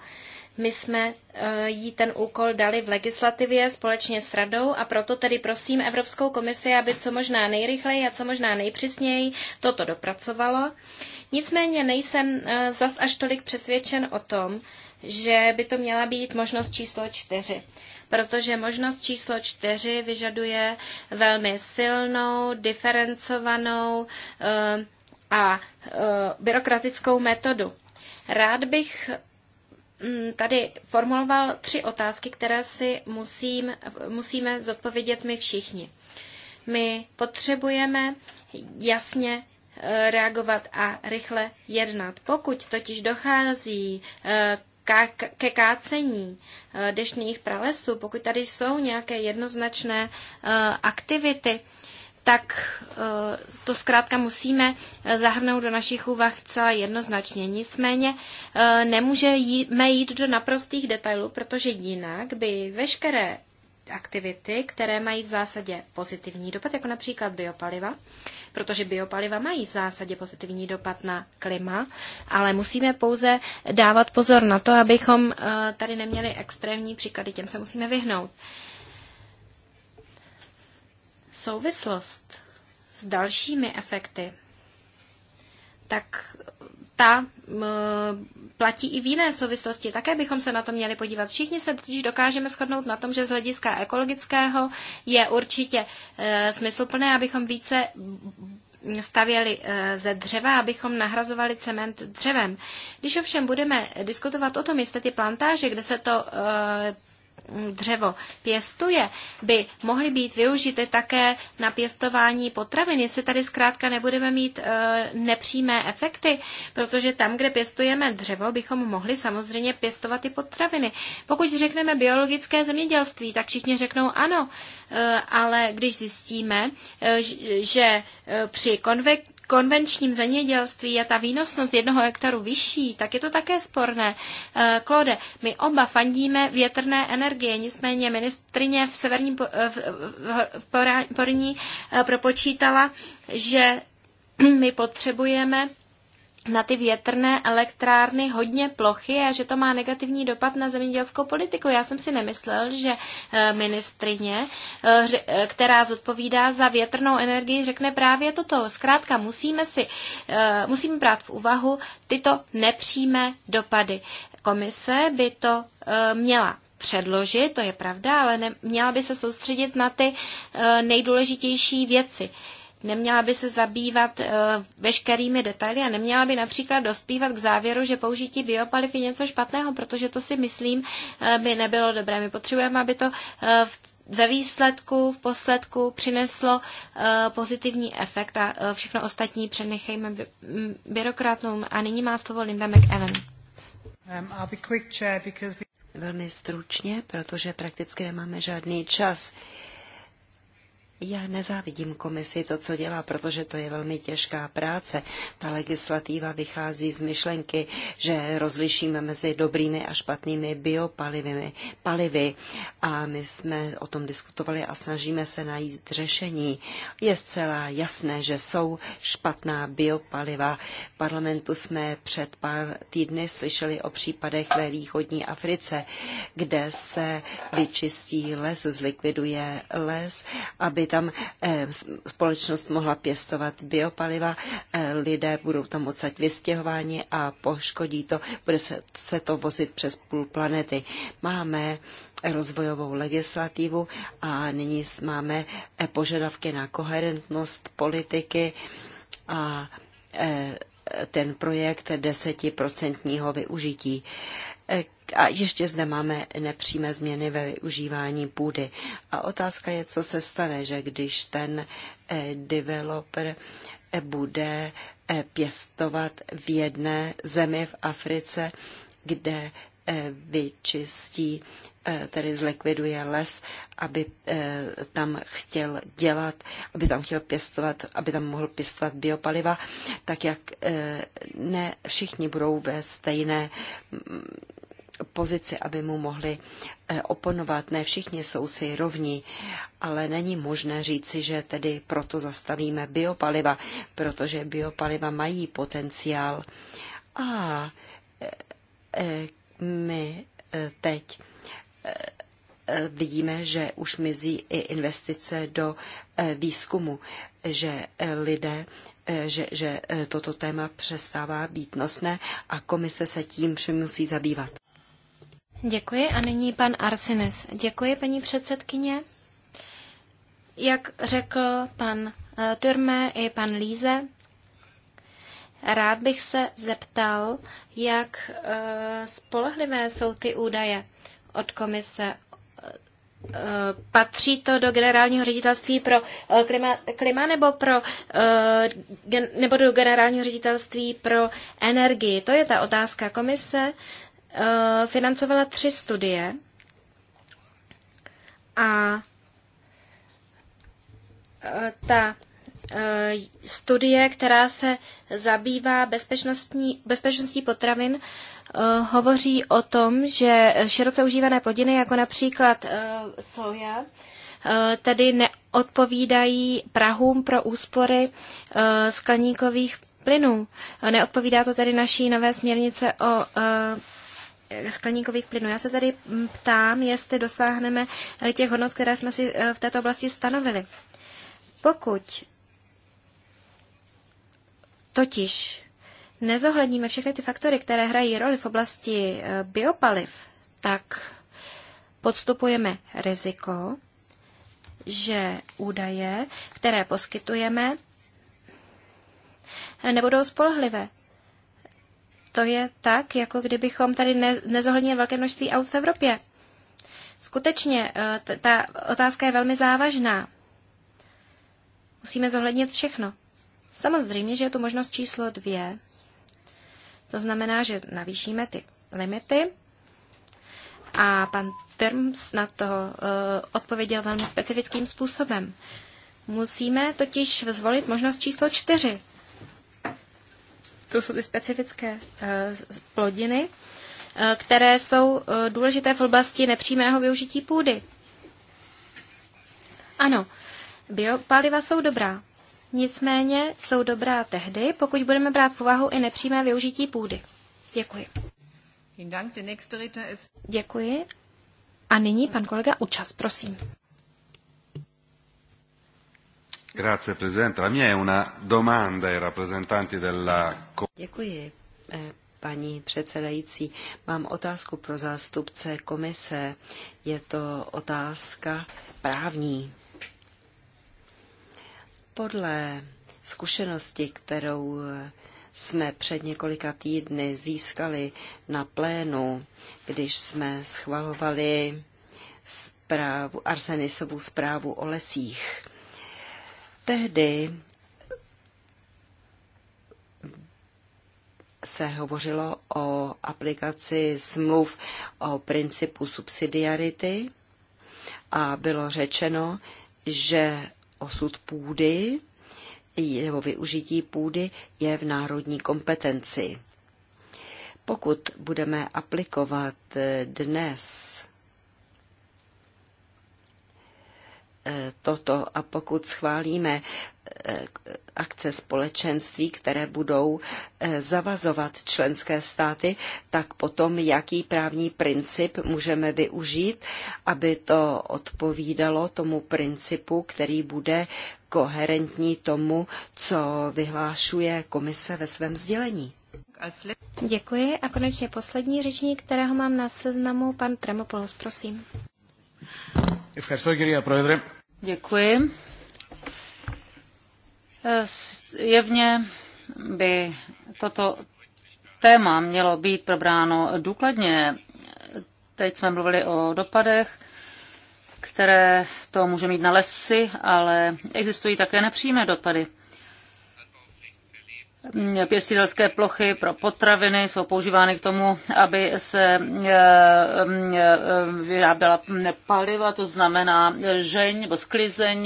My jsme eh, jí ten úkol dali v legislativě společně s radou a proto tedy prosím Evropskou komisi, aby co možná nejrychleji a co možná nejpřesněji toto dopracovalo. Nicméně nejsem eh, zas až tolik přesvědčen o tom, že by to měla být možnost číslo čtyři protože možnost číslo čtyři vyžaduje velmi silnou, diferencovanou eh, a eh, byrokratickou metodu. Rád bych mm, tady formuloval tři otázky, které si musím, musíme zodpovědět my všichni. My potřebujeme jasně eh, reagovat a rychle jednat. Pokud totiž dochází ke kácení eh, deštných pralesů, pokud tady jsou nějaké jednoznačné eh, aktivity, tak eh, to zkrátka musíme zahrnout do našich úvah celé jednoznačně. Nicméně nemůžeme jít do naprostých detailů, protože jinak by veškeré aktivity, které mají v zásadě pozitivní dopad, jako například biopaliva, protože biopaliva mají v zásadě pozitivní dopad na klima, ale musíme pouze dávat pozor na to, abychom eh, tady neměli extrémní příklady, těm se musíme vyhnout. Souvislost s dalšími efekty tak ta platí i v jiné souvislosti. Také bychom se na to měli podívat. Všichni se totiž dokážeme shodnout na tom, že z hlediska ekologického je určitě e, smysluplné, abychom více stavěli e, ze dřeva, abychom nahrazovali cement dřevem. Když ovšem budeme diskutovat o tom, jestli ty plantáže, kde se to e, dřevo pěstuje, by mohly být využity také na pěstování potravin, jestli tady zkrátka nebudeme mít e, nepřímé efekty, protože tam, kde pěstujeme dřevo, bychom mohli samozřejmě pěstovat i potraviny. Pokud řekneme biologické zemědělství, tak všichni řeknou ano, e, ale když zjistíme, e, že e, při konve- konvenčním zemědělství je ta výnosnost jednoho hektaru vyšší, tak je to také sporné. Eh, Klode, my oba fandíme větrné energie, nicméně ministrině v severním eh, v, Porní eh, propočítala, že my potřebujeme na ty větrné elektrárny hodně plochy a že to má negativní dopad na zemědělskou politiku. Já jsem si nemyslel, že eh, ministrině, eh, eh, která zodpovídá za větrnou energii, řekne právě toto. Zkrátka musíme si, musíme brát v úvahu tyto nepřímé dopady. Komise by to měla předložit, to je pravda, ale ne, měla by se soustředit na ty nejdůležitější věci neměla by se zabývat eh, veškerými detaily a neměla by například dospívat k závěru, že použití biopaliv je něco špatného, protože to si myslím eh, by nebylo dobré. My potřebujeme, aby to eh, ve výsledku, v posledku přineslo pozitivní efekt a všechno ostatní přenechejme by, byrokratům. A nyní má slovo Linda McEwen. Um, Velmi stručně, protože prakticky nemáme žádný čas. Uh, já nezávidím komisi to, co dělá, protože to je velmi těžká práce. Ta legislativa vychází z myšlenky, že rozlišíme mezi dobrými a špatnými biopalivy. Palivy. A my jsme o tom diskutovali a snažíme se najít řešení. Je zcela jasné, že jsou špatná biopaliva. V parlamentu jsme před pár týdny slyšeli o případech ve východní Africe, kde se vyčistí les, zlikviduje les, aby tam eh, společnost mohla pěstovat biopaliva, eh, lidé budou tam odsaď vystěhováni a poškodí to, bude se to vozit přes půl planety. Máme rozvojovou legislativu a nyní máme eh, požadavky na koherentnost politiky a ten projekt desetiprocentního využití. A ještě zde máme nepřímé změny ve využívání půdy. A otázka je, co se stane, že když ten eh, developer eh, bude eh, pěstovat v jedné zemi v Africe, kde vyčistí, tedy zlikviduje les, aby tam chtěl dělat, aby tam chtěl pěstovat, aby tam mohl pěstovat biopaliva, tak jak ne všichni budou ve stejné pozici, aby mu mohli eh, oponovat. Ne všichni jsou si rovní, ale není možné říci, že tedy proto zastavíme biopaliva, protože biopaliva mají potenciál. A eh, eh, my teď vidíme, že už mizí i investice do výzkumu, že lidé že, že toto téma přestává být nosné a komise se tím musí zabývat. Děkuji a nyní pan Arsines. Děkuji, paní předsedkyně. Jak řekl pan eh, Turme i pan Líze, rád bych se zeptal, jak eh, spolehlivé jsou ty údaje od komise. Eh, patří to do generálního ředitelství pro klima, klima nebo, pro, nebo do generálního ředitelství pro energii? To je ta otázka komise Eh, financovala tři studie a eh, ta eh, studie, která se zabývá bezpečnostní, bezpečností potravin, hovoří o tom, že široce užívané plodiny, jako například soja, tedy neodpovídají Prahům pro úspory skleníkových plynů. Neodpovídá to tedy naší nové směrnice o skleníkových plynů. Já se tady ptám, jestli dosáhneme eh, těch hodnot, které jsme si eh, v této oblasti stanovili. Pokud totiž nezohledníme všechny ty faktory, které hrají roli v oblasti eh, biopaliv, tak podstupujeme riziko, že údaje, které poskytujeme, nebudou spolehlivé. To je tak, jako kdybychom tady ne, nezohlednili velké množství aut v Evropě. Skutečně, eh, ta otázka je velmi závažná. Musíme zohlednit všechno. Samozřejmě, že je tu možnost číslo dvě. To znamená, že navýšíme ty limity. A pan Terms na to uh, odpověděl velmi specifickým způsobem. Musíme totiž zvolit možnost číslo čtyři. To jsou ty specifické eh, plodiny, eh, které jsou eh, důležité v oblasti nepřímého využití půdy. Ano, biopaliva jsou dobrá. Nicméně jsou dobrá tehdy, pokud budeme brát v úvahu i nepřímé využití půdy. Děkuji. Děkuji. A nyní pan kolega Učas, prosím. Grazie Presidente. La mia è una domanda ai rappresentanti della... Děkuji, eh, paní předsedající. Mám otázku pro zástupce komise. Je to otázka právní. Podle zkušenosti, kterou jsme před několika týdny získali na plénu, když jsme schvalovali zprávu, Arsenisovu zprávu o lesích. Tehdy se hovořilo o aplikaci smluv o principu subsidiarity a bylo řečeno, že osud půdy nebo využití půdy je v národní kompetenci. Pokud budeme aplikovat dnes Eh, toto a pokud schválíme eh, akce společenství, které budou eh, zavazovat členské státy, tak potom jaký právní princip můžeme využít, aby to odpovídalo tomu principu, který bude koherentní tomu, co vyhlášuje komise ve svém sdělení. Děkuji a konečně poslední řečník, kterého mám na seznamu, pan Tremopoulos, prosím. Děkuji. Eh, Jevně by toto téma mělo být probráno důkladně. Teď jsme mluvili o dopadech, které to může mít na lesy, ale existují také nepřímé dopady pěstitelské plochy pro potraviny jsou používány k tomu, aby se eh, eh, eh, vyráběla paliva, to znamená žeň nebo sklizeň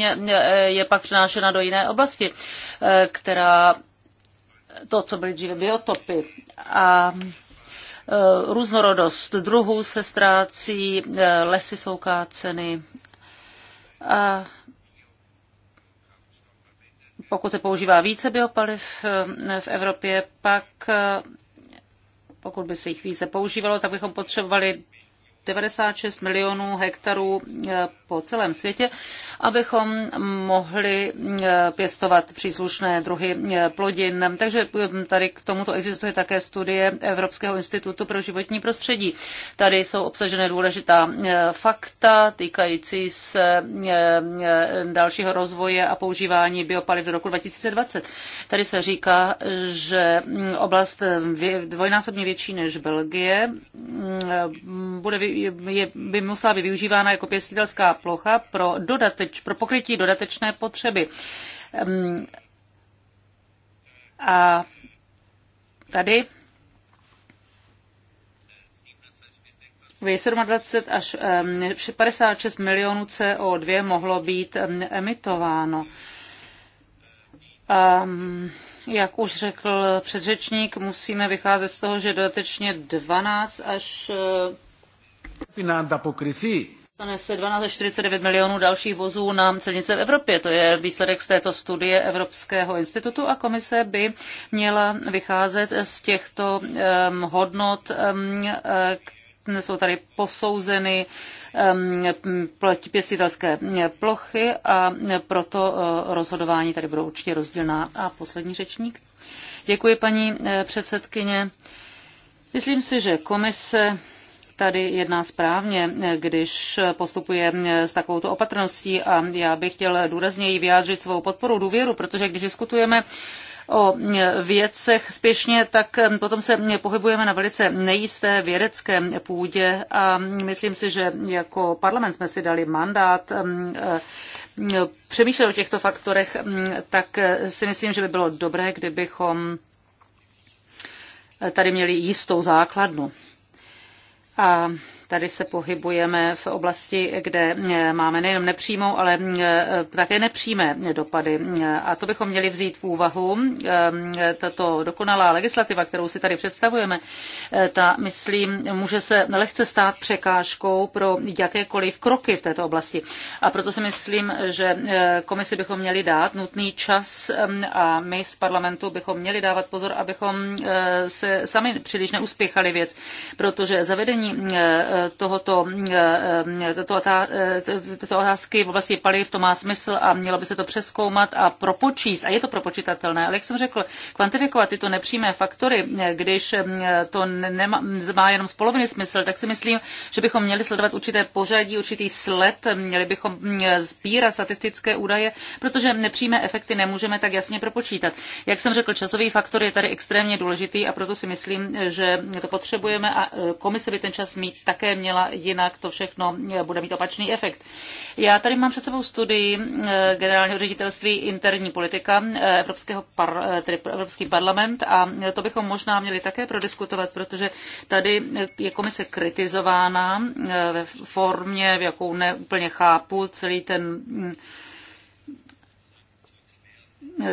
je pak přenášena do jiné oblasti, která to, co byly dříve biotopy. A různorodost druhů se ztrácí, lesy jsou káceny. A pokud se používá více biopaliv eh, v Evropě, pak eh, pokud by se jich více používalo, tak bychom potřebovali 96 milionů hektarů eh, po celém světě, abychom mohli eh, pěstovat příslušné druhy eh, plodin. Takže tady k tomuto existuje také studie Evropského institutu pro životní prostředí. Tady jsou obsažené důležitá fakta týkající se dalšího rozvoje a používání biopaliv do roku 2020. Tady se říká, že mm, oblast dvojnásobně větší než Belgie mm, bude je, by musela být využívána jako pěstitelská plocha pro, dodateč, pro pokrytí dodatečné potřeby. A tady V 27 až 56 milionů CO2 mohlo být emitováno. Um, jak už řekl předřečník, musíme vycházet z toho, že dodatečně 12 až Stane se 12,49 milionů dalších vozů na silnice v Evropě. To je výsledek z této studie Evropského institutu a komise by měla vycházet z těchto um, hodnot, um, jsou tady posouzeny um, pěstitelské plochy a proto uh, rozhodování tady budou určitě rozdílná. A poslední řečník. Děkuji, paní e, předsedkyně. Myslím si, že komise tady jedná správně, když postupuje s takovouto opatrností a já bych chtěl důrazněji vyjádřit svou podporu důvěru, protože když diskutujeme o věcech spěšně, tak potom se pohybujeme na velice nejisté vědecké půdě a myslím si, že jako parlament jsme si dali mandát mm, eh, přemýšlet o těchto faktorech, mm, tak si myslím, že by bylo dobré, kdybychom tady měli jistou základnu. A Tady se pohybujeme v oblasti, kde eh, máme nejenom nepřímou, ale eh, také nepřímé dopady. Eh, a to bychom měli vzít v úvahu. Tato dokonalá legislativa, kterou si tady představujeme, ta, myslím, může se lehce stát překážkou pro jakékoliv kroky v této oblasti. A proto si myslím, že komisi bychom měli dát nutný čas a my z parlamentu bychom měli dávat pozor, abychom se sami příliš neuspěchali věc, protože zavedení tohoto, eh, eh, této eh, otázky v oblasti paliv, to má smysl a mělo by se to přeskoumat a propočíst. A je to propočítatelné, ale jak jsem řekl, kvantifikovat tyto nepřímé faktory, když to nemá, má jenom z poloviny smysl, tak si myslím, že bychom měli sledovat určité pořadí, určitý sled, měli bychom mm, sbírat statistické údaje, protože nepřímé efekty nemůžeme tak jasně propočítat. Jak jsem řekl, časový faktor je tady extrémně důležitý a proto si myslím, že to potřebujeme a komise by ten čas mít také také měla, jinak to všechno bude mít opačný efekt. Já tady mám před sebou studii eh, generálního ředitelství interní politika eh, Evropského par, eh, tedy Evropský parlament a to bychom možná měli také prodiskutovat, protože tady je komise kritizována ve formě, v jakou neúplně chápu celý ten mm,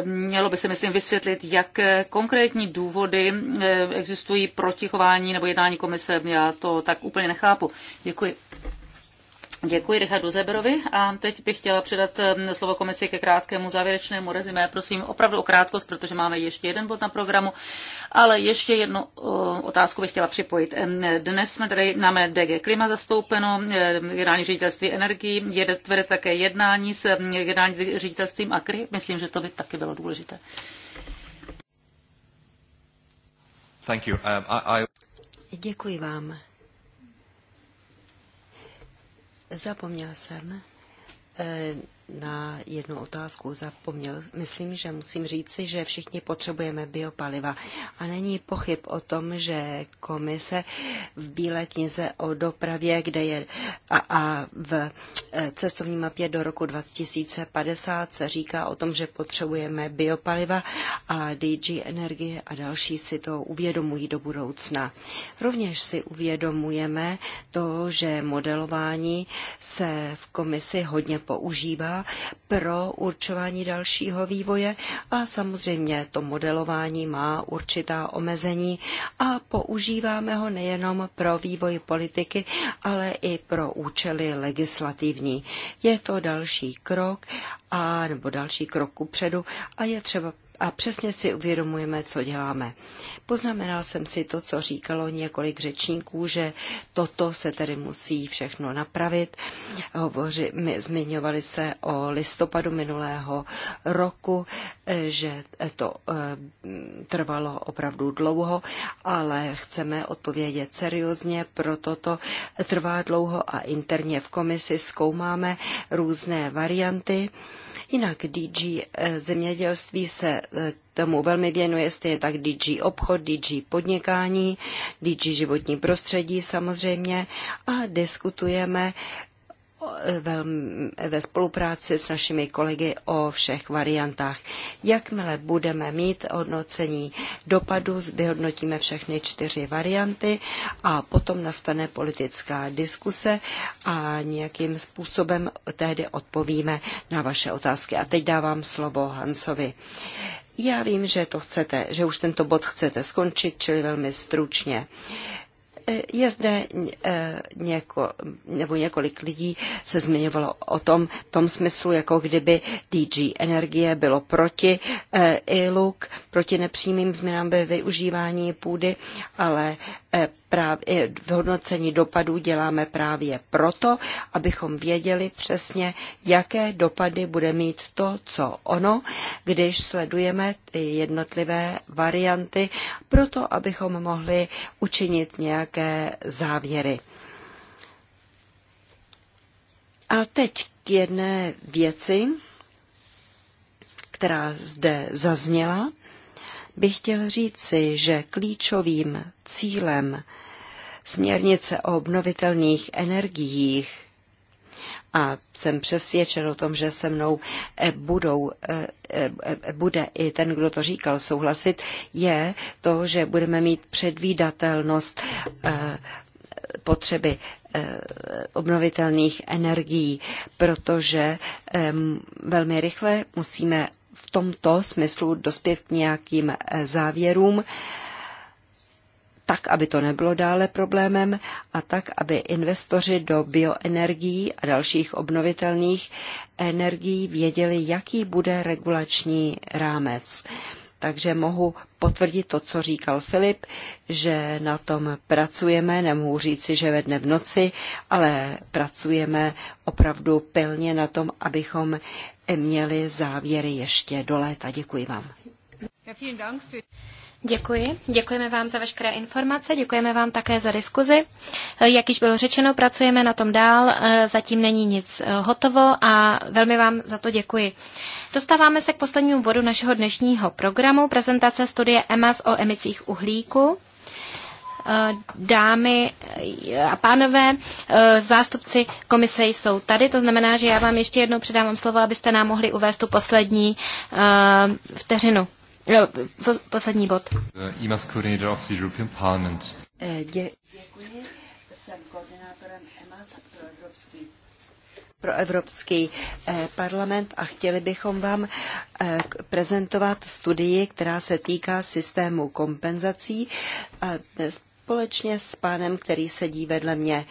Mělo by se, myslím, vysvětlit, jak konkrétní důvody eh, existují proti chování nebo jednání komise. Já to tak úplně nechápu. Děkuji. Děkuji Richardu Zeberovi a teď bych chtěla předat eh, slovo komisi ke krátkému závěrečnému rezimé. Prosím opravdu o krátkost, protože máme ještě jeden bod na programu, ale ještě jednu eh, otázku bych chtěla připojit. Dnes jsme tady, máme DG Klima zastoupeno, eh, generální ředitelství energii, jede, tvrdé také jednání s generálním ředitelstvím AKRY. Myslím, že to by taky bylo důležité. Thank you. Um, I, I... Děkuji vám. Zapomněl jsem eh, na jednu otázku zapomněl. Myslím, že musím říci, že všichni potřebujeme biopaliva. A není pochyb o tom, že komise v Bílé knize o dopravě, kde je a, a v e, cestovní mapě do roku 2050 se říká o tom, že potřebujeme biopaliva a DG Energie a další si to uvědomují do budoucna. Rovněž si uvědomujeme to, že modelování se v komisi hodně používá pro určování dalšího vývoje a samozřejmě to modelování má určitá omezení a používáme ho nejenom pro vývoj politiky, ale i pro účely legislativní. Je to další krok a nebo další krok kupředu a je třeba a přesně si uvědomujeme, co děláme. Poznamenal jsem si to, co říkalo několik řečníků, že toto se tedy musí všechno napravit. Hovoři, my zmiňovali se o listopadu minulého roku, že to eh, trvalo opravdu dlouho, ale chceme odpovědět seriózně, proto to trvá dlouho a interně v komisi zkoumáme různé varianty. Jinak DG eh, zemědělství se eh, tomu velmi věnuje, stejně tak DG obchod, DG podnikání, DG životní prostředí samozřejmě a diskutujeme ve spolupráci s našimi kolegy o všech variantách. Jakmile budeme mít hodnocení dopadu, vyhodnotíme všechny čtyři varianty a potom nastane politická diskuse a nějakým způsobem tehdy odpovíme na vaše otázky. A teď dávám slovo Hansovi. Já vím, že to chcete, že už tento bod chcete skončit, čili velmi stručně. Eh, je zde eh, něko, nebo několik lidí se zmiňovalo o tom, v tom smyslu, jako kdyby DG Energie bylo proti eh, ILUK, proti nepřímým změnám ve využívání půdy, ale E, právě e, v hodnocení dopadů děláme právě proto, abychom věděli přesně, jaké dopady bude mít to, co ono, když sledujeme ty jednotlivé varianty, proto abychom mohli učinit nějaké závěry. A teď k jedné věci, která zde zazněla bych chtěl říci, že klíčovým cílem směrnice o obnovitelných energiích a jsem přesvědčen o tom, že se mnou e, budou, e, e, bude i ten, kdo to říkal, souhlasit, je to, že budeme mít předvídatelnost potřeby obnovitelných energií, protože velmi rychle musíme v tomto smyslu dospět k nějakým eh, závěrům, tak, aby to nebylo dále problémem a tak, aby investoři do bioenergií a dalších obnovitelných energií věděli, jaký bude regulační rámec. Takže mohu potvrdit to, co říkal Filip, že na tom pracujeme, nemohu říci, že ve dne v noci, ale pracujeme opravdu pilně na tom, abychom měli závěry ještě do léta. Děkuji vám. Děkuji. Děkujeme vám za veškeré informace, děkujeme vám také za diskuzi. Eh, Jak již bylo řečeno, pracujeme na tom dál, eh, zatím není nic eh, hotovo a velmi vám za to děkuji. Dostáváme se k poslednímu bodu našeho dnešního programu, prezentace studie EMAS o emicích uhlíku dámy a pánové, zástupci komise jsou tady, to znamená, že já vám ještě jednou předávám slovo, abyste nám mohli uvést tu poslední vteřinu. Jo, poslední bod. Eh, IMAS coordinator of the European Parliament. Eh, dě- děkuji. Jsem koordinátorem EMAS pro Evropský pro Evropský eh, parlament a chtěli bychom vám prezentovat studii, která se týká systému kompenzací společně s pánem, který sedí vedle mě.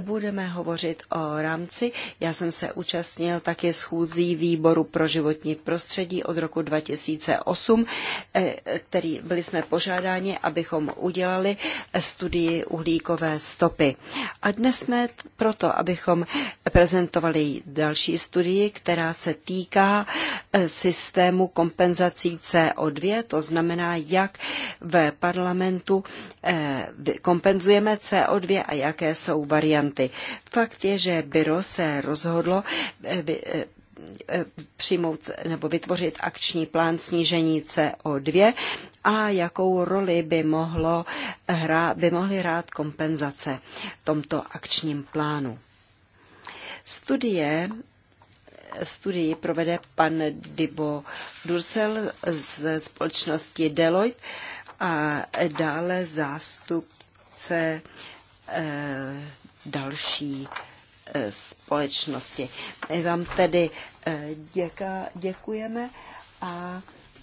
Budeme hovořit o rámci. Já jsem se účastnil také schůzí výboru pro životní prostředí od roku 2008, eh, který byli jsme požádáni, abychom udělali studii uhlíkové stopy. A dnes jsme proto, abychom prezentovali další studii, která se týká eh, systému kompenzací CO2, to znamená, jak v parlamentu eh, kompenzujeme CO2 a jaké jsou varianty. Fakt je, že Byro se rozhodlo eh, eh, eh, přijmout nebo vytvořit akční plán snížení CO2 a jakou roli by, mohlo hrát, by mohly hrát kompenzace v tomto akčním plánu. Studie studii provede pan Dibo Dursel ze společnosti Deloitte a dále zástupce eh, další eh, společnosti. My vám tedy eh, děka, děkujeme a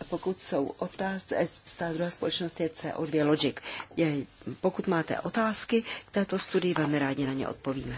pokud jsou otázky, ta druhá společnost je CO2 Logic. Pokud máte otázky k této studii, velmi rádi na ně odpovíme.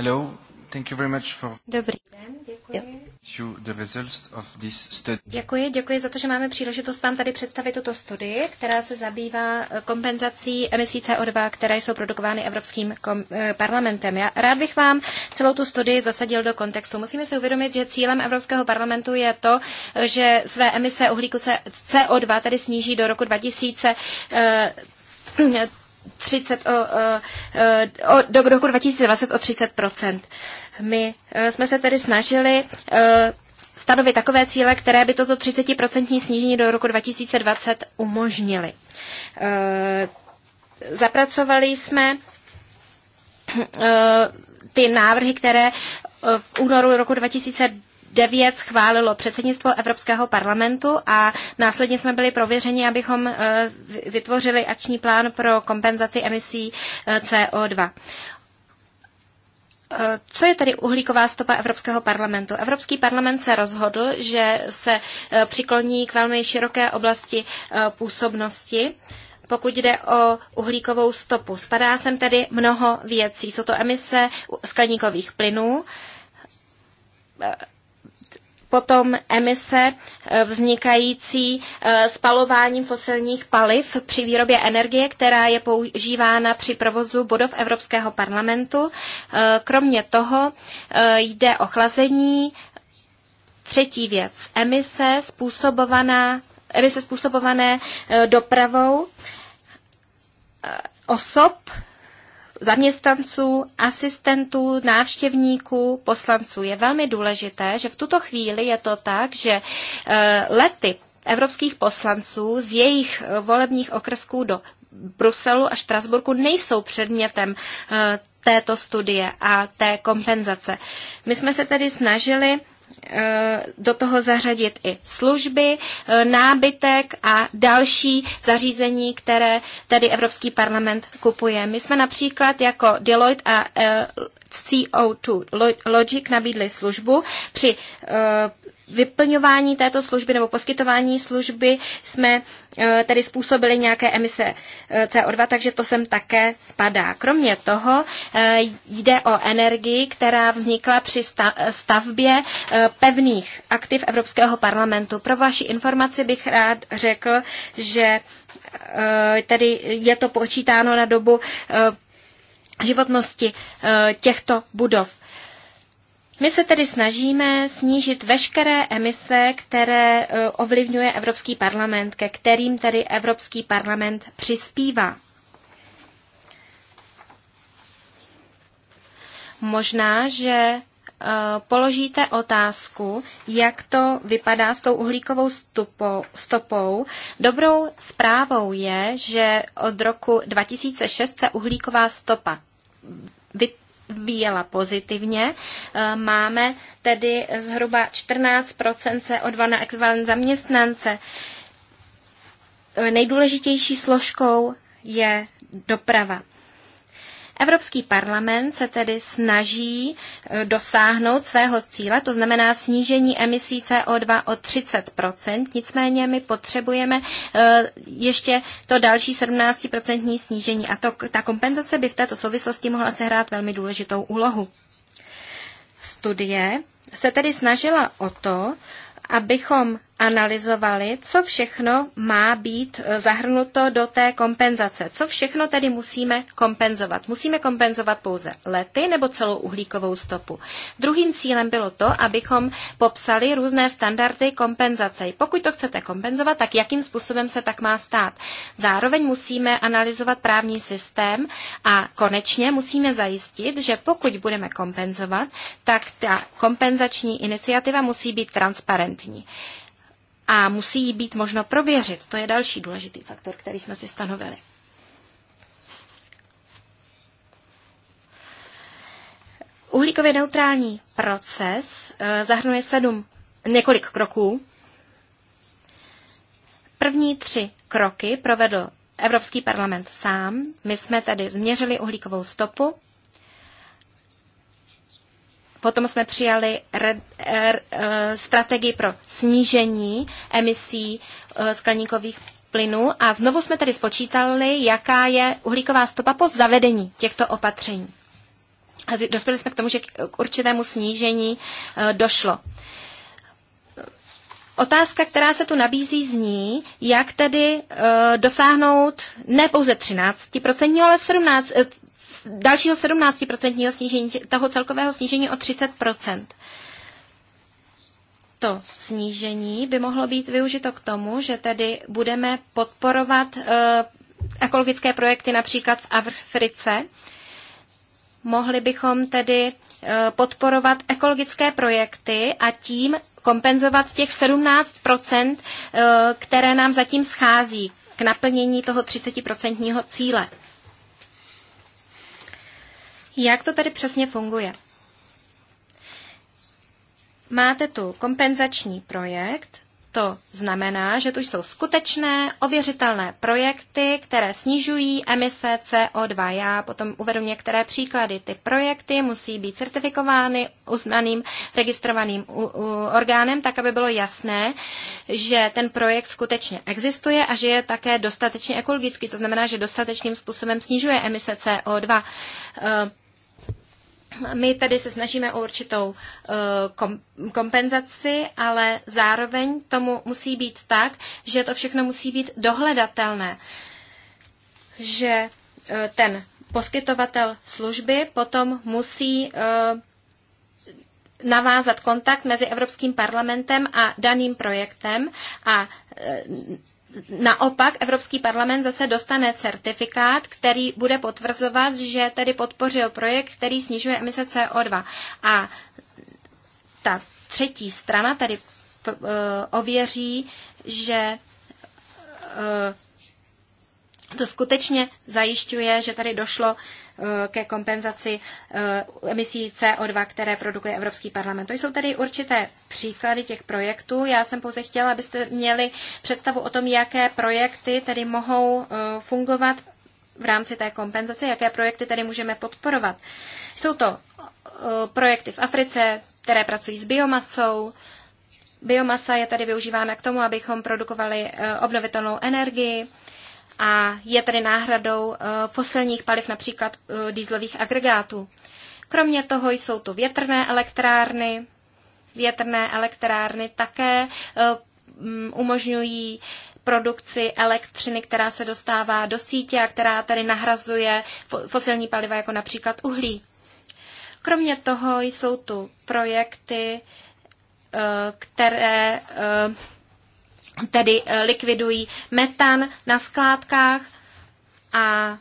Hello. Thank you very much for... Dobrý den, děkuji. The results of this study. Děkuji, děkuji za to, že máme příležitost vám tady představit tuto studii, která se zabývá eh, kompenzací emisí CO2, které jsou produkovány Evropským eh, parlamentem. Já rád bych vám celou tu studii zasadil do kontextu. Musíme si uvědomit, že cílem Evropského parlamentu je to, eh, že své emise uhlíku CO2 tedy sníží do roku 2000 30, o, o, o, do roku 2020 o 30 My e, jsme se tedy snažili e, stanovit takové cíle, které by toto 30% snížení do roku 2020 umožnily. E, zapracovali jsme ty návrhy, které v únoru roku 2020 9 schválilo předsednictvo Evropského parlamentu a následně jsme byli prověřeni, abychom eh, vytvořili akční plán pro kompenzaci emisí eh, CO2. Eh, co je tedy uhlíková stopa Evropského parlamentu? Evropský parlament se rozhodl, že se přikloní k velmi široké oblasti působnosti pokud jde o uhlíkovou stopu. Spadá sem tedy mnoho věcí. Jsou to emise skleníkových plynů, potom emise eh, vznikající eh, spalováním fosilních paliv při výrobě energie, která je používána při provozu budov Evropského parlamentu. Eh, kromě toho jde o chlazení. Třetí věc, emise způsobovaná, emise způsobované dopravou osob zaměstnanců, asistentů, návštěvníků, poslanců. Je velmi důležité, že v tuto chvíli je to tak, že eh, lety evropských poslanců z jejich eh, volebních okrsků do Bruselu a Štrasburku nejsou předmětem eh, této studie a té kompenzace. My jsme se tedy snažili Eh, do toho zařadit i služby, eh, nábytek a další zařízení, které tady Evropský parlament kupuje. My jsme například jako Deloitte a eh, CO2 Logic nabídli službu při vyplňování této služby nebo poskytování služby jsme e, tedy způsobili nějaké emise e, CO2, takže to sem také spadá. Kromě toho e, jde o energii, která vznikla při stavbě pevných aktiv Evropského parlamentu. Pro vaši informaci bych rád řekl, že tedy je to počítáno na dobu životnosti těchto budov. My se tedy snažíme snížit veškeré emise, které e, ovlivňuje Evropský parlament, ke kterým tedy Evropský parlament přispívá. Možná, že e, položíte otázku, jak to vypadá s tou uhlíkovou stupou, stopou. Dobrou zprávou je, že od roku 2006 se uhlíková stopa vyvíjela pozitivně. Eh, máme tedy zhruba 14 CO2 na ekvivalent zaměstnance. Eh, nejdůležitější složkou je doprava. Evropský parlament se tedy snaží e, dosáhnout svého cíle, to znamená snížení emisí CO2 o 30 nicméně my potřebujeme e, ještě to další 17 snížení a to, ta kompenzace by v této souvislosti mohla sehrát velmi důležitou úlohu. Studie se tedy snažila o to, abychom analyzovali, co všechno má být eh, zahrnuto do té kompenzace. Co všechno tedy musíme kompenzovat? Musíme kompenzovat pouze lety nebo celou uhlíkovou stopu. Druhým cílem bylo to, abychom popsali různé standardy kompenzace. Pokud to chcete kompenzovat, tak jakým způsobem se tak má stát. Zároveň musíme analyzovat právní systém a konečně musíme zajistit, že pokud budeme kompenzovat, tak ta kompenzační iniciativa musí být transparentní a musí ji být možno prověřit. To je další důležitý faktor, který jsme si stanovili. Uhlíkově neutrální proces eh, zahrnuje sedm několik kroků. První tři kroky provedl Evropský parlament sám. My jsme tedy změřili uhlíkovou stopu Potom jsme přijali re, eh, re, eh, strategii pro snížení emisí eh, skleníkových plynů a znovu jsme tedy spočítali, jaká je uhlíková stopa po zavedení těchto opatření. A dospěli jsme k tomu, že k určitému snížení došlo. Otázka, která se tu nabízí, zní, jak tedy e, dosáhnout ne pouze 13%, ale 17, dalšího 17% snížení, toho celkového snížení o 30%. To snížení by mohlo být využito k tomu, že tedy budeme podporovat uh, ekologické projekty například v Africe. Mohli bychom tedy eh, podporovat ekologické projekty a tím kompenzovat těch 17 eh, které nám zatím schází k naplnění toho 30% cíle. Jak to tady přesně funguje? Máte tu kompenzační projekt, to znamená, že tu jsou skutečné ověřitelné projekty, které snižují emise CO2. Já potom uvedu některé příklady. Ty projekty musí být certifikovány uznaným registrovaným orgánem, tak aby bylo jasné, že ten projekt skutečně existuje a že je také dostatečně ekologický, to znamená, že dostatečným způsobem snižuje emise CO2. My tady se snažíme o určitou eh, kompenzaci, ale zároveň tomu musí být tak, že to všechno musí být dohledatelné. Že eh, ten poskytovatel služby potom musí eh, navázat kontakt mezi Evropským parlamentem a daným projektem a Naopak Evropský parlament zase dostane certifikát, který bude potvrzovat, že tedy podpořil projekt, který snižuje emise CO2. A ta třetí strana tedy e, ověří, že e, to skutečně zajišťuje, že tady došlo Eh, ke kompenzaci eh, emisí CO2, které produkuje Evropský parlament. To jsou tedy určité příklady těch projektů. Já jsem pouze chtěla, abyste měli představu o tom, jaké projekty tedy mohou eh, fungovat v rámci té kompenzace, jaké projekty tedy můžeme podporovat. Jsou to projekty v Africe, které pracují s biomasou. Biomasa je tady využívána k tomu, abychom produkovali obnovitelnou energii a je tedy náhradou eh, fosilních paliv, například eh, dýzlových agregátů. Kromě toho jsou tu větrné elektrárny. Větrné elektrárny také eh, mm, umožňují produkci elektřiny, která se dostává do sítě a která tedy nahrazuje fosilní paliva, jako například uhlí. Kromě toho jsou tu projekty, které tedy eh, likvidují metan na skládkách a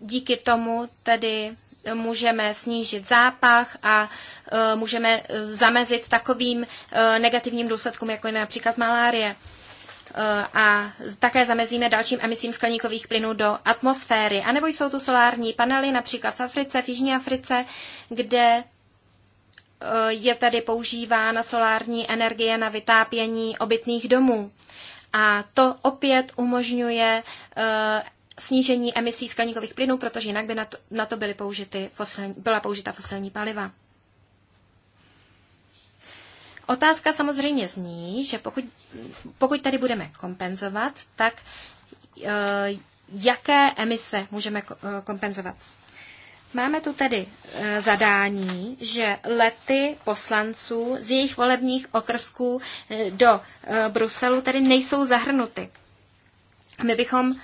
díky tomu tedy můžeme snížit zápach a eh, můžeme eh, zamezit takovým negativním důsledkům, jako je například malárie. A také zamezíme dalším emisím skleníkových plynů do atmosféry. A nebo jsou tu solární panely, například v Africe, v Jižní Africe, kde Eh, je tady používána solární energie na vytápění obytných domů. A to opět umožňuje eh, snížení emisí skleníkových plynů, protože jinak by na to, na to byly použity fosilní, byla použita fosilní paliva. Otázka samozřejmě zní, že pokud, pokud tady budeme kompenzovat, tak eh, jaké emise můžeme kompenzovat. Máme tu tedy e, zadání, že lety poslanců z jejich volebních okrsků e, do e, Bruselu tedy nejsou zahrnuty. My bychom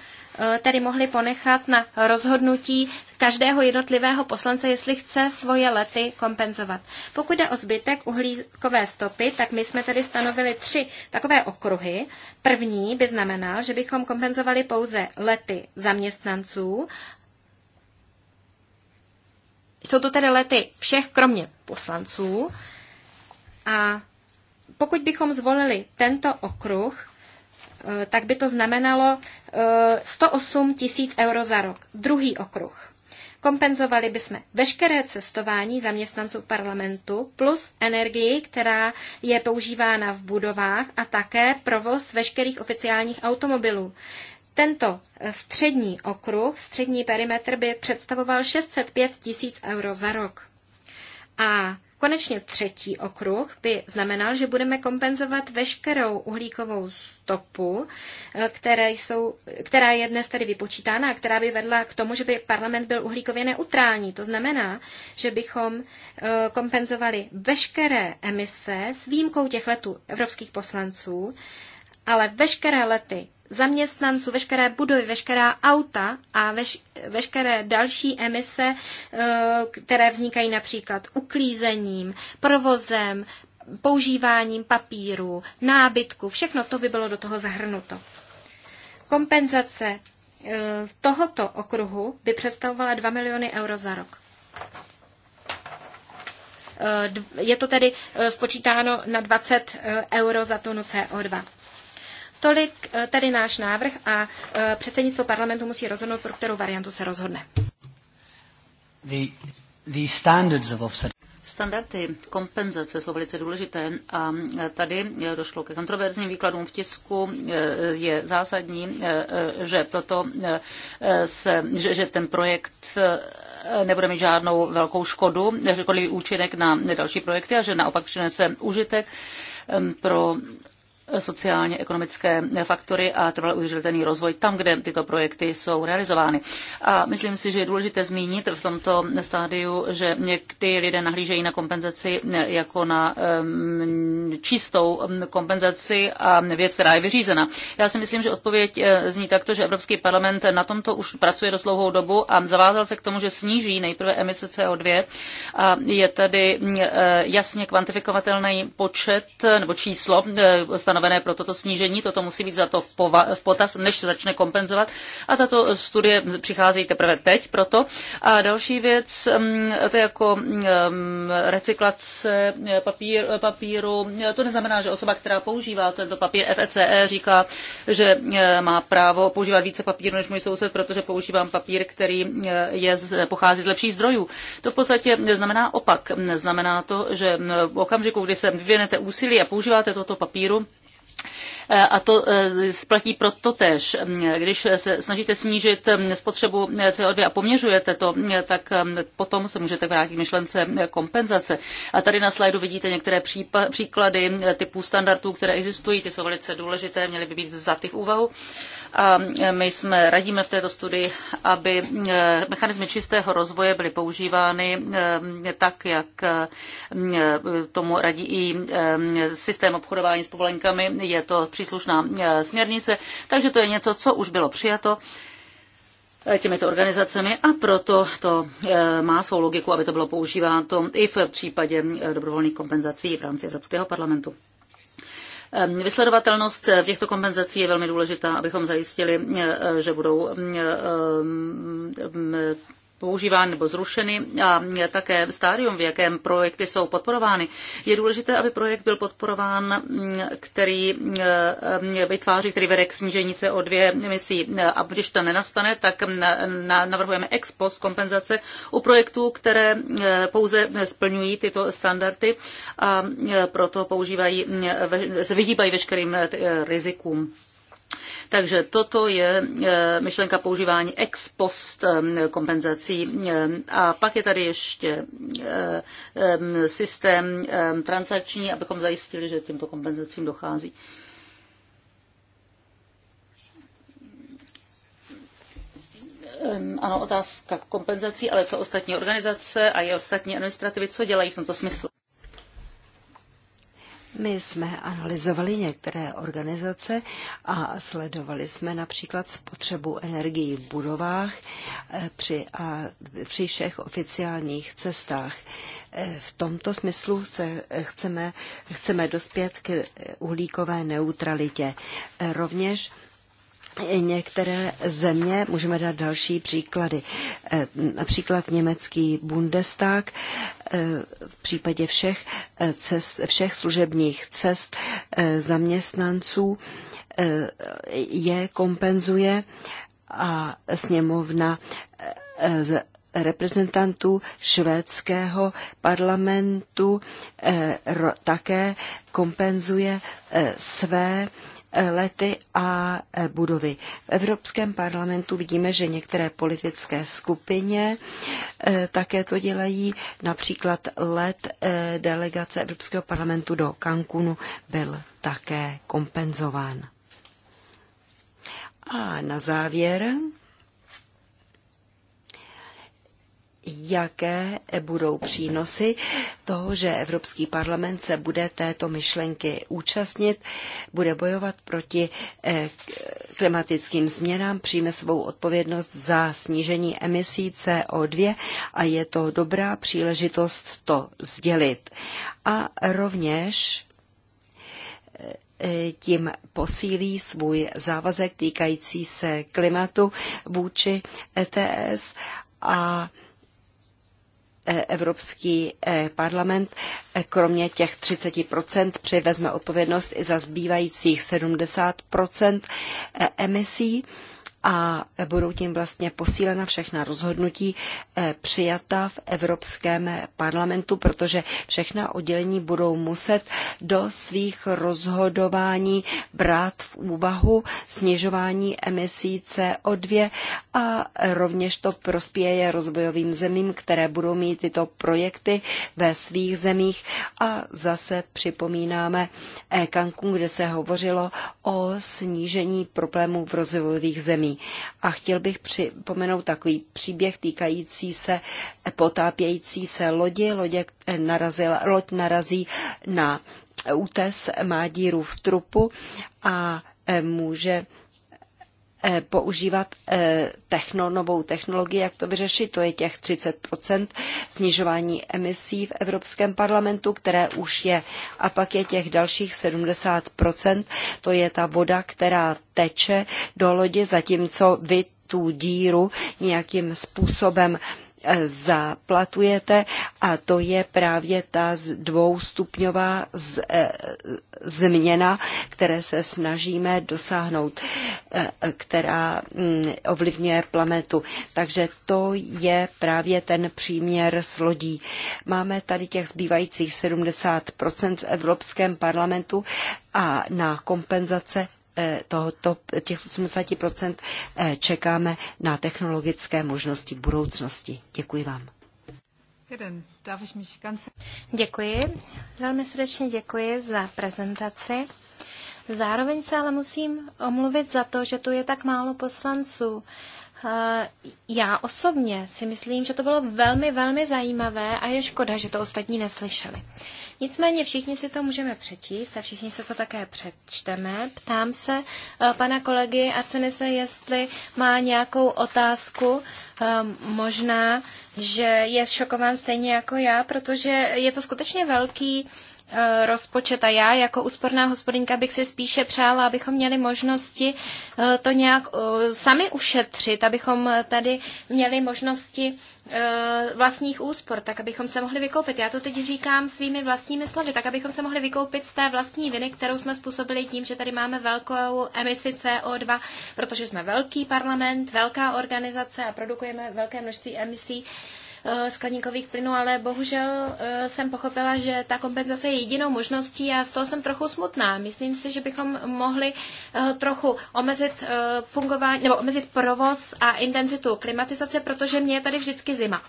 tedy mohli ponechat na rozhodnutí každého jednotlivého poslance, jestli chce svoje lety kompenzovat. Pokud jde o zbytek uhlíkové stopy, tak my jsme tedy stanovili tři takové okruhy. První by znamenal, že bychom kompenzovali pouze lety zaměstnanců jsou to tedy lety všech, kromě poslanců. A pokud bychom zvolili tento okruh, eh, tak by to znamenalo 108 eh, tisíc euro za rok. Druhý okruh. Kompenzovali bychom veškeré cestování zaměstnanců parlamentu plus energii, která je používána v budovách a také provoz veškerých oficiálních automobilů. Tento eh, střední okruh, střední perimetr by představoval 605 tisíc euro za rok. A konečně třetí okruh by znamenal, že budeme kompenzovat veškerou uhlíkovou stopu, eh, které jsou, která je dnes tady vypočítána a která by vedla k tomu, že by parlament byl uhlíkově neutrální. To znamená, že bychom eh, kompenzovali veškeré emise s výjimkou těch letů evropských poslanců, ale veškeré lety zaměstnanců, veškeré budovy, veškerá auta a veš, veškeré další emise, eh, které vznikají například uklízením, provozem, používáním papíru, nábytku, všechno to by bylo do toho zahrnuto. Kompenzace eh, tohoto okruhu by představovala 2 miliony euro za rok. Eh, je to tedy spočítáno na 20 euro za tonu CO2. Tolik eh, tedy náš návrh a eh, předsednictvo parlamentu musí rozhodnout, pro kterou variantu se rozhodne. The, the standards of offset. Standardy kompenzace jsou velice důležité a eh, tady došlo ke kontroverzním výkladům v tisku. Je zásadní, že, toto se, že, že ten projekt nebude mít žádnou velkou škodu, škodlivý účinek na další projekty a že naopak přinese užitek pro sociálně ekonomické faktory a trvalý udržitelný rozvoj tam, kde tyto projekty jsou realizovány. A myslím si, že je důležité zmínit v tomto stádiu, že někdy lidé nahlížejí na kompenzaci jako na čistou kompenzaci a věc, která je vyřízena. Já si myslím, že odpověď eh, zní takto, že Evropský parlament na tomto už pracuje dost dlouhou dobu a zavázal se k tomu, že sníží nejprve emise CO2 a je tady eh, jasně kvantifikovatelný počet nebo číslo eh, stanov stanovené pro toto snížení. Toto musí být za to v, pova- v potaz, než se začne kompenzovat. A tato studie přichází teprve teď proto. A další věc, mm, to je jako mm, recyklace eh, papír, eh, papíru. To neznamená, že osoba, která používá tento papír FECE, e, říká, že eh, má právo používat více papíru než můj soused, protože používám papír, který je, pochází z lepších zdrojů. To v podstatě znamená opak. Znamená to, že v okamžiku, kdy se vyvinete úsilí a používáte toto papíru, E, a to e, splatí pro totež. Když se snažíte snížit spotřebu e, CO2 a poměřujete to, tak potom se můžete vrátit myšlence kompenzace. A tady na slajdu vidíte některé příklady typů standardů, které existují. Ty jsou velice důležité, měly by být za v úvahu. A e, my jsme radíme v této studii, aby e, mechanismy čistého rozvoje byly používány e, tak, jak tomu radí i systém obchodování s povolenkami. Je to příslušná směrnice, takže to je něco, co už bylo přijato těmito organizacemi a proto to má svou logiku, aby to bylo používáno i v případě dobrovolných kompenzací v rámci Evropského parlamentu. Ehm, vysledovatelnost těchto kompenzací je velmi důležitá, abychom zajistili, eh, že budou eh, ehm, ehm, používány nebo zrušeny a také stádium, v jakém projekty jsou podporovány. Je důležité, aby projekt byl podporován, který eh, vytváří, který vede k snížení CO2 emisí. A když to nenastane, tak navrhujeme ex post kompenzace u projektů, které eh, pouze splňují tyto standardy a eh, proto používají, se vyhýbají veškerým rizikům. Takže toto je e, myšlenka používání ex post e, kompenzací. E, a pak je tady ještě systém transakční, abychom zajistili, že těmto kompenzacím dochází. ano, otázka kompenzací, ale co ostatní organizace a je ostatní administrativy, co dělají v tomto smyslu? My jsme analyzovali některé organizace a sledovali jsme například spotřebu energii v budovách eh, při, a při všech oficiálních cestách. Eh, v tomto smyslu chce, eh, chceme, chceme dospět k uhlíkové neutralitě. Rovněž některé země, můžeme dát další příklady, eh, například německý Bundestag eh, v případě všech, eh, cest, všech služebních cest zaměstnanců je kompenzuje a sněmovna z reprezentantů švédského parlamentu také kompenzuje své lety a e, budovy. V Evropském parlamentu vidíme, že některé politické skupině e, také to dělají. Například let e, delegace Evropského parlamentu do Cancunu byl také kompenzován. A na závěr jaké budou přínosy toho, že Evropský parlament se bude této myšlenky účastnit, bude bojovat proti eh, klimatickým změnám, přijme svou odpovědnost za snížení emisí CO2 a je to dobrá příležitost to sdělit. A rovněž eh, eh, tím posílí svůj závazek týkající se klimatu vůči ETS a E, Evropský e, parlament e, kromě těch 30% převezme odpovědnost i za zbývajících 70% emisí a budou tím vlastně posílena všechna rozhodnutí přijatá v Evropském parlamentu, protože všechna oddělení budou muset do svých rozhodování brát v úvahu snižování emisí CO2 a rovněž to prospěje rozvojovým zemím, které budou mít tyto projekty ve svých zemích a zase připomínáme Kanku, kde se hovořilo o snížení problémů v rozvojových zemí. A chtěl bych připomenout takový příběh týkající se potápějící se lodi. Lodě eh, narazila, loď narazí na útes, má díru v trupu a eh, může Eh, používat eh, techno, novou technologii, jak to vyřešit. To je těch 30 snižování emisí v Evropském parlamentu, které už je. A pak je těch dalších 70 to je ta voda, která teče do lodi, zatímco vy tu díru nějakým způsobem zaplatujete a to je právě ta dvoustupňová z, e, změna, které se snažíme dosáhnout, e, která mm, ovlivňuje planetu. Takže to je právě ten příměr s lodí. Máme tady těch zbývajících 70% v Evropském parlamentu a na kompenzace Eh, tohoto, těch 80% eh, čekáme na technologické možnosti budoucnosti. Děkuji vám. Děkuji. Velmi srdečně děkuji za prezentaci. Zároveň se ale musím omluvit za to, že tu je tak málo poslanců. Eh, já osobně si myslím, že to bylo velmi, velmi zajímavé a je škoda, že to ostatní neslyšeli. Nicméně všichni si to můžeme přečíst a všichni se to také přečteme. Ptám se eh, pana kolegy Arsenise, jestli má nějakou otázku. Eh, možná, že je šokován stejně jako já, protože je to skutečně velký Eh, rozpočet a já jako úsporná hospodinka bych si spíše přála, abychom měli možnosti eh, to nějak eh, sami ušetřit, abychom tady měli možnosti vlastních úspor, tak abychom se mohli vykoupit. Já to teď říkám svými vlastními slovy, tak abychom se mohli vykoupit z té vlastní viny, kterou jsme způsobili tím, že tady máme velkou emisi CO2, protože jsme velký parlament, velká organizace a produkujeme velké množství emisí. Eh, skleníkových plynů, ale bohužel eh, jsem pochopila, že ta kompenzace je jedinou možností a z toho jsem trochu smutná. Myslím si, že bychom mohli eh, trochu omezit fungování nebo omezit provoz a intenzitu klimatizace, protože mě je tady vždycky zima.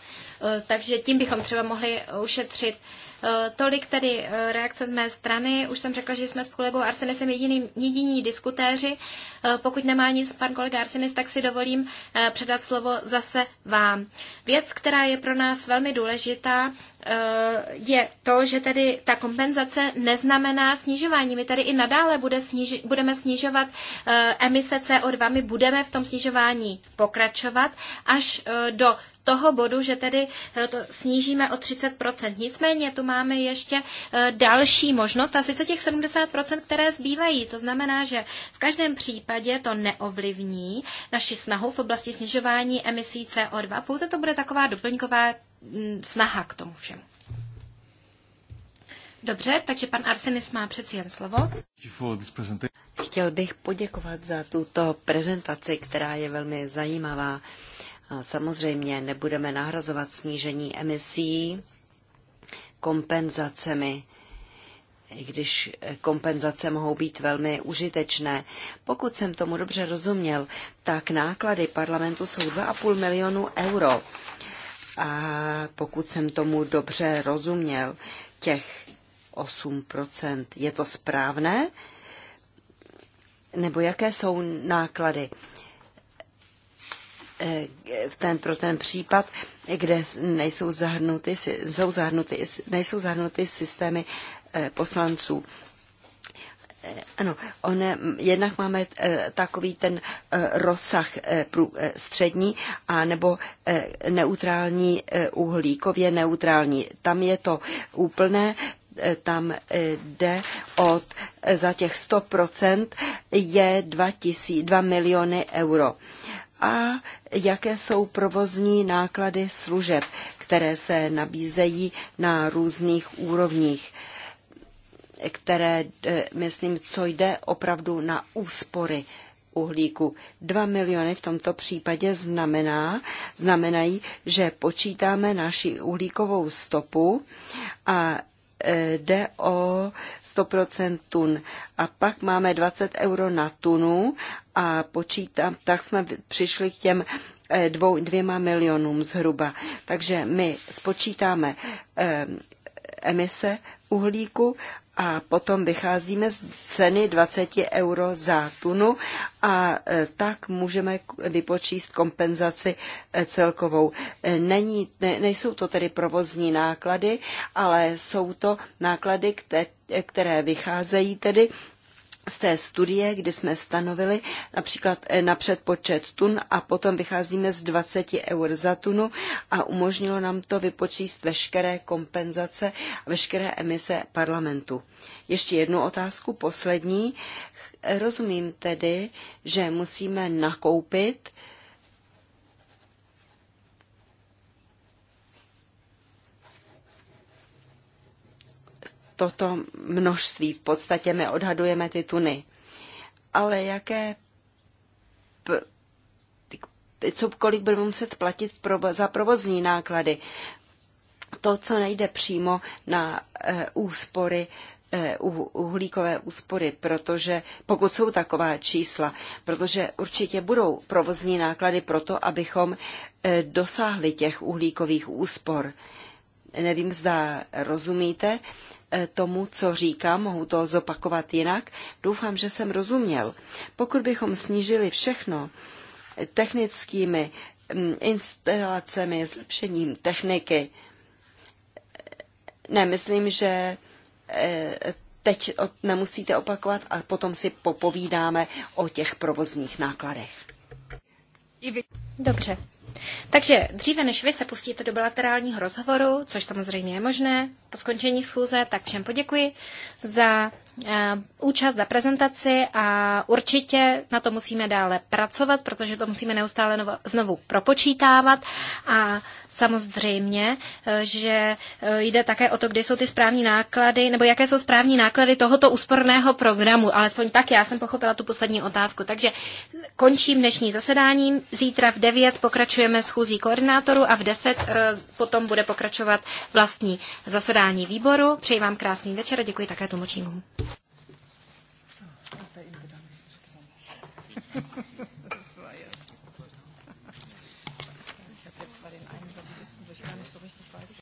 Takže tím bychom třeba mohli ušetřit Eh, tolik tedy eh, reakce z mé strany. Už jsem řekla, že jsme s kolegou Arsenisem jediný, jediní diskutéři. Eh, pokud nemá nic pan kolega Arsenis, tak si dovolím předat slovo zase vám. Věc, která je pro nás velmi důležitá, Eh, je to, že tedy ta kompenzace neznamená snižování. My tady i nadále bude sniž, budeme snižovat eh, emise CO2, my budeme v tom snižování pokračovat až eh, do toho bodu, že tedy to snížíme o 30%. Nicméně tu máme ještě další možnost, a sice těch 70%, které zbývají. To znamená, že v každém případě to neovlivní naši snahu v oblasti snižování emisí CO2, pouze to bude taková doplňková Mm, snaha k tomu všemu. Dobře, takže pan Arsenis má přeci jen slovo. Chtěl bych poděkovat za tuto prezentaci, která je velmi zajímavá. Samozřejmě nebudeme nahrazovat snížení emisí kompenzacemi, i když kompenzace mohou být velmi užitečné. Pokud jsem tomu dobře rozuměl, tak náklady parlamentu jsou 2,5 milionu euro a pokud jsem tomu dobře rozuměl, těch 8%, je to správné? Nebo jaké jsou náklady eh, v ten, pro ten případ, kde nejsou zahrnuty, jsou zahrnuty, nejsou zahrnuty systémy eh, poslanců Eh, ano, on, eh, jednak máme eh, takový ten rozsah střední a nebo neutrální uhlíkově neutrální. Tam je to úplné, tam jde od za těch 100% je 2, 000, 2 miliony euro. A jaké jsou provozní náklady služeb, které se nabízejí na různých úrovních? které, eh, myslím, co jde opravdu na úspory uhlíku. Dva miliony v tomto případě znamená, znamenají, že počítáme naši uhlíkovou stopu a eh, jde o 100% tun. A pak máme 20 euro na tunu a počítám, tak jsme přišli k těm eh, dvou, dvěma milionům zhruba. Takže my spočítáme emise uhlíku a potom vycházíme z ceny 20 euro za tunu a e, tak můžeme vypočíst kompenzaci e, celkovou. E, není, ne, nejsou to tedy provozní náklady, ale jsou to náklady, které, které vycházejí tedy z té studie, kdy jsme stanovili například eh, na předpočet tun a potom vycházíme z 20 eur za tunu a umožnilo nám to vypočíst veškeré kompenzace a veškeré emise parlamentu. Ještě jednu otázku, poslední. Rozumím tedy, že musíme nakoupit toto množství. V podstatě my odhadujeme ty tuny. Ale jaké co, kolik budeme muset platit za provozní náklady. To, co nejde přímo na eh, úspory, eh, uhlíkové úspory, protože pokud jsou taková čísla, protože určitě budou provozní náklady pro to, abychom eh, dosáhli těch uhlíkových úspor. Nevím, zda rozumíte, Eh, tomu, co říkám, mohu to zopakovat jinak. Doufám, že jsem rozuměl. Pokud bychom snížili všechno technickými mm, instalacemi, zlepšením techniky, eh, nemyslím, že eh, teď nemusíte opakovat a potom si popovídáme o těch provozních nákladech. Dobře, takže dříve než vy se pustíte do bilaterálního rozhovoru, což samozřejmě je možné, po skončení schůze, tak všem poděkuji za uh, účast, za prezentaci a určitě na to musíme dále pracovat, protože to musíme neustále novo, znovu propočítávat a Samozřejmě, eh, že eh, jde také o to, kde jsou ty správní náklady, nebo jaké jsou správní náklady tohoto úsporného programu. Alespoň tak já jsem pochopila tu poslední otázku. Takže končím dnešní zasedání. Zítra v 9 pokračujeme schůzí koordinátoru a v 10 eh, potom bude pokračovat vlastní zasedání výboru. Přeji vám krásný večer a děkuji také tlumočníkům.